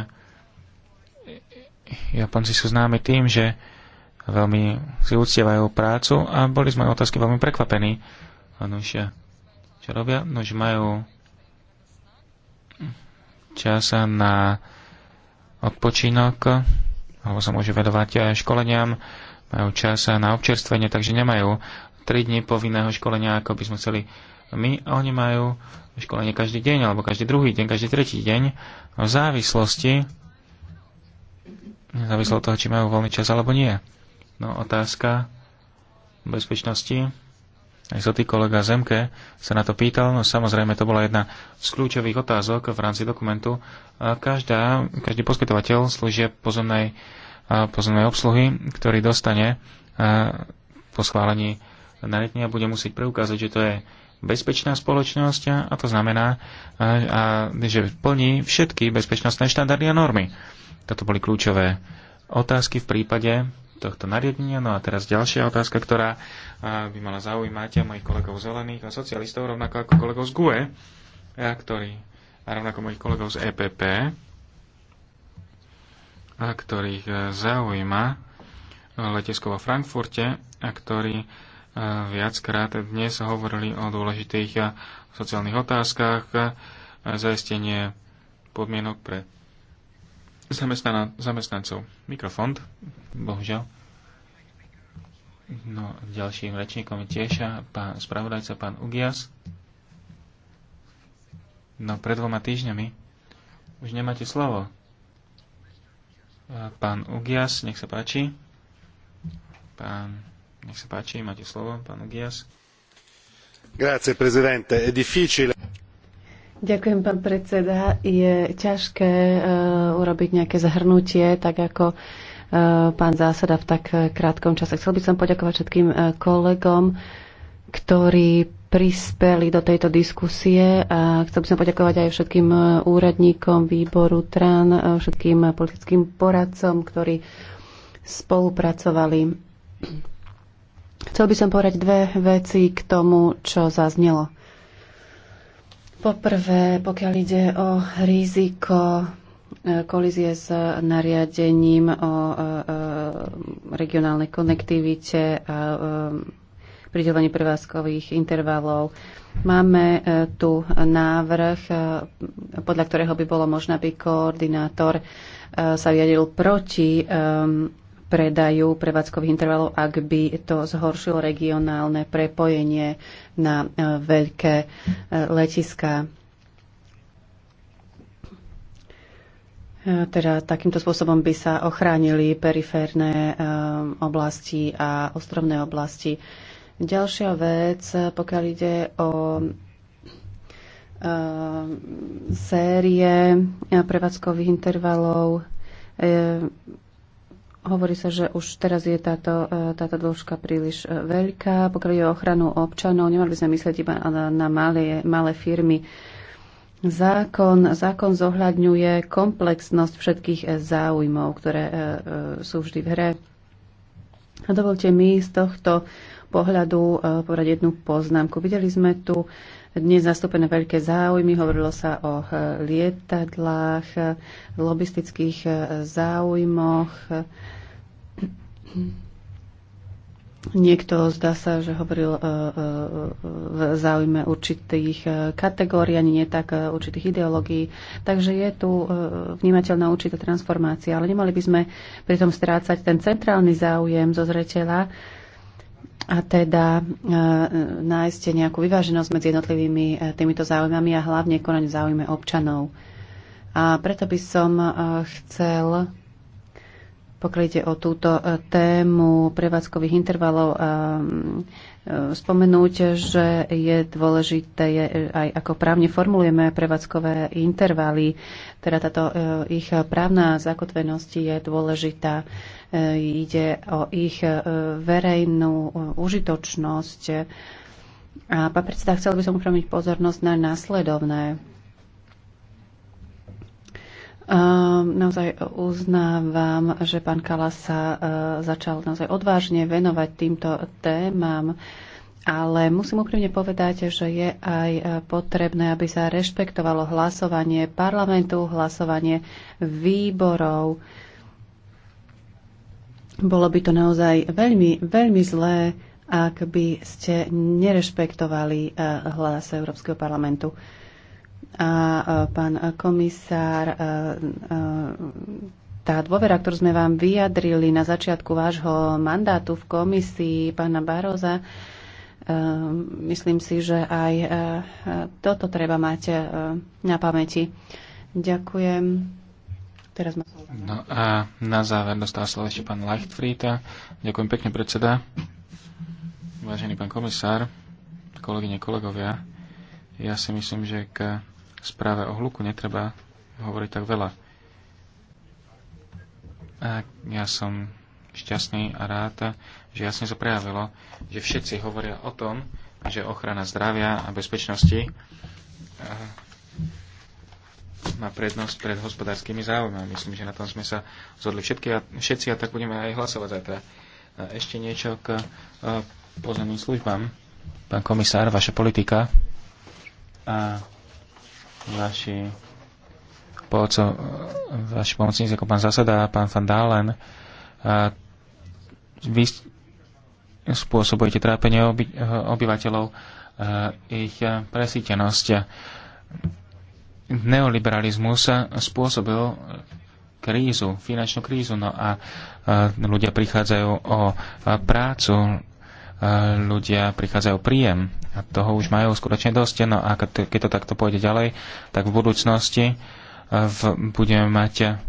Japonci sú známi tým, že veľmi si uctievajú prácu a boli z mojej otázky veľmi prekvapení. A nože, čo robia? Nože, majú čas na odpočinok, alebo sa môže vedovať aj školeniam, majú čas na občerstvenie, takže nemajú 3 dní povinného školenia, ako by sme chceli my, oni majú školenie každý deň, alebo každý druhý deň, každý tretí deň, v závislosti, závislo od toho, či majú voľný čas alebo nie. No otázka bezpečnosti, aj so tý kolega Zemke sa na to pýtal, no samozrejme to bola jedna z kľúčových otázok v rámci dokumentu. Každá, každý poskytovateľ služie pozemnej, pozemnej obsluhy, ktorý dostane po schválení a bude musieť preukázať, že to je bezpečná spoločnosť a to znamená, a, a, že plní všetky bezpečnostné štandardy a normy. Toto boli kľúčové otázky v prípade tohto nariadenia. No a teraz ďalšia otázka, ktorá by mala zaujímať a mojich kolegov zelených a socialistov, rovnako ako kolegov z GUE, a, ktorý, a rovnako mojich kolegov z EPP, a ktorých e, zaujíma letesko vo Frankfurte a ktorí viackrát dnes hovorili o dôležitých sociálnych otázkach, zaistenie podmienok pre zamestnancov. Mikrofon, bohužiaľ. No, ďalším rečníkom je tiež pán spravodajca, pán Ugias. No, pred dvoma týždňami už nemáte slovo. Pán Ugias, nech sa páči. Pán nech sa páči, máte slovo, pán Gias. Grazie, prezidente. È difficile. Ďakujem, pán predseda. Je ťažké uh, urobiť nejaké zhrnutie, tak ako e, pán zásada v tak krátkom čase. Chcel by som poďakovať všetkým e, kolegom, ktorí prispeli do tejto diskusie a chcel by som poďakovať aj všetkým úradníkom výboru TRAN, všetkým politickým poradcom, ktorí spolupracovali Chcel by som povedať dve veci k tomu, čo zaznelo. Poprvé, pokiaľ ide o riziko e, kolízie s nariadením o e, e, regionálnej konektivite a pridelení prevázkových intervalov. Máme tu návrh, podľa ktorého by bolo možné, aby koordinátor sa vyjadil proti predajú prevádzkových intervalov, ak by to zhoršilo regionálne prepojenie na e, veľké e, letiská. E, teda takýmto spôsobom by sa ochránili periférne oblasti a ostrovné oblasti. Ďalšia vec, pokiaľ ide o série prevádzkových intervalov, Hovorí sa, že už teraz je táto, e, táto dĺžka príliš e, veľká. Pokiaľ je ochranu občanov, nemali by sme myslieť iba na malé, malé firmy. Zákon, zákon zohľadňuje komplexnosť všetkých e, záujmov, ktoré sú vždy v hre. A dovolte mi z tohto pohľadu povedať jednu poznámku. Videli sme tu dnes zastúpené veľké záujmy. Hovorilo sa o eh, lietadlách, eh, lobistických eh, záujmoch. Niekto zdá sa, že hovoril v záujme určitých kategórií, ani nie tak určitých ideológií. Takže je tu vnímateľná určitá transformácia, ale nemali by sme pritom strácať ten centrálny záujem zo zreteľa, a teda e, nájsť nejakú vyváženosť medzi jednotlivými e, týmito záujmami a hlavne konať v záujme občanov. A preto by som e, chcel, pokryť o túto e, tému prevádzkových intervalov, e, e, spomenúť, že je dôležité je, e, aj ako právne formulujeme prevádzkové intervaly, teda táto e, ich právna zakotvenosť je dôležitá Eh, ide o ich eh, verejnú eh, užitočnosť. A pán predseda, chcel by som upromiť pozornosť na následovné. Ehm, naozaj uznávam, že pán Kala sa začal naozaj odvážne venovať týmto témam, ale musím úprimne povedať, že je aj potrebné, aby sa rešpektovalo hlasovanie parlamentu, hlasovanie výborov, bolo by to naozaj veľmi, veľmi zlé, ak by ste nerešpektovali eh, hlas Európskeho parlamentu. A eh, pán komisár, eh, tá dôvera, ktorú sme vám vyjadrili na začiatku vášho mandátu v komisii pána Baroza, myslím si, že aj toto treba mať na pamäti. Ďakujem. Teraz má No a na záver dostal slovo ešte pán Leichtfrieda. Ďakujem pekne, predseda. Vážený pán komisár, kolegyne, kolegovia, ja si myslím, že k správe o hluku netreba hovoriť tak veľa. A ja som šťastný a rád, že jasne sa prejavilo, že všetci hovoria o tom, že ochrana zdravia a bezpečnosti má prednosť pred hospodárskymi záujmami. Myslím, že na tom sme sa zhodli všetky a, všetci a tak budeme aj hlasovať zajtra. A ešte niečo k e, pozemným službám. Pán komisár, vaša politika a vaši, poco, vaši pomocníci ako pán Zasada a pán Van Dalen a vy spôsobujete trápenie oby, obyvateľov ich presítenosť neoliberalizmus spôsobil krízu, finančnú krízu, no a e, ľudia prichádzajú o e, prácu, e, ľudia prichádzajú príjem a toho už majú skutočne dosť. No a keď to takto pôjde ďalej, tak v budúcnosti v, budeme mať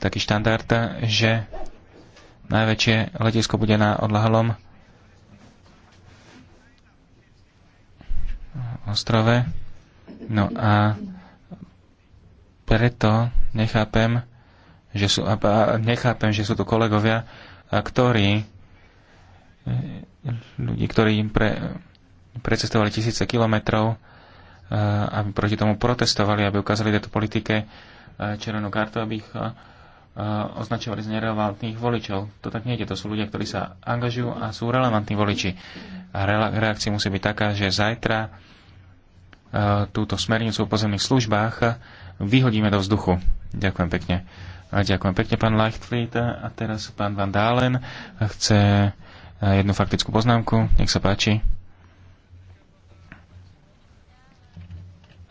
taký štandard, že najväčšie letisko bude na odlahlom ostrove. No a preto nechápem, že sú, nechápem, že sú tu kolegovia, ktorí e, ľudí, ktorí pre, precestovali tisíce kilometrov, e, aby proti tomu protestovali, aby ukázali tejto politike e, červenú kartu, aby ich označovali z nerelevantných voličov. To tak nie je. To sú ľudia, ktorí sa angažujú a sú relevantní voliči. A reakcia musí byť taká, že zajtra E, túto smernicu o pozemných službách e, vyhodíme do vzduchu. Ďakujem pekne. A ďakujem pekne, pán Leichtfried. A teraz pán Van Dalen chce e, jednu faktickú poznámku. Nech sa páči.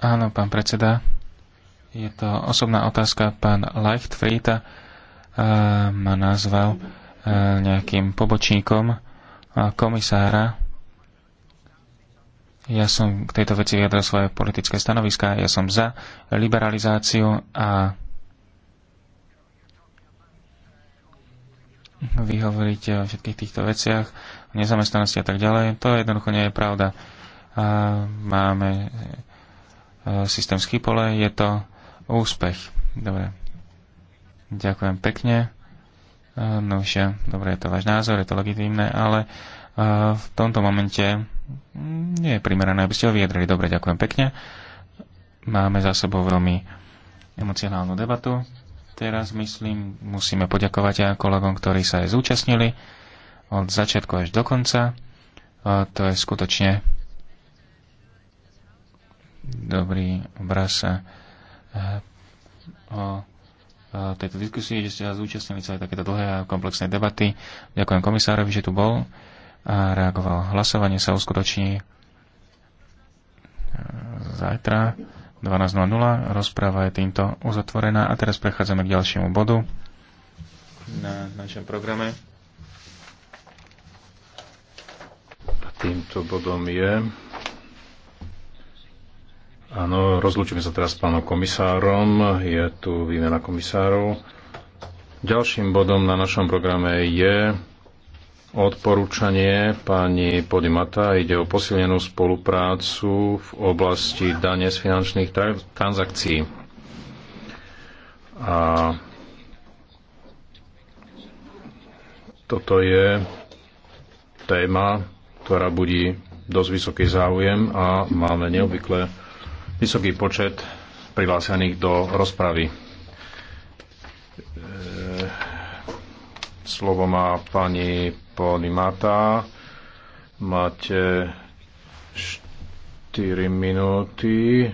Áno, pán predseda. Je to osobná otázka. Pán Leichtfried ma nazval nejakým pobočníkom komisára ja som k tejto veci vyjadril svoje politické stanoviská. Ja som za liberalizáciu a vy hovoríte o všetkých týchto veciach, o nezamestnanosti a tak ďalej. To jednoducho nie je pravda. A máme e, systém Schipole, je to úspech. Dobre. Ďakujem pekne. E, no už, dobre, je to váš názor, je to legitímne, ale e, v tomto momente nie je primerané, aby ste ho vyjadrili. Dobre, ďakujem pekne. Máme za sebou veľmi emocionálnu debatu. Teraz, myslím, musíme poďakovať aj kolegom, ktorí sa aj zúčastnili od začiatku až do konca. To je skutočne dobrý obraz eh, o eh, tejto diskusii, že ste sa zúčastnili celé takéto dlhé a komplexné debaty. Ďakujem komisárovi, že tu bol a reagoval. Hlasovanie sa uskutoční e, zajtra 12.00. Rozpráva je týmto uzatvorená a teraz prechádzame k ďalšiemu bodu na našom programe. A týmto bodom je Áno, rozlúčime sa teraz s pánom komisárom. Je tu výmena komisárov. Ďalším bodom na našom programe je odporúčanie pani Podimata ide o posilnenú spoluprácu v oblasti dane z finančných transakcií. A toto je téma, ktorá budí dosť vysoký záujem a máme neobvykle vysoký počet prihlásených do rozpravy. E, slovo má pani Podimata. Máte 4 minúty.